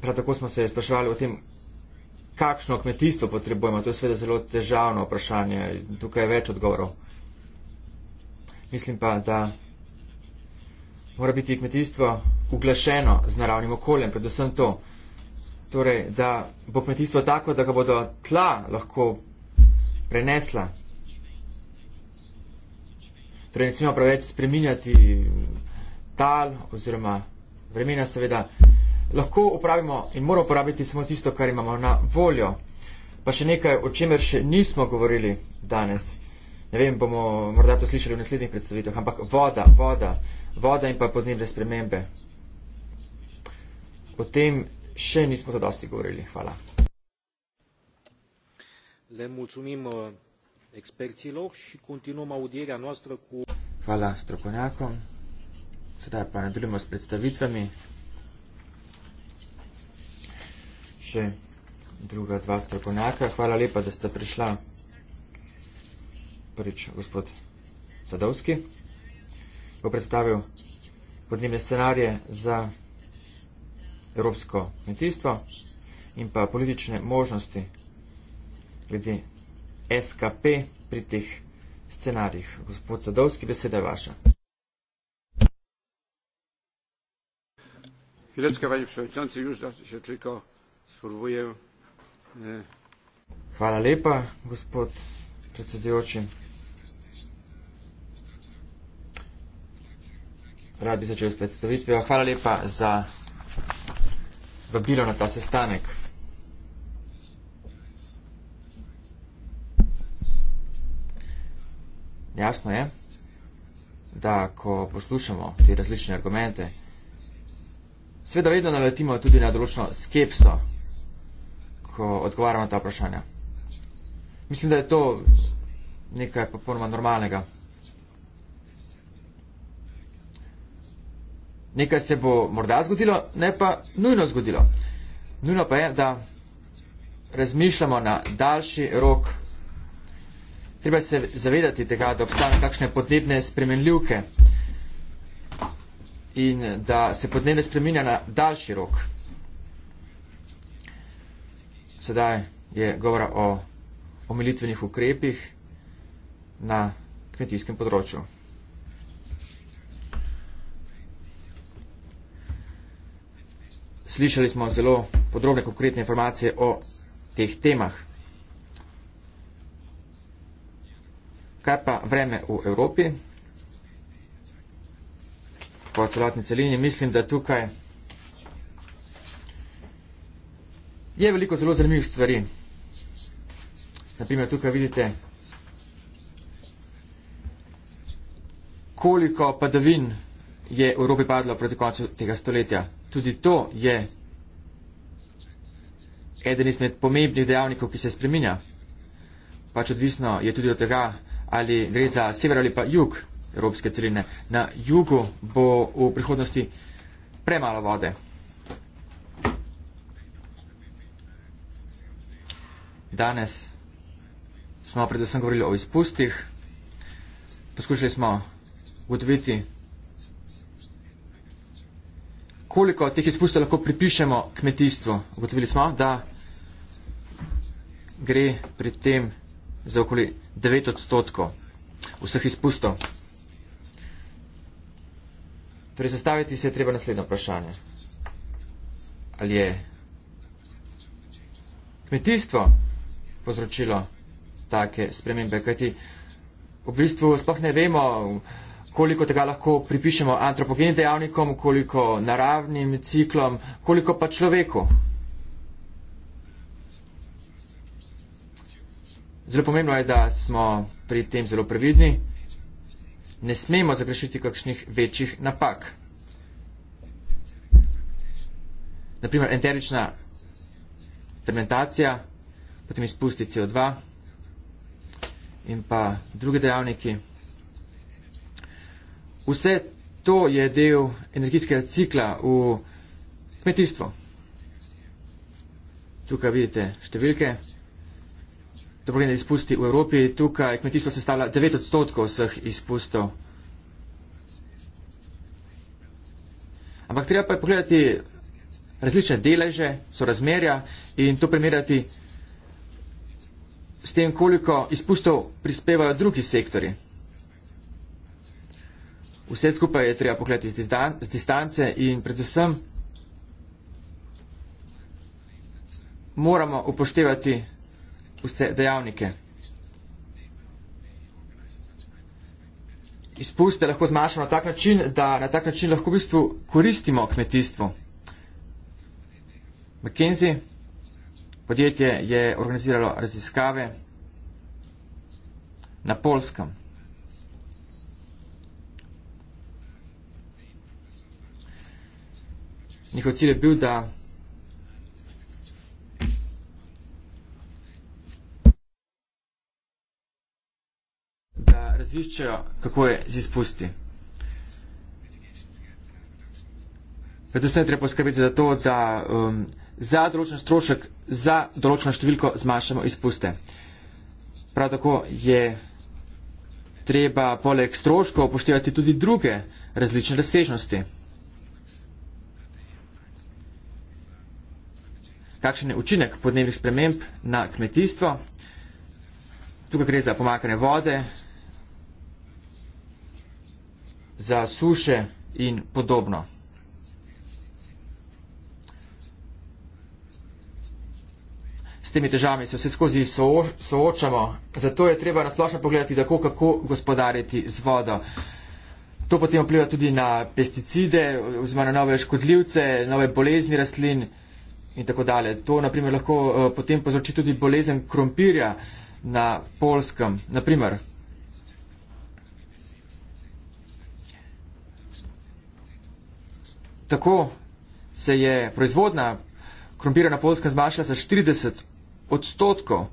Prav tako smo se spraševali o tem, kakšno kmetijstvo potrebujemo. To je seveda zelo težavno vprašanje. Tukaj je več odgovorov. Mislim pa, da mora biti kmetijstvo uglašeno z naravnim okoljem, predvsem to, torej, da bo kmetijstvo tako, da ga bodo tla lahko prenesla. Torej, ne smemo preveč spreminjati tal oziroma vremena, seveda. Lahko uporabimo in moramo uporabiti samo tisto, kar imamo na voljo. Pa še nekaj, o čemer še nismo govorili danes. Ne vem, bomo morda to slišali v naslednjih predstavitvah, ampak voda, voda, voda in pa podnebne spremembe. O tem še nismo zadosti govorili. Hvala le mulțumim uh, experților și continuăm audierea noastră cu... Hvala strokovnjakom. Sedaj pa nadaljujemo s predstavitvami. Še druga dva strokovnjaka. Hvala lepa, da ste prišla. Prvič gospod Sadovski bo predstavil podnebne scenarije za evropsko kmetijstvo in pa politične možnosti glede SKP pri teh scenarjih. Gospod Sadovski, beseda je vaša. Hvala, panie predsedujoči, už da še toliko sporvujem. Hvala lepa, gospod predsedujoči. Rad bi začel s predstavitvijo. Hvala lepa za vabilo na ta sestanek. Jasno je, da ko poslušamo te različne argumente, seveda vedno naletimo tudi na določeno skepso, ko odgovarjamo ta vprašanja. Mislim, da je to nekaj popolnoma normalnega. Nekaj se bo morda zgodilo, ne pa nujno zgodilo. Nujno pa je, da razmišljamo na daljši rok Treba se zavedati tega, da obstajajo kakšne podnebne spremenljivke in da se podnebne spremenja na daljši rok. Sedaj je govora o omilitvenih ukrepih na kmetijskem področju. Slišali smo zelo podrobne konkretne informacije o teh temah. Kaj pa vreme v Evropi? Po celotni celini mislim, da tukaj je veliko zelo zanimivih stvari. Naprimer, tukaj vidite, koliko padavin je v Evropi padlo proti koncu tega stoletja. Tudi to je eden izmed pomembnih dejavnikov, ki se spreminja. Pač odvisno je tudi od tega, ali gre za sever ali pa jug Evropske celine. Na jugu bo v prihodnosti premalo vode. Danes smo predvsem govorili o izpustih. Poskušali smo ugotoviti, koliko teh izpustov lahko pripišemo kmetijstvu. Ugotovili smo, da gre pri tem za okoli 9 odstotkov vseh izpustov. Torej, sestaviti se je treba naslednje vprašanje. Ali je kmetijstvo povzročilo take spremembe? Kajti v bistvu sploh ne vemo, koliko tega lahko pripišemo antropogenim dejavnikom, koliko naravnim ciklom, koliko pa človeku. Zelo pomembno je, da smo pri tem zelo previdni. Ne smemo zagrešiti kakšnih večjih napak. Naprimer, enterična fermentacija, potem izpusti CO2 in pa druge dejavniki. Vse to je del energijskega cikla v kmetijstvu. Tukaj vidite številke dovoljene izpusti v Evropi. Tukaj kmetijstvo sestavlja 9 odstotkov vseh izpustov. Ampak treba pa je pogledati različne deleže, so razmerja in to primerjati s tem, koliko izpustov prispevajo drugi sektori. Vse skupaj je treba pogledati z, dizdan, z distance in predvsem moramo upoštevati vse dejavnike. Izpuste lahko zmanjšamo na tak način, da na tak način lahko v bistvu koristimo kmetijstvo. McKinsey podjetje je organiziralo raziskave na Polskem. Njihov cilj je bil, da raziščejo, kako je z izpusti. Predvsem treba poskrbeti za to, da um, za določen strošek, za določeno številko zmanjšamo izpuste. Prav tako je treba poleg stroškov upoštevati tudi druge različne razsežnosti. Kakšen je učinek podnebnih sprememb na kmetijstvo? Tukaj gre za pomakanje vode, za suše in podobno. S temi težavami se vse skozi soočamo, zato je treba nasplošno pogledati, kako, kako gospodariti z vodo. To potem vpliva tudi na pesticide, oziroma na nove škodljivce, nove bolezni rastlin in tako dalje. To naprimer lahko eh, potem povzroči tudi bolezen krompirja na polskem. Naprimer, Tako se je proizvodna krompira na Polskem zmanjšala za 40 odstotkov,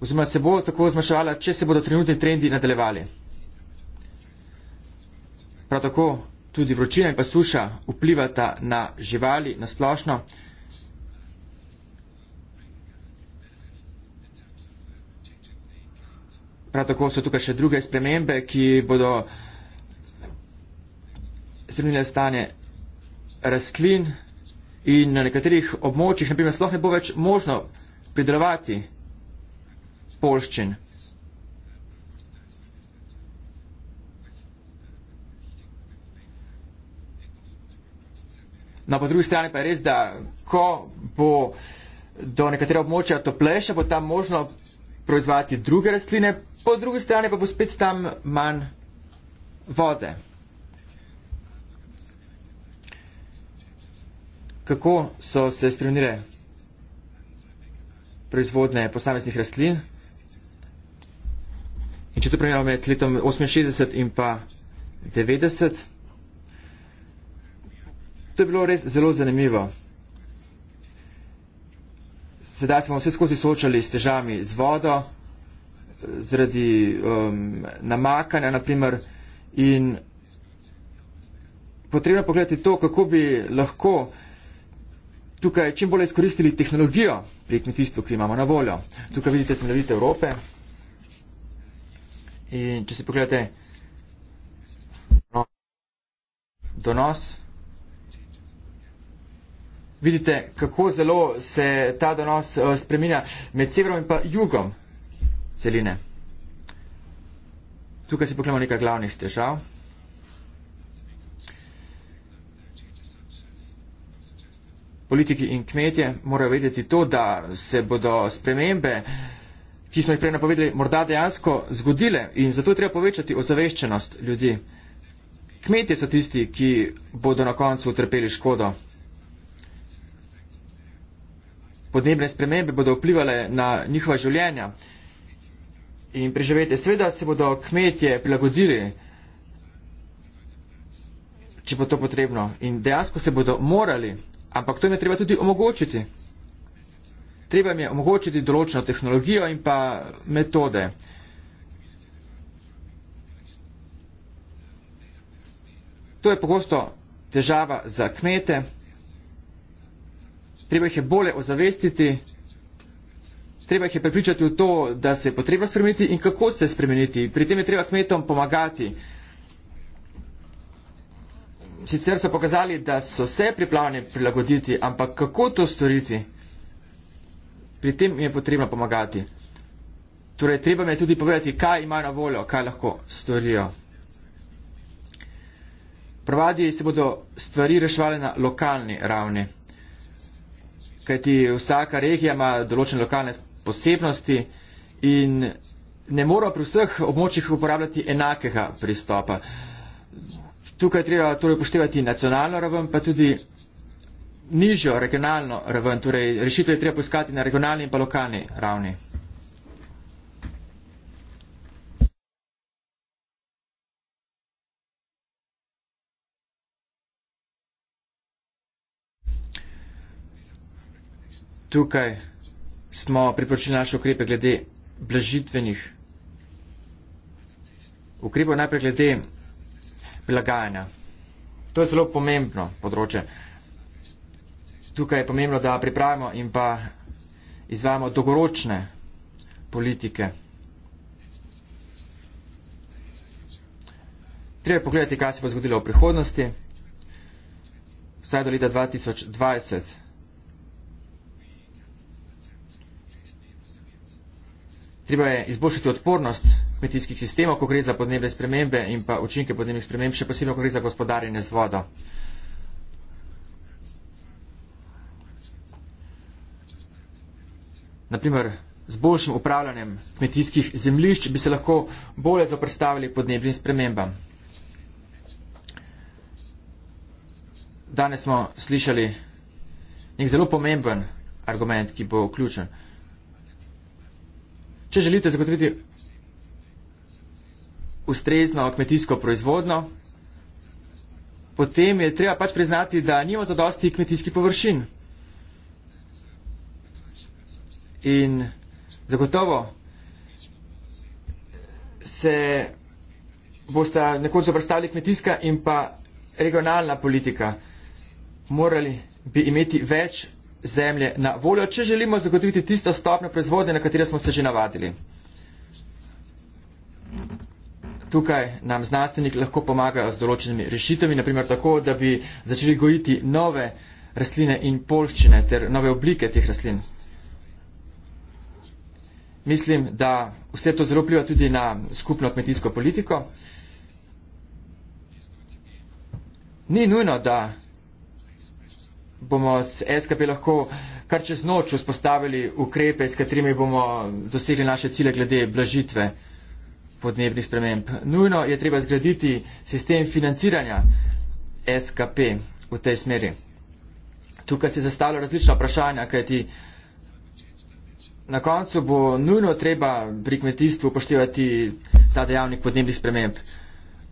oziroma se bo tako zmanjševala, če se bodo trenutni trendi nadaljevali. Prav tako tudi vročina in pa suša vplivata na živali na splošno. Prav tako so tukaj še druge spremembe, ki bodo spremljale stanje rastlin in na nekaterih območjih, naprimer, sploh ne bo več možno pridelovati polščin. No, po drugi strani pa je res, da ko bo do nekatera območja toplejša, bo tam možno proizvati druge rastline, po drugi strani pa bo spet tam manj vode. kako so se spremenile proizvodne posameznih rastlin. In če to primerjamo med letom 68 in pa 90, to je bilo res zelo zanimivo. Sedaj smo vse skozi soočali s težami z vodo, zaradi um, namakanja naprimer in potrebno pogledati to, kako bi lahko uh, tukaj čim bolje izkoristili tehnologijo pri kmetijstvu, ki imamo na voljo. Tukaj vidite zemljevide Evrope. In če si pogledate no, donos, vidite, kako zelo se ta donos eh, spreminja med severom in pa jugom celine. Tukaj si pogledamo nekaj glavnih težav. Politiki in kmetje morajo vedeti to, da se bodo spremembe, ki smo jih prej napovedali, morda dejansko zgodile in zato treba povečati ozaveščenost ljudi. Kmetje so tisti, ki bodo na koncu utrpeli škodo. Podnebne spremembe bodo vplivali na njihova življenja in preživetje. Sveda se bodo kmetje prilagodili, če bo to potrebno. In dejansko se bodo morali ampak to jim je treba tudi omogočiti. Treba jim je omogočiti določeno tehnologijo in pa metode. To je pogosto težava za kmete. Treba jih je bolje ozavestiti, treba jih je prepričati v to, da se je potreba spremeniti in kako se spremeniti. Pri tem je treba kmetom pomagati sicer so pokazali, da so se pripravljeni prilagoditi, ampak kako to storiti? Pri tem jim je potrebno pomagati. Torej, treba mi je tudi povedati, kaj imajo na voljo, kaj lahko storijo. Pravadi se bodo stvari reševali na lokalni ravni, kajti vsaka regija ima določene lokalne posebnosti in ne morajo pri vseh območjih uporabljati enakega pristopa. Tukaj treba torej upoštevati nacionalno raven, pa tudi nižjo regionalno raven, torej rešitve je treba poiskati na regionalni in pa lokalni ravni. Tukaj smo pripročili naše ukrepe glede blažitvenih ukrepov, najprej glede blažitvenih prilagajanja. To je zelo pomembno področje. Tukaj je pomembno, da pripravimo in pa izvajamo dolgoročne politike. Treba je pogledati, kaj se bo zgodilo v prihodnosti, vsaj do leta 2020. Treba je izboljšati odpornost kmetijskih sistemov, ko gre za podnebne spremembe in pa učinke podnebnih sprememb, še posebej, ko gre za gospodarjenje z vodo. Naprimer, z boljšim upravljanjem kmetijskih zemlišč bi se lahko bolje zoprstavili podnebnim spremembam. Danes smo slišali nek zelo pomemben argument, ki bo vključen. Če želite zagotoviti ustrezno kmetijsko proizvodno, potem je treba pač priznati, da nimamo zadosti kmetijskih površin. In zagotovo se bosta nekoč zaprstavili kmetijska in pa regionalna politika. Morali bi imeti več zemlje na voljo, če želimo zagotoviti tisto stopno proizvodnje, na katero smo se že navadili. Tukaj nam znanstveniki lahko pomagajo z določenimi rešitvami, naprimer tako, da bi začeli gojiti nove rastline in polščine ter nove oblike teh rastlin. Mislim, da vse to zelo pliva tudi na skupno kmetijsko politiko. Ni nujno, da bomo s SKP lahko kar čez noč vzpostavili ukrepe, s katerimi bomo dosegli naše cilje glede blažitve podnebnih sprememb. Nujno je treba zgraditi sistem financiranja SKP v tej smeri. Tukaj se zastavlja različna vprašanja, kajti na koncu bo nujno treba pri kmetijstvu upoštevati ta dejavnik podnebnih sprememb.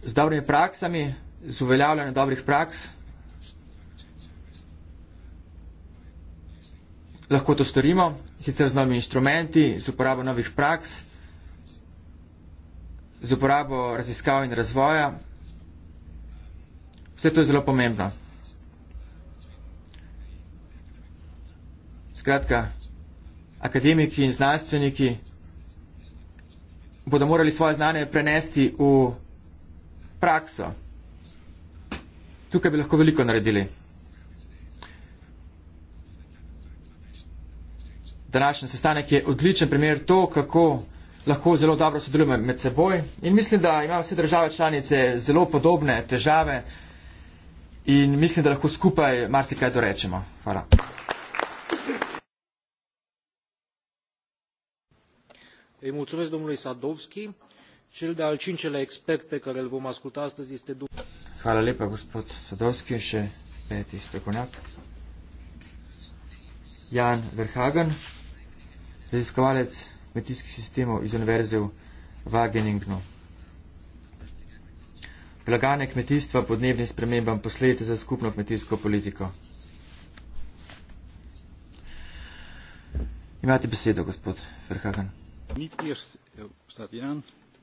Z dobrimi praksami, z uveljavljanjem dobrih praks, lahko to storimo, sicer z novimi inštrumenti, z uporabo novih praks z uporabo raziskav in razvoja. Vse to je zelo pomembno. Skratka, akademiki in znanstveniki bodo morali svoje znanje prenesti v prakso. Tukaj bi lahko veliko naredili. Današnji sestanek je odličen primer to, kako lahko zelo dobro sodelujemo med seboj in mislim, da imajo vse države članice zelo podobne težave in mislim, da lahko skupaj marsikaj dorečemo. Hvala. Îi mulțumesc domnului Sadovski. Cel de-al cincelea expert pe care îl vom asculta astăzi este domnul... Hvala lepa, gospod Sadovski, și peti străconiac. Jan Verhagen, riscovaleț kmetijskih sistemov iz univerze v Wageningenu. Blagane kmetijstva podnebnim spremembam posledice za skupno kmetijsko politiko. Imate besedo, gospod Verhagen. Eh,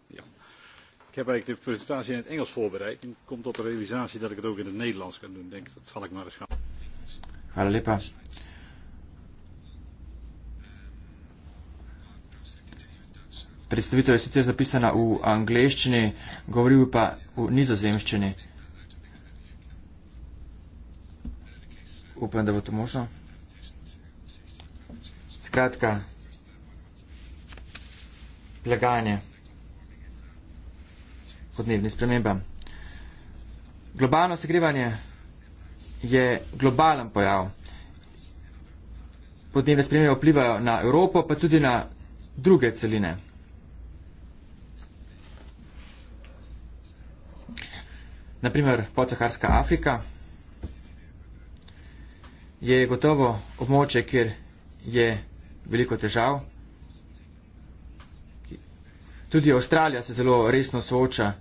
ja. Ik heb de presentatie in het Engels voorbereid en komt tot de realisatie dat ik het ook in het Nederlands kan doen. Denk, dat zal ik maar eens gaan. Hallo, Predstavitev je sicer zapisana v angleščini, govoril pa v nizozemščini. Upam, da bo to možno. Skratka, plegajanje podnebni spremembam. Globalno segrevanje je globalen pojav. Podnebne spremembe vplivajo na Evropo, pa tudi na druge celine. naprimer podsaharska Afrika, je gotovo območje, kjer je veliko težav. Tudi Avstralija se zelo resno sooča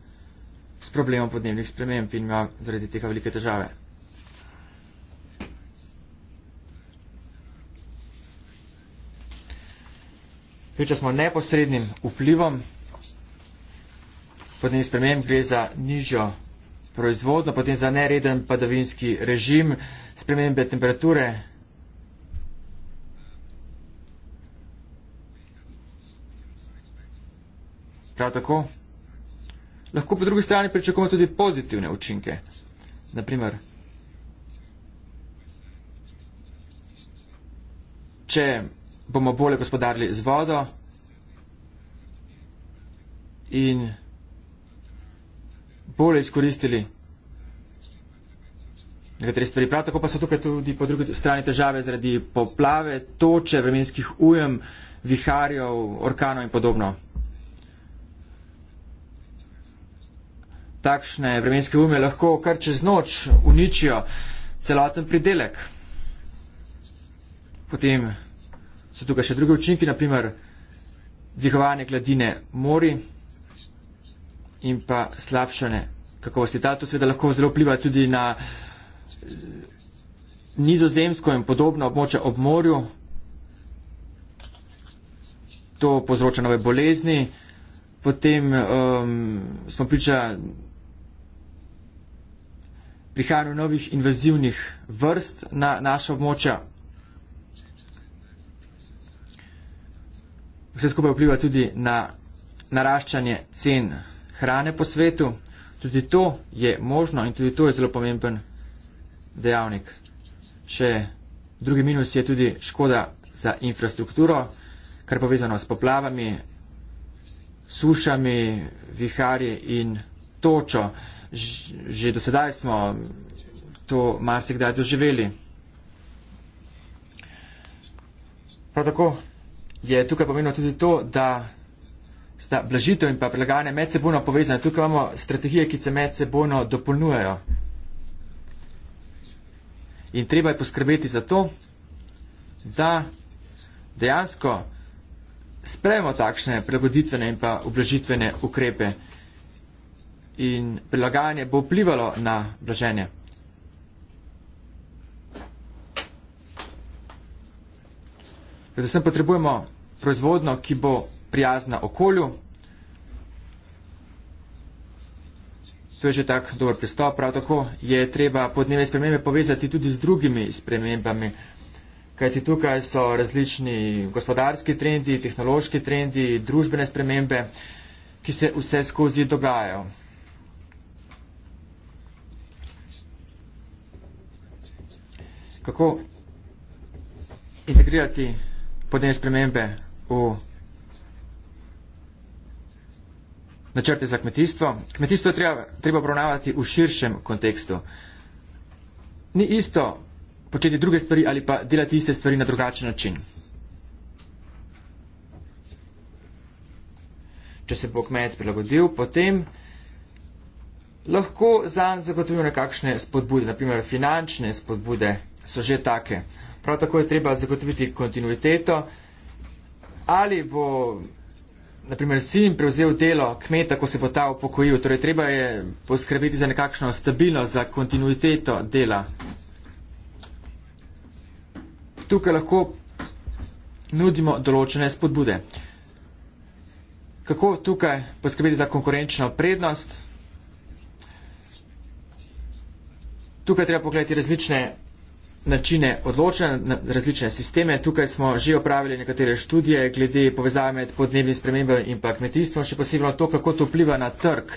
s problemom podnebnih sprememb in ima zaradi tega velike težave. Priča smo neposrednim vplivom podnebnih sprememb, gre za nižjo proizvodno, potem za nereden padavinski režim, spremembe temperature. Prav tako lahko po drugi strani pričakujemo tudi pozitivne učinke. Naprimer, če bomo bolje gospodarili z vodo in bolj izkoristili. Nekatere stvari prav tako pa so tukaj tudi po drugi strani težave zaradi poplave, toče, vremenskih ujem, viharjev, orkanov in podobno. Takšne vremenske ujme lahko kar čez noč uničijo celoten pridelek. Potem so tukaj še drugi učinki, naprimer dvigovanje gladine mori in pa slabšanje kakovosti. Ta to seveda lahko zelo vpliva tudi na eh, nizozemsko in podobno območje ob morju. To povzroča nove bolezni. Potem um, smo priča prihajanju novih invazivnih vrst na naša območja. Vse skupaj vpliva tudi na naraščanje cen hrane po svetu. Tudi to je možno in tudi to je zelo pomemben dejavnik. Še drugi minus je tudi škoda za infrastrukturo, kar je povezano s poplavami, sušami, viharji in točo. Že do sedaj smo to marsikdaj doživeli. Prav tako je tukaj pomenilo tudi to, da sta blažitev in pa prilagajanje medsebojno povezane. Tukaj imamo strategije, ki se medsebojno dopolnjujejo. In treba je poskrbeti za to, da dejansko sprejemo takšne prilagoditvene in pa oblažitvene ukrepe. In prilagajanje bo vplivalo na blaženje. Predvsem potrebujemo proizvodno, ki bo prijazna okolju. To je že tak dober pristop. Prav tako je treba podnebne spremembe povezati tudi z drugimi spremembami. Kajti tukaj so različni gospodarski trendi, tehnološki trendi, družbene spremembe, ki se vse skozi dogajajo. Kako integrirati podnebne spremembe v načrte za kmetijstvo. Kmetijstvo je treba, treba obravnavati v širšem kontekstu. Ni isto početi druge stvari ali pa delati iste stvari na drugačen način. Če se bo kmet prilagodil, potem lahko zanj zagotovijo nekakšne spodbude, naprimer finančne spodbude so že take. Prav tako je treba zagotoviti kontinuiteto. Ali bo naprimer, sin prevzel delo kmeta, ko se bo ta upokojil. Torej, treba je poskrbeti za nekakšno stabilnost, za kontinuiteto dela. Tukaj lahko nudimo določene spodbude. Kako tukaj poskrbeti za konkurenčno prednost? Tukaj treba pogledati različne načine odločanja, na različne sisteme. Tukaj smo že opravili nekatere študije glede povezave med podnebnim spremembami in pa kmetijstvom, še posebej na to, kako to vpliva na trg.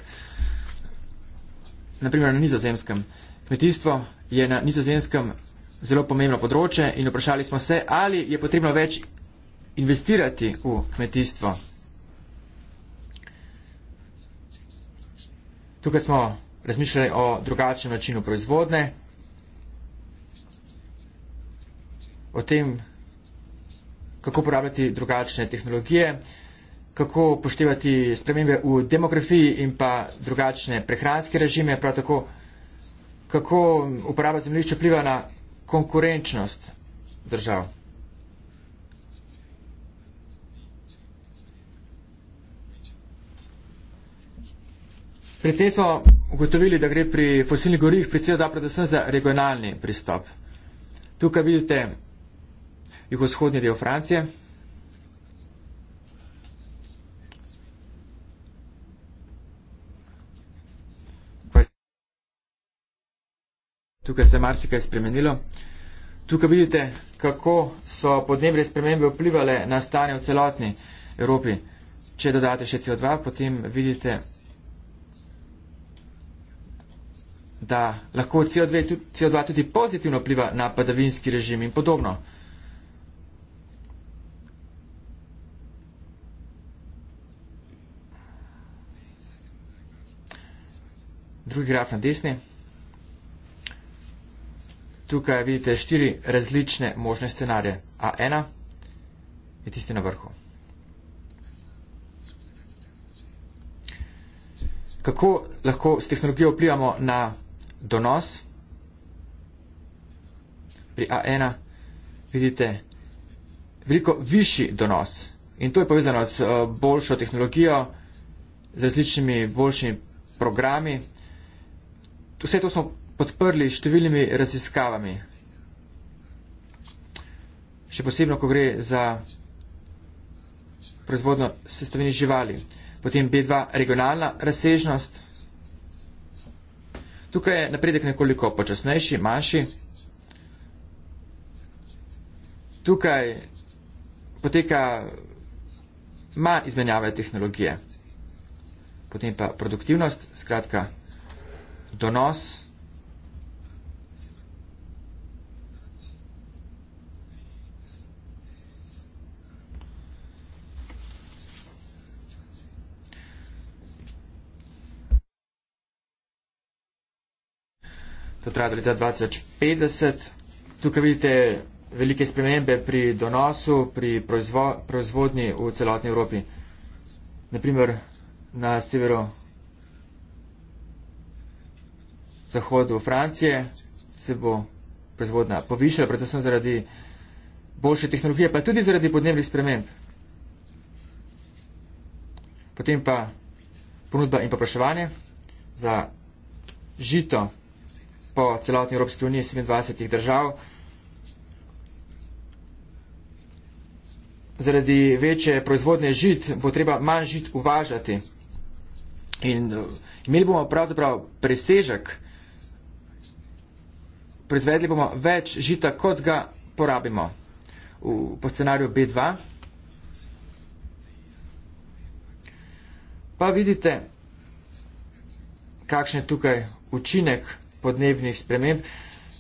Naprimer na nizozemskem. Kmetijstvo je na nizozemskem zelo pomembno področje in vprašali smo se, ali je potrebno več investirati v kmetijstvo. Tukaj smo razmišljali o drugačnem načinu proizvodne. o tem, kako uporabljati drugačne tehnologije, kako upoštevati spremembe v demografiji in pa drugačne prehranske režime, prav tako kako uporaba zemljišča pliva na konkurenčnost držav. Pri tem smo ugotovili, da gre pri fosilnih gorih pri CO2 predvsem za regionalni pristop. Tukaj vidite jugovzhodni del Francije. Tukaj se je marsikaj spremenilo. Tukaj vidite, kako so podnebne spremembe vplivali na stanje v celotni Evropi. Če dodate še CO2, potem vidite, da lahko CO2 tudi pozitivno vpliva na padavinski režim in podobno. drugi graf na desni. Tukaj vidite štiri različne možne scenarije. A1 je tisti na vrhu. Kako lahko s tehnologijo vplivamo na donos? Pri A1 vidite veliko višji donos. In to je povezano s eh, boljšo tehnologijo, z različnimi boljšimi programi. Vse to smo podprli s številnimi raziskavami. Še posebno, ko gre za proizvodno sestavini živali. Potem B2 regionalna razsežnost. Tukaj je napredek nekoliko počasnejši, manjši. Tukaj poteka manj izmenjave tehnologije. Potem pa produktivnost, skratka donos, To traja do leta 2050. Tukaj vidite velike spremembe pri donosu, pri proizvo proizvodnji v celotni Evropi. Naprimer, na severu zahodu Francije se bo proizvodna povišala, predvsem zaradi boljše tehnologije, pa tudi zaradi podnebnih sprememb. Potem pa ponudba in popraševanje za žito po celotni Evropski uniji 27 držav. Zaradi večje proizvodne žit bo treba manj žit uvažati. In eh, imeli bomo pravzaprav presežek proizvedli bomo več žita, kot ga porabimo. V, po scenariju B2 pa vidite, kakšen je tukaj učinek podnebnih sprememb.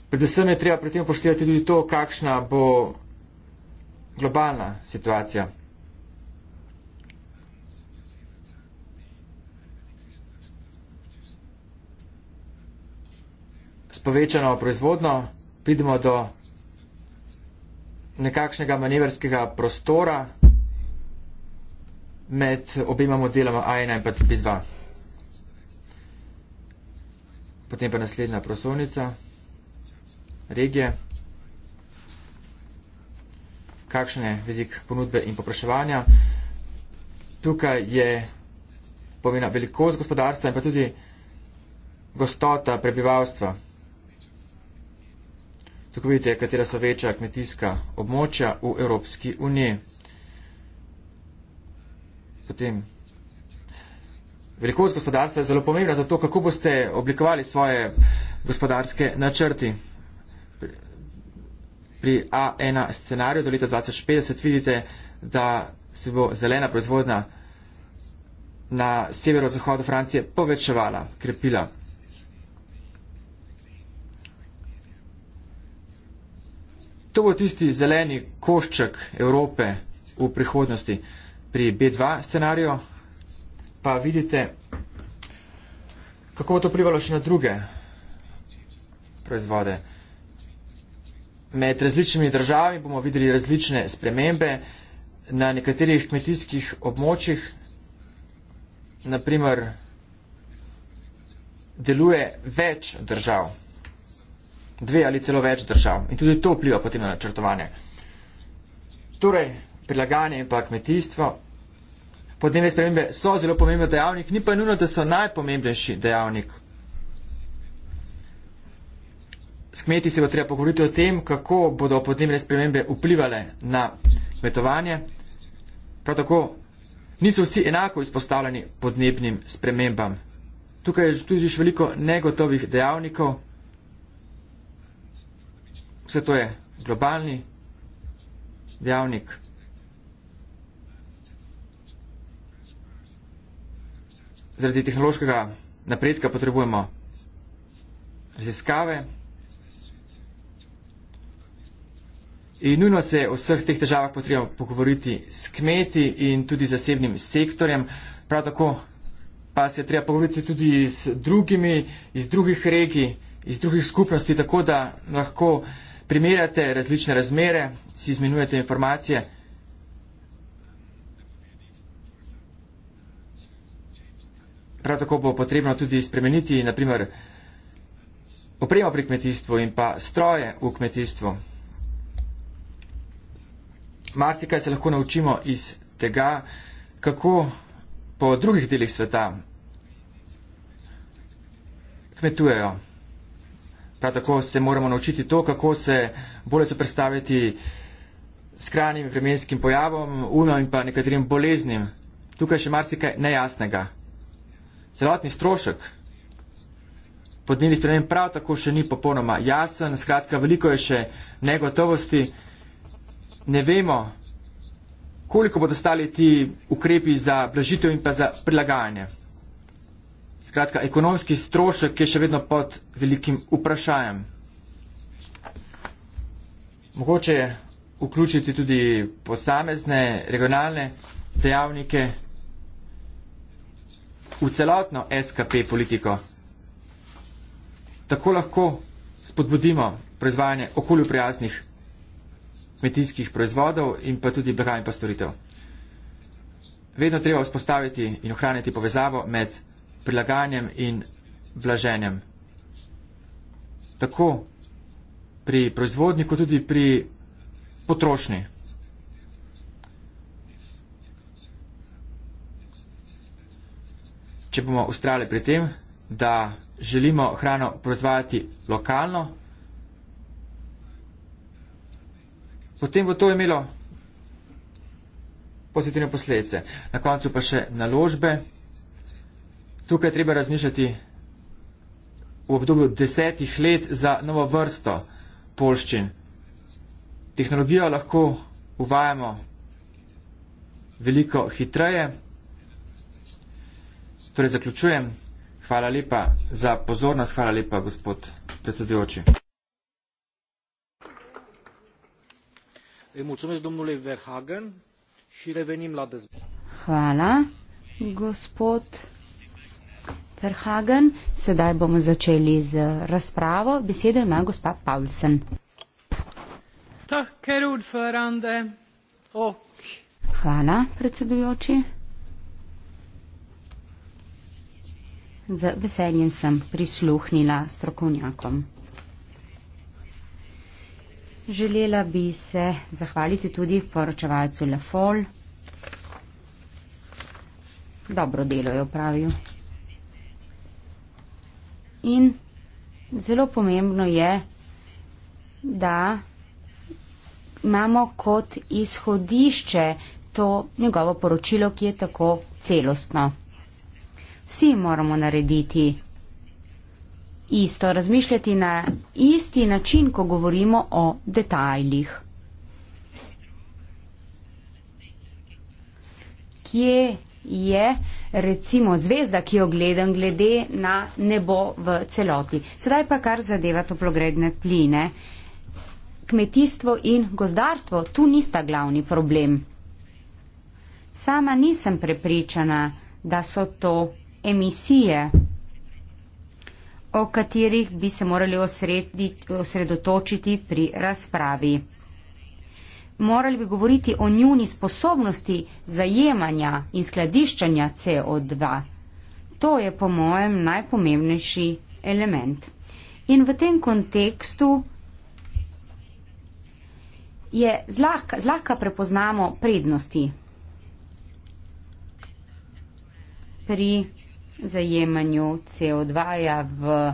Predvsem je treba pri tem upoštevati tudi to, kakšna bo globalna situacija. povečano proizvodno pridemo do nekakšnega manevrskega prostora med obema modeloma A1 in pa CP2. Potem pa naslednja prosovnica, regije, kakšne vidik ponudbe in popraševanja. Tukaj je pomena velikost gospodarstva in pa tudi gostota prebivalstva. Tako vidite, katera so večja kmetijska območja v Evropski uniji. Potem. Velikost gospodarstva je zelo pomembna za to, kako boste oblikovali svoje gospodarske načrti. Pri A1 scenariju do leta 2050 vidite, da se bo zelena proizvodna na severo-zahodu Francije povečevala, krepila. to bo tisti zeleni košček Evrope v prihodnosti. Pri B2 scenariju pa vidite, kako bo to vplivalo še na druge proizvode. Med različnimi državami bomo videli različne spremembe na nekaterih kmetijskih območjih. Naprimer, deluje več držav dve ali celo več držav. In tudi to vpliva potem na načrtovanje. Torej, prilagajanje in pa kmetijstvo. Podnebne spremembe so zelo pomemben dejavnik, ni pa nujno, da so najpomembnejši dejavnik. S kmeti se bo treba pogovoriti o tem, kako bodo podnebne spremembe vplivale na kmetovanje. Prav tako niso vsi enako izpostavljeni podnebnim spremembam. Tukaj je tudi veliko negotovih dejavnikov. Vse to je globalni dejavnik. Zaradi tehnološkega napredka potrebujemo raziskave in nujno se o vseh teh težavah potrebujemo pogovoriti s kmeti in tudi zasebnim sektorjem. Prav tako pa se treba pogovoriti tudi z drugimi, iz drugih regij, iz drugih skupnosti, tako da lahko primerjate različne razmere, si izmenujete informacije. Prav tako bo potrebno tudi spremeniti naprimer opremo pri kmetijstvu in pa stroje v kmetijstvu. Marsikaj se lahko naučimo iz tega, kako po drugih delih sveta kmetujejo. Prav tako se moramo naučiti to, kako se bolje soprstaviti skrajnim vremenskim pojavom, ujmam in pa nekaterim boleznim. Tukaj še marsikaj nejasnega. Celotni strošek podnebnih sprememb prav tako še ni popolnoma jasen, skratka, veliko je še negotovosti. Ne vemo, koliko bodo stali ti ukrepi za blažitev in pa za prilagajanje. Skratka, ekonomski strošek je še vedno pod velikim vprašanjem. Mogoče je vključiti tudi posamezne regionalne dejavnike v celotno SKP politiko. Tako lahko spodbudimo proizvajanje okolju prijaznih kmetijskih proizvodov in pa tudi blaga in pa storitev. Vedno treba vzpostaviti in ohraniti povezavo med prilagajanjem in blaženjem. Tako pri proizvodni, kot tudi pri potrošnji. Če bomo ustrali pri tem, da želimo hrano proizvajati lokalno, potem bo to imelo pozitivne posledice. Na koncu pa še naložbe tukaj treba razmišljati v obdobju desetih let za novo vrsto polščin. Tehnologijo lahko uvajamo veliko hitreje. Torej zaključujem. Hvala lepa za pozornost. Hvala lepa, gospod predsedujoči. Hvala, gospod. Verhagen. Sedaj bomo začeli z razpravo. Besedo ima gospa Paulsen. Hvala, predsedujoči. Z veseljem sem prisluhnila strokovnjakom. Želela bi se zahvaliti tudi poročevalcu Lefol. Dobro delo je opravil. In zelo pomembno je, da imamo kot izhodišče to njegovo poročilo, ki je tako celostno. Vsi moramo narediti isto, razmišljati na isti način, ko govorimo o detajlih. Kje je recimo zvezda, ki jo gledam glede na nebo v celoti. Sedaj pa kar zadeva toplogredne pline. Kmetijstvo in gozdarstvo tu nista glavni problem. Sama nisem prepričana, da so to emisije, o katerih bi se morali osredotočiti pri razpravi morali bi govoriti o njuni sposobnosti zajemanja in skladiščanja CO2. To je po mojem najpomembnejši element. In v tem kontekstu je zlahka, zlahka prepoznamo prednosti pri zajemanju CO2 -ja v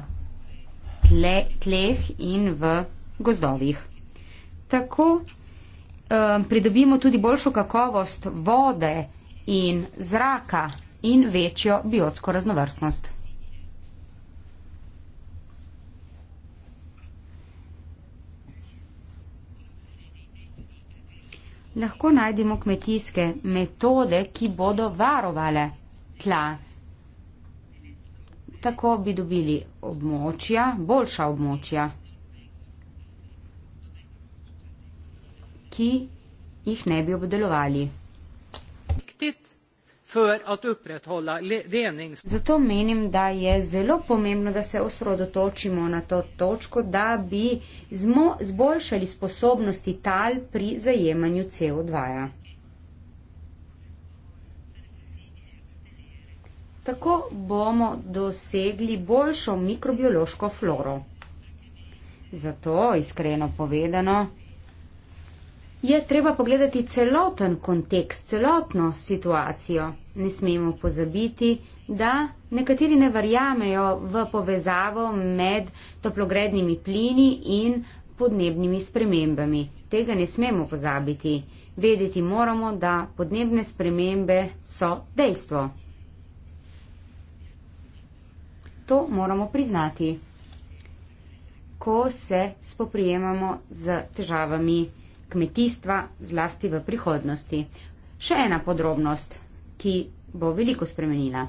tle, tleh in v gozdovih. Tako um, pridobimo tudi boljšo kakovost vode in zraka in večjo biotsko raznovrstnost. Lahko najdemo kmetijske metode, ki bodo varovale tla. Tako bi dobili območja, boljša območja. ki jih ne bi obdelovali. Zato menim, da je zelo pomembno, da se osredotočimo na to točko, da bi zmo, zboljšali sposobnosti tal pri zajemanju CO2. -ja. Tako bomo dosegli boljšo mikrobiološko floro. Zato, iskreno povedano, je treba pogledati celoten kontekst, celotno situacijo. Ne smemo pozabiti, da nekateri ne verjamejo v povezavo med toplogrednimi plini in podnebnimi spremembami. Tega ne smemo pozabiti. Vedeti moramo, da podnebne spremembe so dejstvo. To moramo priznati, ko se spoprijemamo z težavami kmetijstva zlasti v prihodnosti. Še ena podrobnost, ki bo veliko spremenila.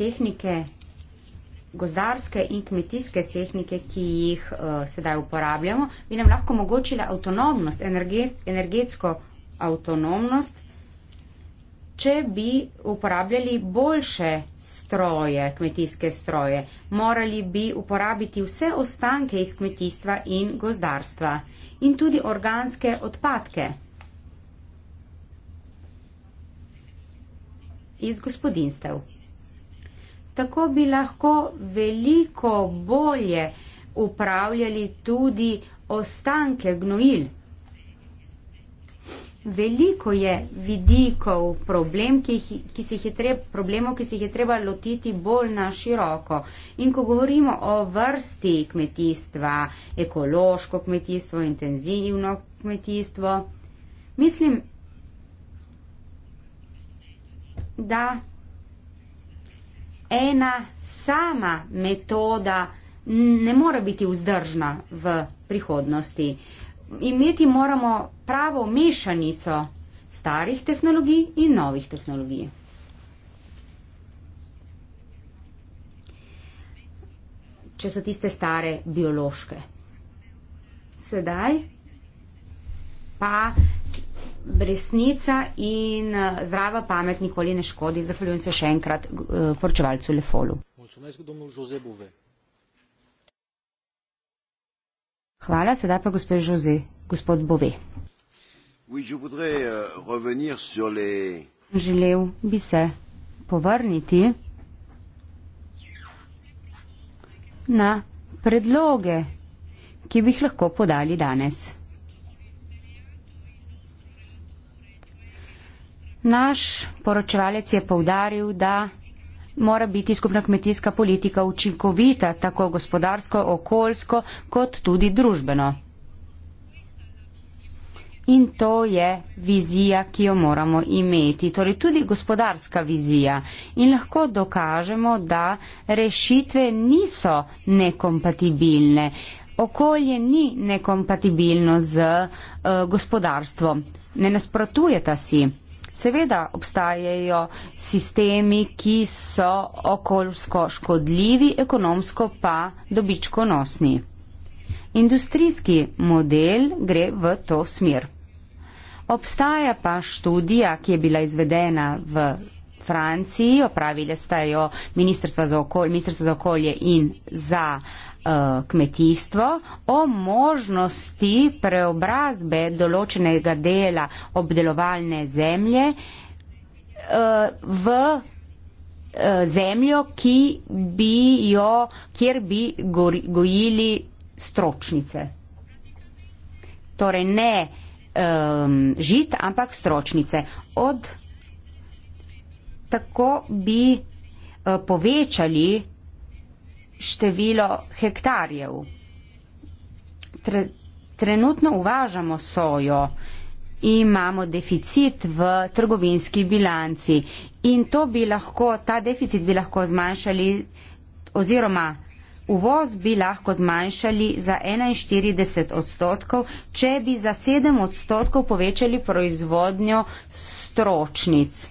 Tehnike, gozdarske in kmetijske tehnike, ki jih uh, sedaj uporabljamo, bi nam lahko omogočila avtonomnost, energetsko avtonomnost če bi uporabljali boljše stroje, kmetijske stroje, morali bi uporabiti vse ostanke iz kmetijstva in gozdarstva in tudi organske odpadke iz gospodinstev. Tako bi lahko veliko bolje upravljali tudi ostanke gnojil veliko je vidikov problem, ki, ki se jih je treb, problemov, ki se jih je treba lotiti bolj na široko. In ko govorimo o vrsti kmetijstva, ekološko kmetijstvo, intenzivno kmetijstvo, mislim, da ena sama metoda ne more biti vzdržna v prihodnosti. Uh, imeti moramo pravo mešanico starih tehnologij in novih tehnologij. Če so tiste stare biološke. Sedaj pa resnica in eh, zdrava pamet nikoli ne škodi. Zahvaljujem se še enkrat eh, poročevalcu Lefolu. Mulțumesc domnul Jose Bouvet. Hvala, sedaj pa gospod Jose, gospod Bove. Euh, Želel bi se povrniti na predloge, ki bi jih lahko podali danes. Naš poročevalec je povdaril, da mora biti skupna kmetijska politika učinkovita, tako gospodarsko, okoljsko, kot tudi družbeno. In to je vizija, ki jo moramo imeti, torej tudi gospodarska vizija. In lahko dokažemo, da rešitve niso nekompatibilne. Okolje ni nekompatibilno z uh, gospodarstvom. Ne nasprotujete si. Seveda obstajajo sistemi, ki so okoljsko škodljivi, ekonomsko pa dobičkonosni. Industrijski model gre v to smer. Obstaja pa študija, ki je bila izvedena v Franciji, opravile sta jo Ministrstvo za okolje, Ministrstvo za okolje in za uh, Eh, kmetijstvo, o možnosti preobrazbe določenega dela obdelovalne zemlje eh, v eh, zemljo, bi jo, kjer bi gojili stročnice. Torej ne um, žit, ampak stročnice. Od, tako bi uh, povečali število hektarjev. Tre, trenutno uvažamo sojo, imamo deficit v trgovinski bilanci in to bi lahko, ta deficit bi lahko zmanjšali oziroma uvoz bi lahko zmanjšali za 41 odstotkov, če bi za 7 odstotkov povečali proizvodnjo stročnic.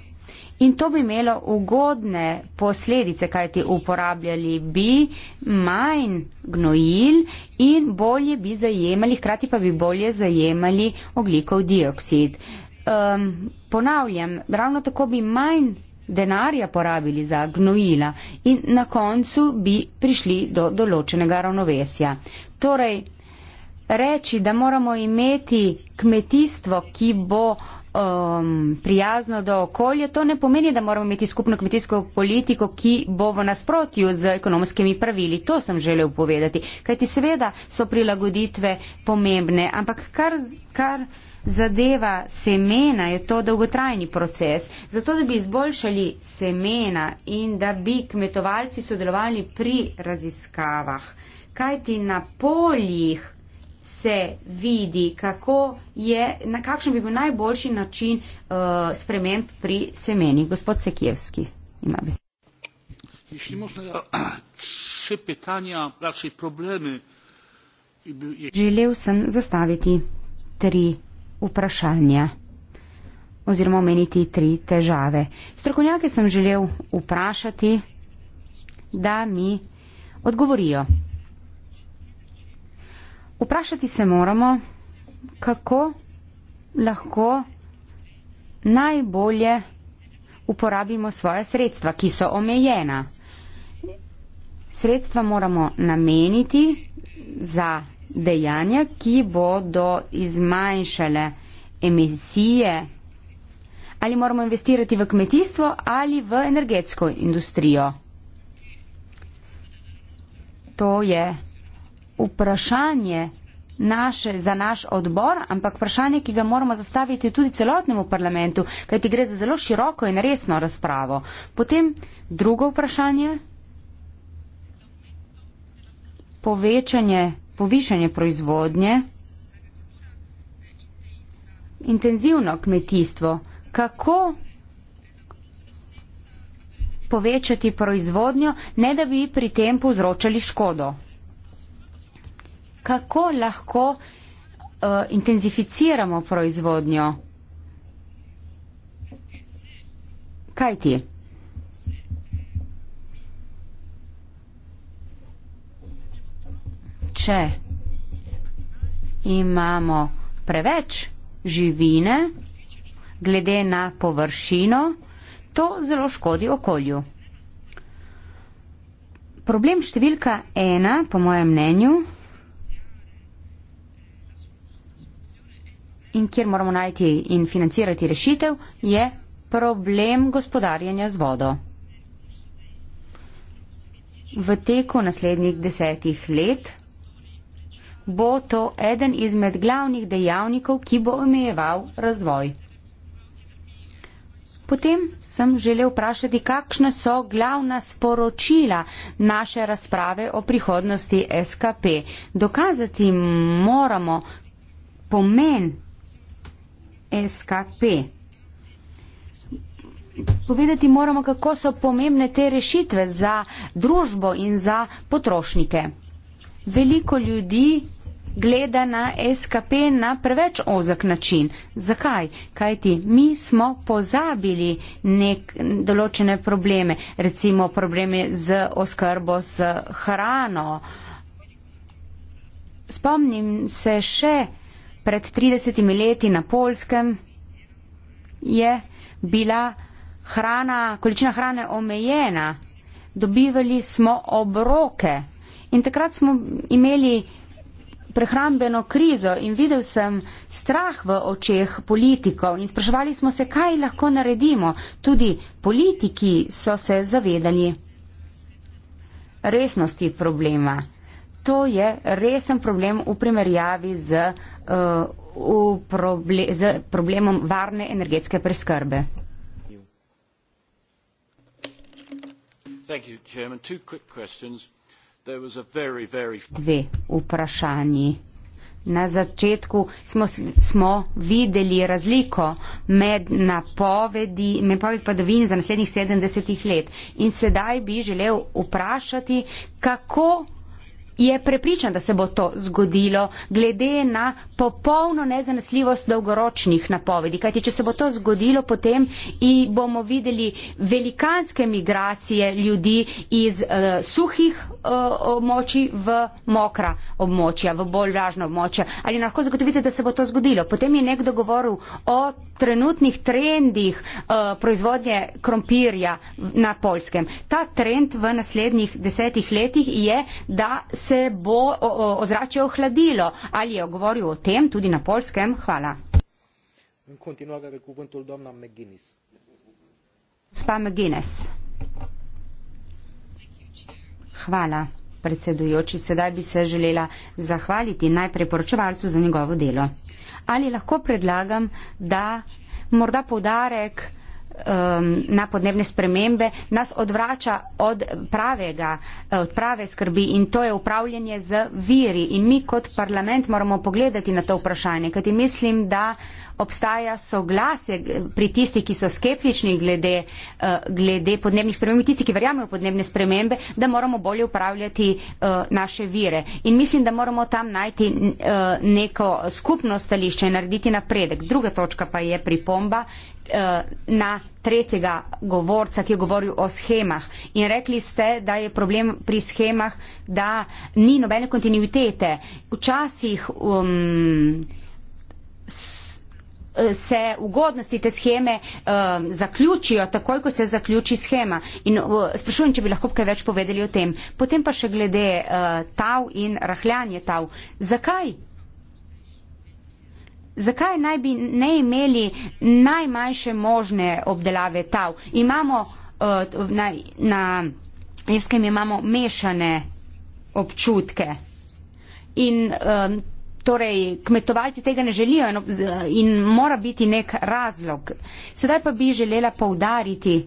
In to bi imelo ugodne posledice, kaj ti uporabljali bi manj gnojil in bolje bi zajemali, hkrati pa bi bolje zajemali oglikov dioksid. Um, ponavljam, ravno tako bi manj denarja porabili za gnojila in na koncu bi prišli do določenega ravnovesja. Torej, reči, da moramo imeti kmetijstvo, ki bo um, prijazno do okolja, to ne pomeni, da moramo imeti skupno kmetijsko politiko, ki bo v nasprotju z ekonomskimi pravili. To sem želel povedati. Kajti seveda so prilagoditve pomembne, ampak kar. kar Zadeva semena je to dolgotrajni proces. Zato, da bi izboljšali semena in da bi kmetovalci sodelovali pri raziskavah, kajti na poljih se vidi, kako je, na kakšen bi bil najboljši način uh, sprememb pri semeni. Gospod Sekijevski ima besedo. Ja želel sem zastaviti tri vprašanja oziroma omeniti tri težave. Strokovnjake sem želel vprašati, da mi odgovorijo. Vprašati se moramo, kako lahko najbolje uporabimo svoje sredstva, ki so omejena. Sredstva moramo nameniti za dejanja, ki bodo izmanjšale emisije. Ali moramo investirati v kmetijstvo ali v energetsko industrijo. To je vprašanje naše, za naš odbor, ampak vprašanje, ki ga moramo zastaviti tudi celotnemu parlamentu, kajti gre za zelo široko in resno razpravo. Potem drugo vprašanje. Povečanje, povišanje proizvodnje, intenzivno kmetijstvo. Kako povečati proizvodnjo, ne da bi pri tem povzročali škodo? kako lahko uh, intenzificiramo proizvodnjo. Kaj ti? Če imamo preveč živine, glede na površino, to zelo škodi okolju. Problem številka ena, po mojem mnenju, in kjer moramo najti in financirati rešitev, je problem gospodarjenja z vodo. V teku naslednjih desetih let bo to eden izmed glavnih dejavnikov, ki bo omejeval razvoj. Potem sem želel vprašati, kakšne so glavna sporočila naše razprave o prihodnosti SKP. Dokazati moramo pomen SKP. Povedati moramo, kako so pomembne te rešitve za družbo in za potrošnike. Veliko ljudi gleda na SKP na preveč ozak način. Zakaj? Kaj ti? Mi smo pozabili nek, določene probleme, recimo probleme z oskrbo z hrano. Spomnim se še pred 30 leti na Polskem je bila hrana, količina hrane omejena, dobivali smo obroke in takrat smo imeli prehrambeno krizo in videl sem strah v očeh politikov in spraševali smo se, kaj lahko naredimo. Tudi politiki so se zavedali resnosti problema to je resen problem v primerjavi z, uh, v proble z problemom varne energetske preskrbe. Thank you, Chairman. Two quick questions. There was a very, very. Dve vprašanji. Na začetku smo, smo videli razliko med napovedi, med napovedi padovin za naslednjih 70 let. In sedaj bi želel vprašati, kako je prepričan, da se bo to zgodilo, glede na popolno nezanesljivost dolgoročnih napovedi. Kajti, če se bo to zgodilo, potem bomo videli velikanske migracije ljudi iz uh, suhih uh, območij v mokra območja, v bolj vlažna območja. Ali lahko zagotovite, da se bo to zgodilo? Potem je nekdo govoril o trenutnih trendih uh, proizvodnje krompirja na Polskem. Ta trend v naslednjih desetih letih je, da se se bo ozračje ohladilo. Ali je govoril o tem tudi na polskem? Hvala. Gospa McGuinness. Hvala, predsedujoči. Sedaj bi se želela zahvaliti najprej poročevalcu za njegovo delo. Ali lahko predlagam, da morda podarek um, na podnebne spremembe, nas odvrača od pravega, od prave skrbi in to je upravljanje z viri. In mi kot parlament moramo pogledati na to vprašanje, kajti mislim, da obstaja soglasje pri tistih, ki so skeptični glede, uh, glede podnebnih sprememb, tisti, ki verjamejo v podnebne spremembe, da moramo bolje upravljati uh, naše vire. In mislim, da moramo tam najti uh, neko skupno stališče in narediti napredek. Druga točka pa je pripomba, Eh, na tretjega govorca, ki je govoril o schemah. In rekli ste, da je problem pri schemah, da ni nobene kontinuitete. Včasih um, se ugodnosti te scheme um, zaključijo, takoj ko se zaključi schema. In uh, sprašujem, če bi lahko kaj več povedali o tem. Potem pa še glede uh, tav in rahljanje tav. Zakaj zakaj naj bi ne imeli najmanjše možne obdelave tav? Imamo eh, na, na jeskem imamo mešane občutke. In eh, torej kmetovalci tega ne želijo in mora biti nek razlog. Sedaj pa bi želela poudariti,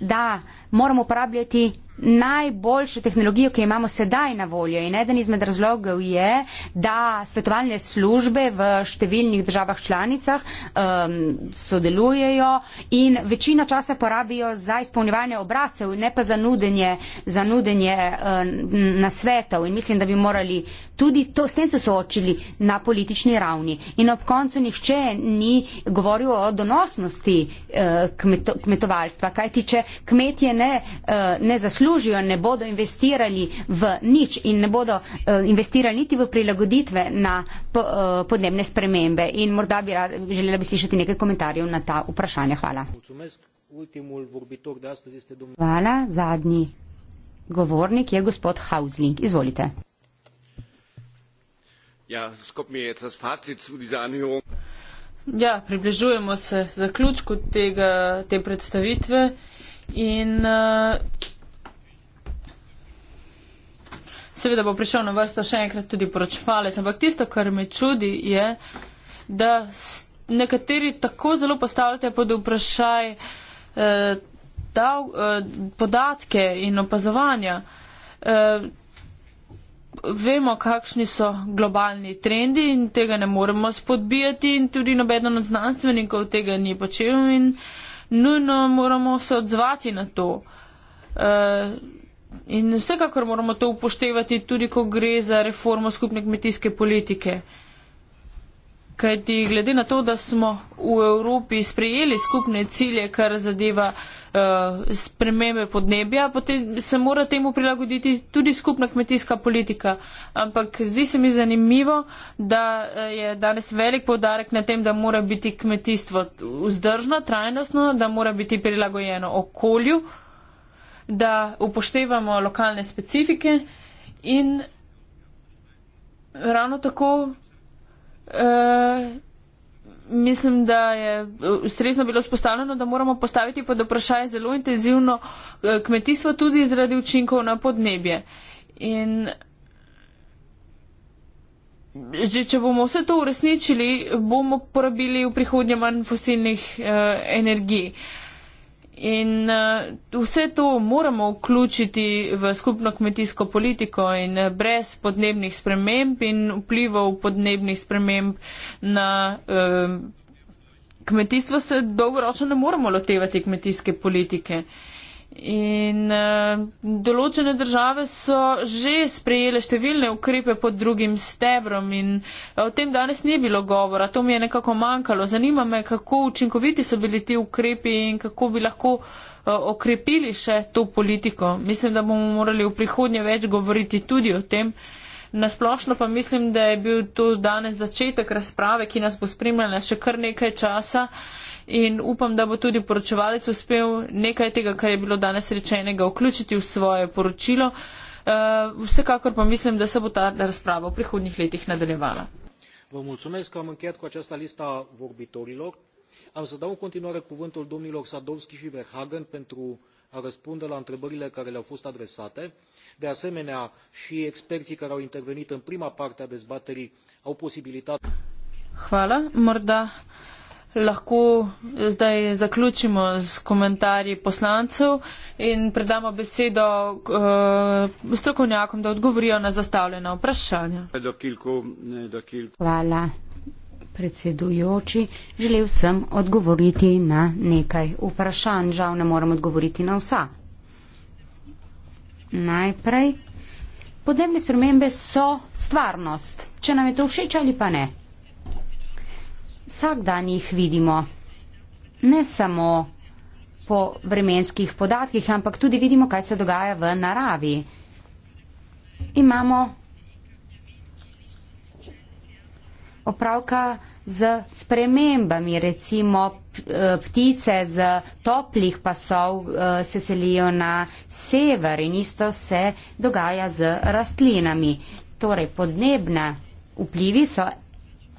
da moramo uporabljati najboljšo tehnologijo, ki jo imamo sedaj na voljo. In eden izmed razlogov je, da svetovalne službe v številnih državah članicah um, sodelujejo in večino časa porabijo za izpolnjevanje obracev, ne pa za nudenje, za nudenje um, na svetov. In mislim, da bi morali tudi to, s tem se soočili na politični ravni. In ob koncu nihče ni govoril o donosnosti uh, kmeto, kmetovalstva, kajti če kmetje ne, uh, ne zaslužijo, zaslužijo, ne bodo investirali v nič in ne bodo eh, investirali niti v prilagoditve na eh, podnebne spremembe. In morda bi rad, želela bi slišati nekaj komentarjev na ta vprašanja. Hvala. Hvala. Zadnji govornik je gospod Hausling. Izvolite. Ja, ja približujemo se zaključku tega, te predstavitve in uh, seveda bo prišel na vrsto še enkrat tudi poročevalec, ampak tisto, kar me čudi, je, da nekateri tako zelo postavljate pod vprašaj eh, dal, eh, podatke in opazovanja. Eh, vemo, kakšni so globalni trendi in tega ne moremo spodbijati in tudi nobeden od znanstvenikov tega ni počel in nujno moramo se odzvati na to. Eh, In vsekakor moramo to upoštevati tudi, ko gre za reformo skupne kmetijske politike. Kajti glede na to, da smo v Evropi sprejeli skupne cilje, kar zadeva uh, spremembe podnebja, potem se mora temu prilagoditi tudi skupna kmetijska politika. Ampak zdi se mi zanimivo, da eh, je danes velik podarek na tem, da mora biti kmetijstvo vzdržno, trajnostno, da mora biti prilagojeno okolju. Uh, da upoštevamo lokalne specifike in ravno tako uh, mislim, da je ustrezno bilo spostavljeno, da moramo postaviti pod vprašaj zelo intenzivno eh, kmetijstvo tudi zaradi učinkov na podnebje. In že če bomo vse to uresničili, bomo porabili v prihodnje manj fosilnih uh, energij. Uh, In eh, vse to moramo vključiti v skupno kmetijsko politiko in eh, brez podnebnih sprememb in vplivov podnebnih sprememb na eh, kmetijstvo se dolgoročno ne moremo lotevati kmetijske politike. In uh, določene države so že sprejele številne ukrepe pod drugim stebrom in eh, o tem danes ni bilo govora. To mi je nekako manjkalo. Zanima me, kako učinkoviti so bili ti ukrepi in kako bi lahko eh, okrepili še to politiko. Mislim, da bomo morali v prihodnje več govoriti tudi o tem. Nasplošno pa mislim, da je bil to danes začetek razprave, ki nas bo spremljala še kar nekaj časa. Uh, in upam, da bo tudi poročevalec uspel nekaj tega, kar je bilo danes rečenega, vključiti v svoje poročilo. Eh, vsekakor pa mislim, da se bo ta razprava v prihodnjih letih nadaljevala. Vă mulțumesc că am încheiat cu această listă vorbitorilor. Am să dau în continuare cuvântul domnilor Sadovski și Verhagen pentru a răspunde la întrebările care le-au fost adresate. De asemenea, și experții care au intervenit în prima parte a dezbaterii au posibilitatea. Hvala, morda. Uh, lahko zdaj zaključimo z komentarji poslancev in predamo besedo uh, strokovnjakom, da odgovorijo na zastavljena vprašanja. Hvala, predsedujoči. Želel sem odgovoriti na nekaj vprašanj. Žal ne moram odgovoriti na vsa. Najprej. Podnebne spremembe so stvarnost, če nam je to všeč ali pa ne vsak dan jih vidimo. Ne samo po vremenskih podatkih, ampak tudi vidimo, kaj se dogaja v naravi. Imamo opravka z spremembami, recimo eh, ptice z toplih pasov eh, se selijo na sever in isto se dogaja z rastlinami. Torej, podnebne vplivi so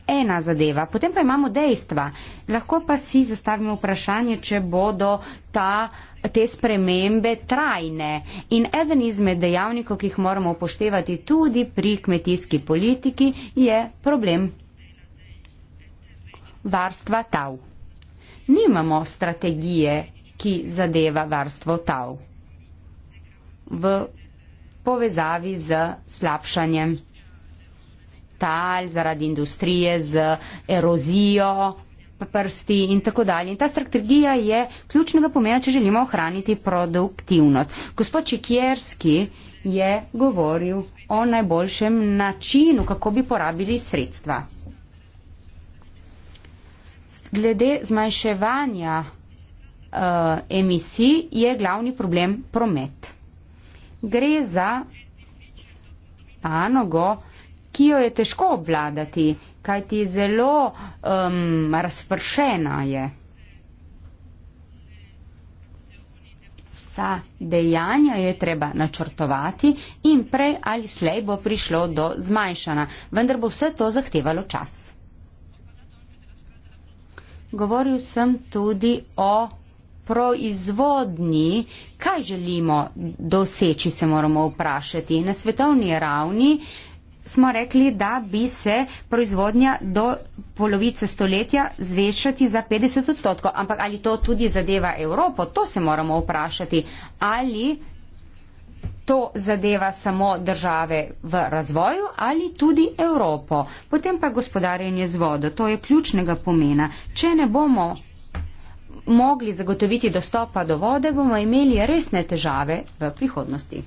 ena zadeva, potem pa imamo dejstva. Lahko pa si zastavimo vprašanje, če bodo ta, te spremembe trajne. In eden izmed dejavnikov, ki jih moramo upoštevati tudi pri kmetijski politiki, je problem varstva tav. Nimamo strategije, ki zadeva varstvo tav v povezavi z slabšanjem tal, zaradi industrije z erozijo prsti in tako dalje. In ta strategija je ključnega pomena, če želimo ohraniti produktivnost. Gospod Čekjerski je govoril o najboljšem načinu, kako bi porabili sredstva. Glede zmanjševanja uh, emisij je glavni problem promet. Gre za panogo, uh, ki jo je težko obvladati, kajti zelo um, razpršena je. Vsa dejanja je treba načrtovati in prej ali slej bo prišlo do zmanjšana, vendar bo vse to zahtevalo čas. Govoril sem tudi o proizvodnji, kaj želimo doseči, se moramo vprašati. Na svetovni ravni smo rekli, da bi se proizvodnja do polovice stoletja zvečati za 50 odstotkov. Ampak ali to tudi zadeva Evropo? To se moramo vprašati. Ali to zadeva samo države v razvoju ali tudi Evropo. Potem pa gospodarjenje z vodo. To je ključnega pomena. Če ne bomo mogli zagotoviti dostopa do vode, bomo imeli resne težave v prihodnosti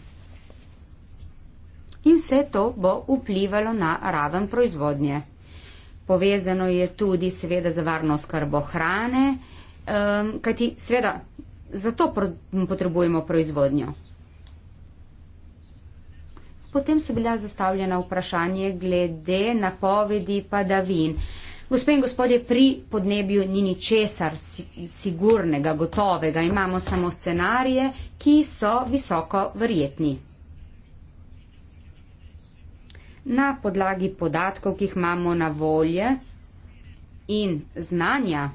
in vse to bo vplivalo na raven proizvodnje. Povezano je tudi seveda za varno skrbo hrane, um, kajti seveda zato pro potrebujemo proizvodnjo. Potem so bila zastavljena vprašanje glede napovedi padavin. Gospe in gospodje, pri podnebju ni ničesar si sigurnega, gotovega, imamo samo scenarije, ki so visoko verjetni na podlagi podatkov, ki jih imamo na volje in znanja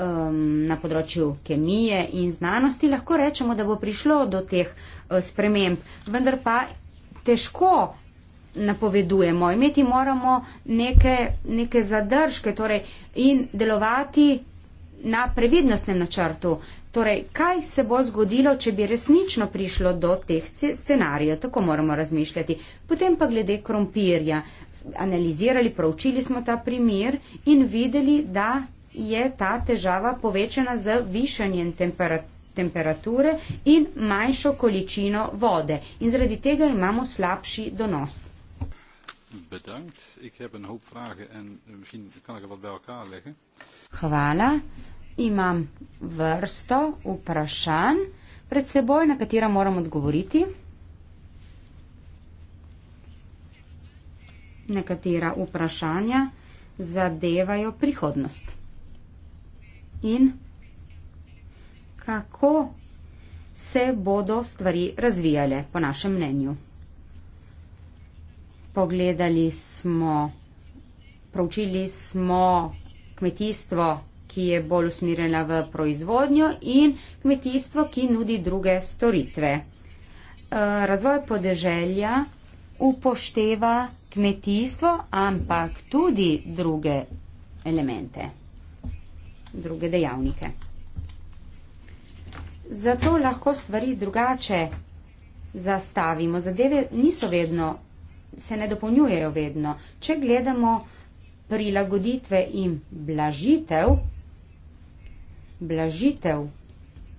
um, na področju kemije in znanosti, lahko rečemo, da bo prišlo do teh uh, sprememb. Vendar pa težko napovedujemo, imeti moramo neke, neke zadržke torej, in delovati na previdnostnem načrtu. Torej, kaj se bo zgodilo, če bi resnično prišlo do teh scenarijev, tako moramo razmišljati. Potem pa glede krompirja. Analizirali, proučili smo ta primer in videli, da je ta težava povečena z višanjem temperatur temperature in manjšo količino vode. In zaradi tega imamo slabši donos. Eh, er Hvala imam vrsto vprašanj pred seboj, na katera moram odgovoriti. Nekatera vprašanja zadevajo prihodnost. In kako se bodo stvari razvijale, po našem mnenju. Pogledali smo, proučili smo kmetijstvo, ki je bolj usmirjena v proizvodnjo in kmetijstvo, ki nudi druge storitve. Eh, razvoj podeželja upošteva kmetijstvo, ampak tudi druge elemente, druge dejavnike. Zato lahko stvari drugače zastavimo. Zadeve niso vedno, se ne dopolnjujejo vedno. Če gledamo prilagoditve in blažitev, blažitev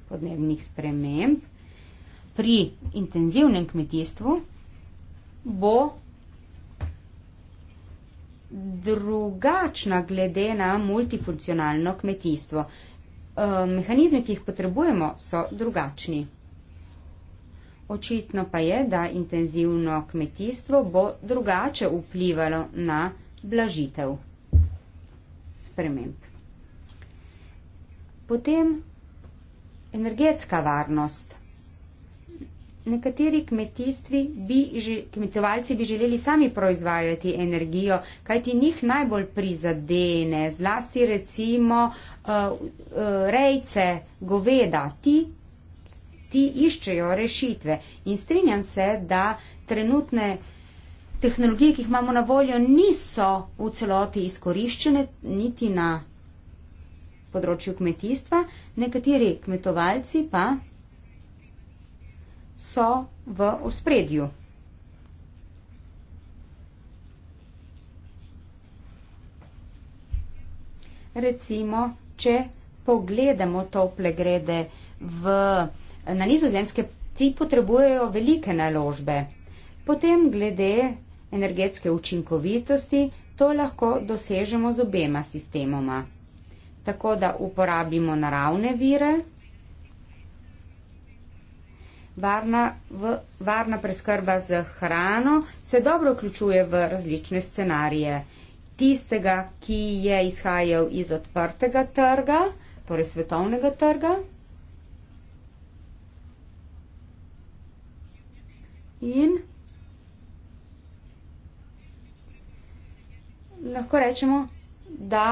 podnebnih sprememb pri intenzivnem kmetijstvu bo drugačna glede na multifunkcionalno kmetijstvo. Eh, mehanizmi, ki jih potrebujemo, so drugačni. Očitno pa je, da intenzivno kmetijstvo bo drugače vplivalo na blažitev sprememb. Potem energetska varnost. Nekateri kmetijstvi, bi, kmetovalci bi želeli sami proizvajati energijo, kajti njih najbolj prizadene, zlasti recimo uh, uh, rejce, goveda, ti, ti iščejo rešitve. In strinjam se, da trenutne tehnologije, ki jih imamo na voljo, niso v celoti izkoriščene, niti na področju kmetijstva, nekateri kmetovalci pa so v ospredju. Recimo, če pogledamo tople grede v, na nizozemske, ti potrebujejo velike naložbe. Potem glede energetske učinkovitosti, to lahko dosežemo z obema sistemoma tako da uporabimo naravne vire. Varna, v, varna preskrba z hrano se dobro vključuje v različne scenarije. Tistega, ki je izhajal iz odprtega trga, torej svetovnega trga. In lahko rečemo, da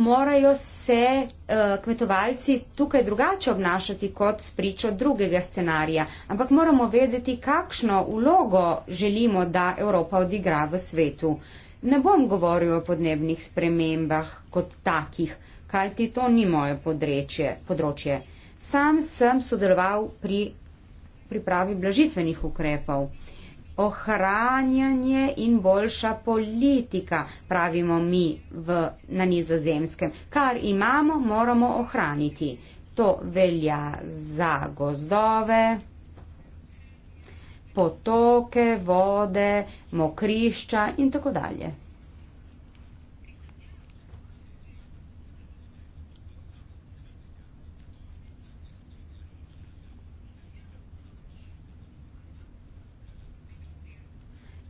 morajo se uh, kmetovalci tukaj drugače obnašati kot spričo drugega scenarija, ampak moramo vedeti, kakšno vlogo želimo, da Evropa odigra v svetu. Ne bom govoril o podnebnih spremembah kot takih, kajti to ni moje podrečje, področje. Sam sem sodeloval pri pripravi blažitvenih ukrepov. Uh, ohranjanje in boljša politika, pravimo mi v, na nizozemskem. Kar imamo, moramo ohraniti. To velja za gozdove, potoke, vode, mokrišča in tako dalje.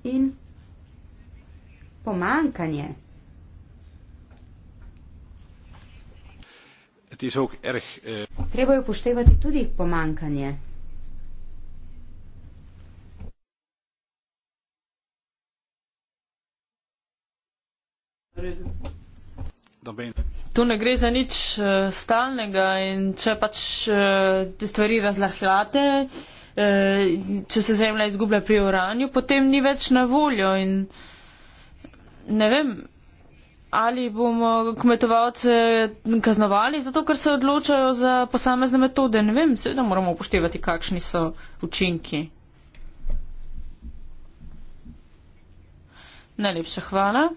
in pomankanje. Eh, Treba je upoštevati tudi pomankanje. Tu ne gre za nič eh, stalnega in če pač eh, te stvari razlahljate, Eh, če se zemlja izgublja pri oranju, potem ni več na voljo in ne vem, ali bomo kmetovalce kaznovali zato, ker se odločajo za posamezne metode. Ne vem, seveda moramo upoštevati, kakšni so učinki. Najlepša hvala.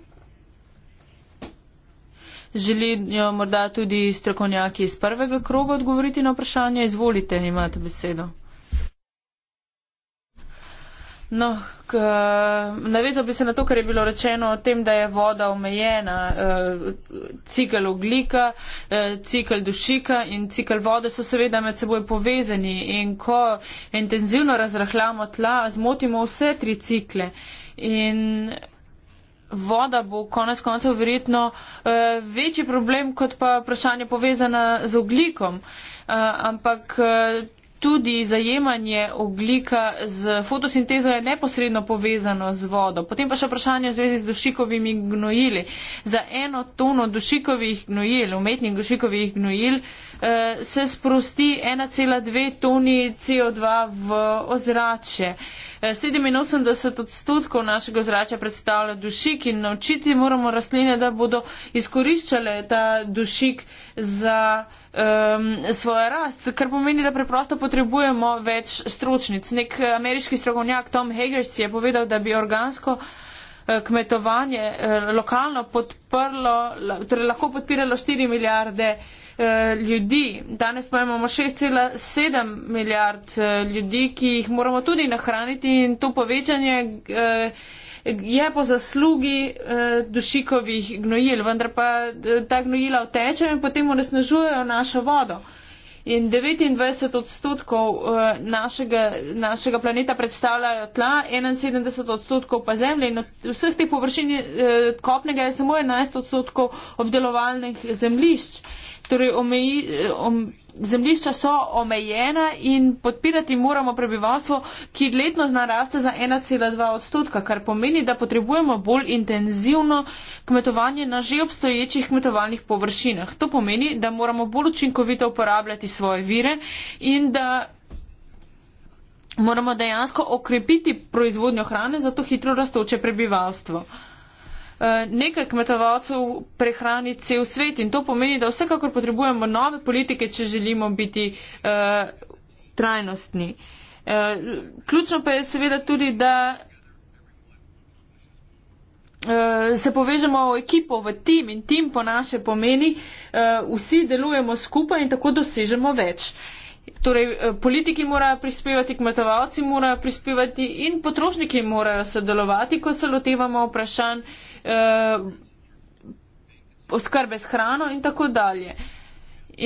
Želijo morda tudi strokovnjaki iz prvega kroga odgovoriti na vprašanje. Izvolite, imate besedo. No, k, navezal bi se na to, kar je bilo rečeno o tem, da je voda omejena. Eh, cikl oglika, eh, cikl dušika in cikl vode so seveda med seboj povezani in ko intenzivno razrahljamo tla, zmotimo vse tri cikle. In voda bo konec koncev verjetno eh, večji problem, kot pa vprašanje povezana z oglikom. Ampak tudi zajemanje oglika z fotosintezo je neposredno povezano z vodo. Potem pa še vprašanje v zvezi z dušikovimi gnojili. Za eno tono dušikovih gnojil, umetnih dušikovih gnojil, eh, se sprosti 1,2 toni CO2 v ozračje. 87 eh, odstotkov našega ozračja predstavlja dušik in naučiti moramo rastline, da bodo izkoriščale ta dušik za um, svojo rast, kar pomeni, da preprosto potrebujemo več stročnic. Nek eh, ameriški strokovnjak Tom Hagers je povedal, da bi organsko eh, kmetovanje eh, lokalno podprlo, torej lahko podpiralo 4 milijarde ljudi. Danes pa imamo 6,7 milijard ljudi, ki jih moramo tudi nahraniti in to povečanje. Eh, je po zaslugi eh, dušikovih gnojil, vendar pa eh, ta gnojila otečejo in potem onesnažujejo našo vodo. In 29 odstotkov eh, našega, našega planeta predstavljajo tla, 71 odstotkov pa zemlje in od vseh teh površin kopnega je samo 11 odstotkov obdelovalnih zemlišč torej omeji, eh, om, zemljišča so omejena in podpirati moramo prebivalstvo, ki letno naraste za 1,2 odstotka, kar pomeni, da potrebujemo bolj intenzivno kmetovanje na že obstoječih kmetovalnih površinah. To pomeni, da moramo bolj učinkovito uporabljati svoje vire in da. Moramo dejansko okrepiti proizvodnjo hrane za to hitro rastoče prebivalstvo. Eh, nekaj kmetovalcev prehrani cel svet in to pomeni, da vsekakor potrebujemo nove politike, če želimo biti uh, trajnostni. Uh, ključno pa je seveda tudi, da uh, se povežemo v ekipo, v tim in tim po naše pomeni, uh, vsi delujemo skupaj in tako dosežemo več. Uh, Torej, eh, politiki morajo prispevati, kmetovalci morajo prispevati in potrošniki morajo sodelovati, ko se lotevamo vprašanj eh, oskrbe s hrano in tako dalje.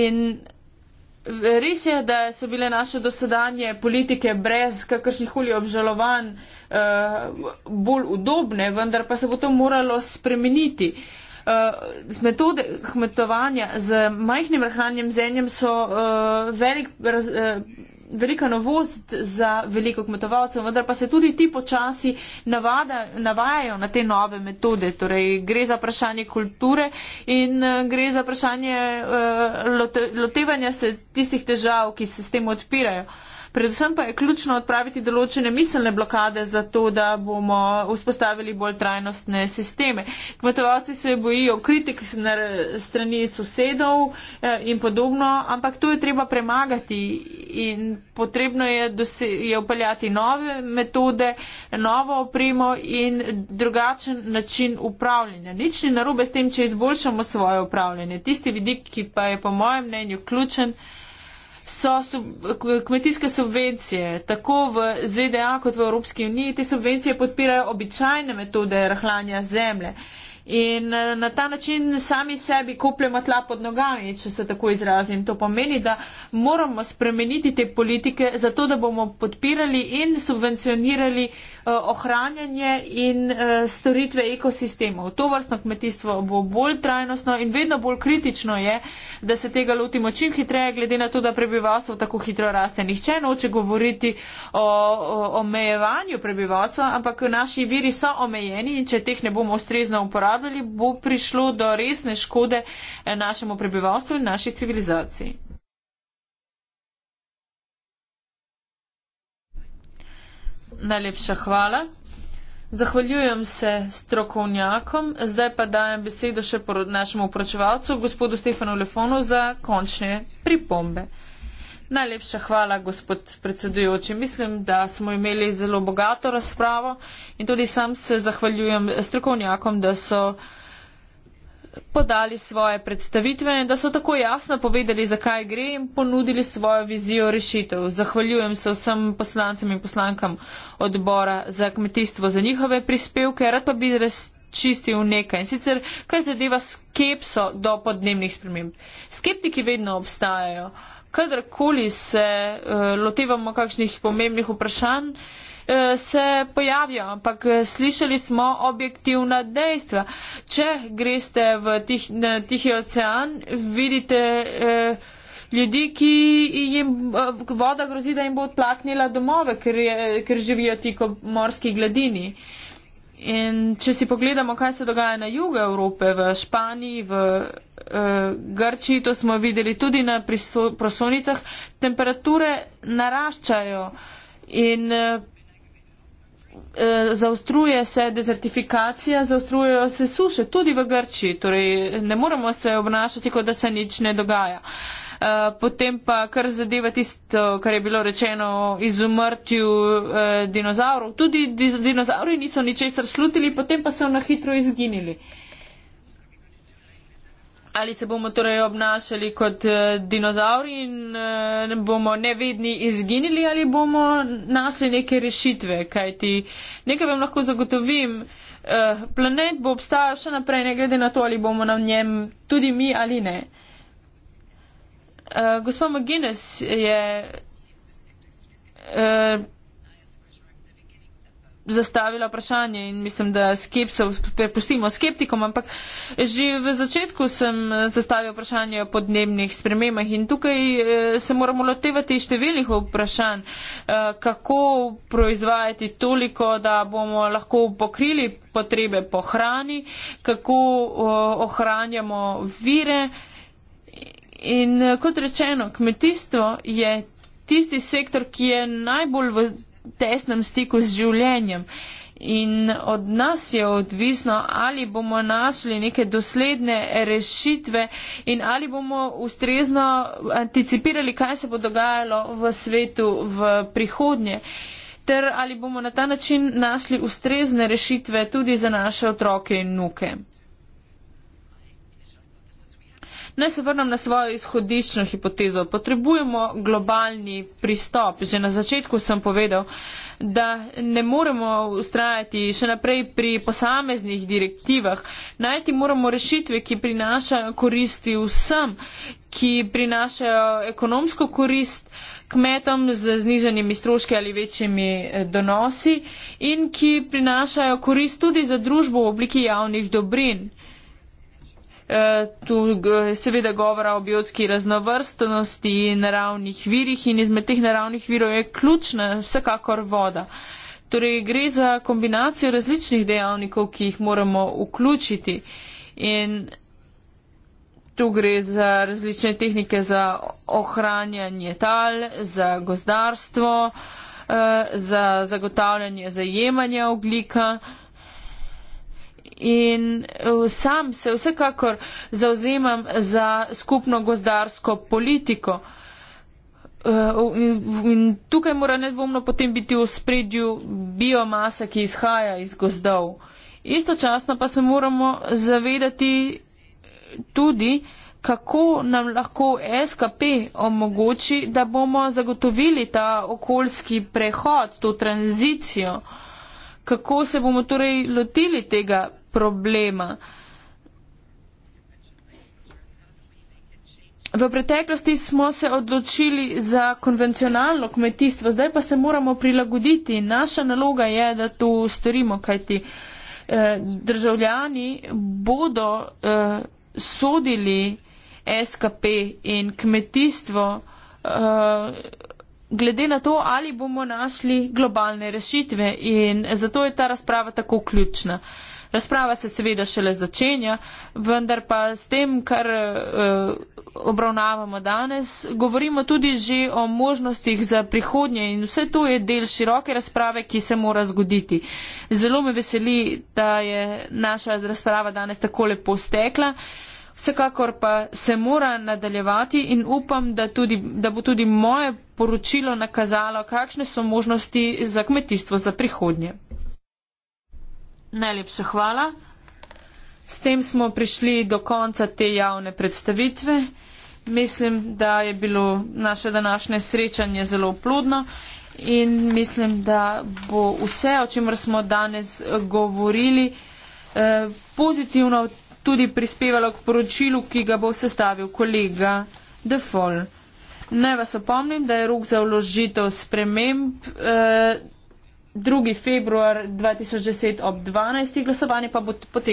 In eh, res je, da so bile naše dosedanje politike brez kakršnih koli obžalovanj eh, bolj udobne, vendar pa se bo to moralo spremeniti. Eh, uh, metode kmetovanja z majhnim rahnanjem zemljem so uh, velik, raz, uh, velika novost za veliko kmetovalcev, vendar pa se tudi ti počasi navajajo na te nove metode. Torej, gre za vprašanje kulture in uh, gre za vprašanje uh, lote, lotevanja se tistih težav, ki se s tem odpirajo. Uh, Predvsem pa je ključno odpraviti določene miselne blokade za to, da bomo vzpostavili bolj trajnostne sisteme. Kmetovalci se bojijo kritik strani sosedov eh, in podobno, ampak to je treba premagati in potrebno je, je upeljati nove metode, novo opremo in drugačen način upravljanja. Nič ni narobe s tem, če izboljšamo svoje upravljanje. Tisti vidik, ki pa je po mojem mnenju ključen, so sub, kmetijske subvencije, tako v ZDA kot v Evropski uniji, te subvencije podpirajo običajne metode rahlanja zemlje. In eh, na ta način sami sebi kopljemo tla pod nogami, če se tako izrazim. To pomeni, da moramo spremeniti te politike, zato da bomo podpirali in subvencionirali Eh, ohranjanje in eh, storitve ekosistemov. To vrstno kmetijstvo bo bolj trajnostno in vedno bolj kritično je, da se tega lotimo čim hitreje, glede na to, da prebivalstvo tako hitro raste. Nihče noče govoriti o omejevanju prebivalstva, ampak naši viri so omejeni in če teh ne bomo ustrezno uporabljali, bo prišlo do resne škode eh, našemu prebivalstvu in naši civilizaciji. Najlepša hvala. Zahvaljujem se strokovnjakom, zdaj pa dajem besedo še našemu upračevalcu, gospodu Stefanu Lefonu, za končne pripombe. Najlepša hvala, gospod predsedujoči. Mislim, da smo imeli zelo bogato razpravo in tudi sam se zahvaljujem strokovnjakom, da so podali svoje predstavitve in da so tako jasno povedali, zakaj gre in ponudili svojo vizijo rešitev. Zahvaljujem se vsem poslancem in poslankam odbora za kmetijstvo za njihove prispevke. Rad pa bi res čistil nekaj in sicer, kar zadeva skepso do podnebnih sprememb. Skeptiki vedno obstajajo. Kadarkoli se uh, lotevamo kakšnih pomembnih vprašanj, uh, se pojavijo, ampak eh, slišali smo objektivna dejstva. Če greste v tih, tihi ocean, vidite eh, ljudi, ki jim eh, voda grozi, da jim bo odplaknila domove, ker, je, ker živijo tik ob morski gladini. In če si pogledamo, kaj se dogaja na jugu Evrope, v Španiji, v uh, Grčiji, to smo videli tudi na prosonicah, temperature naraščajo in uh, Eh, zaostruje se dezertifikacija, zaostrujejo se suše, tudi v Grči, torej ne moramo se obnašati, kot da se nič ne dogaja. Eh, potem pa kar zadeva tisto, kar je bilo rečeno o izumrtju eh, dinozavrov. Tudi dinozavri niso ničesar slutili, potem pa so na hitro izginili ali se bomo torej obnašali kot uh, dinozauri in uh, bomo nevedni izginili ali bomo našli neke rešitve. Kaj ti nekaj vam lahko zagotovim, uh, planet bo obstajal še naprej, ne glede na to, ali bomo na njem tudi mi ali ne. Uh, gospod McGuinness je. Uh, zastavila vprašanje in mislim, da skepso prepustimo skeptikom, ampak že v začetku sem eh, zastavila vprašanje o podnebnih spremembah in tukaj eh, se moramo lotevati številnih vprašanj, eh, kako proizvajati toliko, da bomo lahko pokrili potrebe po hrani, kako ohranjamo vire in kot rečeno, kmetijstvo je. Tisti sektor, ki je najbolj v tesnem stiku z življenjem. In od nas je odvisno, ali bomo našli neke dosledne rešitve in ali bomo ustrezno anticipirali, kaj se bo dogajalo v svetu v prihodnje. Ter ali bomo na ta način našli ustrezne rešitve tudi za naše otroke in nuke. Naj se vrnem na svojo izhodiščno hipotezo. Potrebujemo globalni pristop. Že na začetku sem povedal, da ne moremo ustrajati še naprej pri posameznih direktivah. Najti moramo rešitve, ki prinašajo koristi vsem, ki prinašajo ekonomsko korist kmetom z zniženimi stroški ali večjimi eh, donosi in ki prinašajo korist tudi za družbo v obliki javnih dobrin. Eh, tu je eh, seveda govora o biotski raznovrstnosti in naravnih virih in izmed teh naravnih virov je ključna vsekakor voda. Torej gre za kombinacijo različnih dejavnikov, ki jih moramo vključiti in tu gre za različne tehnike za ohranjanje tal, za gozdarstvo, eh, za zagotavljanje zajemanja oglika in eh, sam se vsekakor zauzemam za skupno gozdarsko politiko. Eh, in tukaj mora nedvomno potem biti v spredju biomasa, ki izhaja iz gozdov. Istočasno pa se moramo zavedati tudi, kako nam lahko SKP omogoči, da bomo zagotovili ta okoljski prehod, to tranzicijo, kako se bomo torej lotili tega problema. V preteklosti smo se odločili za konvencionalno kmetijstvo, zdaj pa se moramo prilagoditi. Naša naloga je, da to storimo, kajti eh, državljani bodo eh, sodili SKP in kmetijstvo eh, glede na to, ali bomo našli globalne rešitve in zato je ta razprava tako ključna. Eh, Razprava se seveda šele začenja, vendar pa s tem, kar eh, obravnavamo danes, govorimo tudi že o možnostih za prihodnje in vse to je del široke razprave, ki se mora zgoditi. Zelo me veseli, da je naša razprava danes tako lepo stekla. Vsekakor pa se mora nadaljevati in upam, da, tudi, da bo tudi moje poročilo nakazalo, kakšne so možnosti za kmetijstvo za prihodnje. Najlepša hvala. S tem smo prišli do konca te javne predstavitve. Mislim, da je bilo naše današnje srečanje zelo plodno in mislim, da bo vse, o čemer smo danes eh, govorili, eh, pozitivno tudi prispevalo k poročilu, ki ga bo sestavil kolega Defol. Naj vas opomnim, da je rok za vložitev sprememb. Eh, 2. februar 2010 ob 12. glasovanje pa bo potekalo.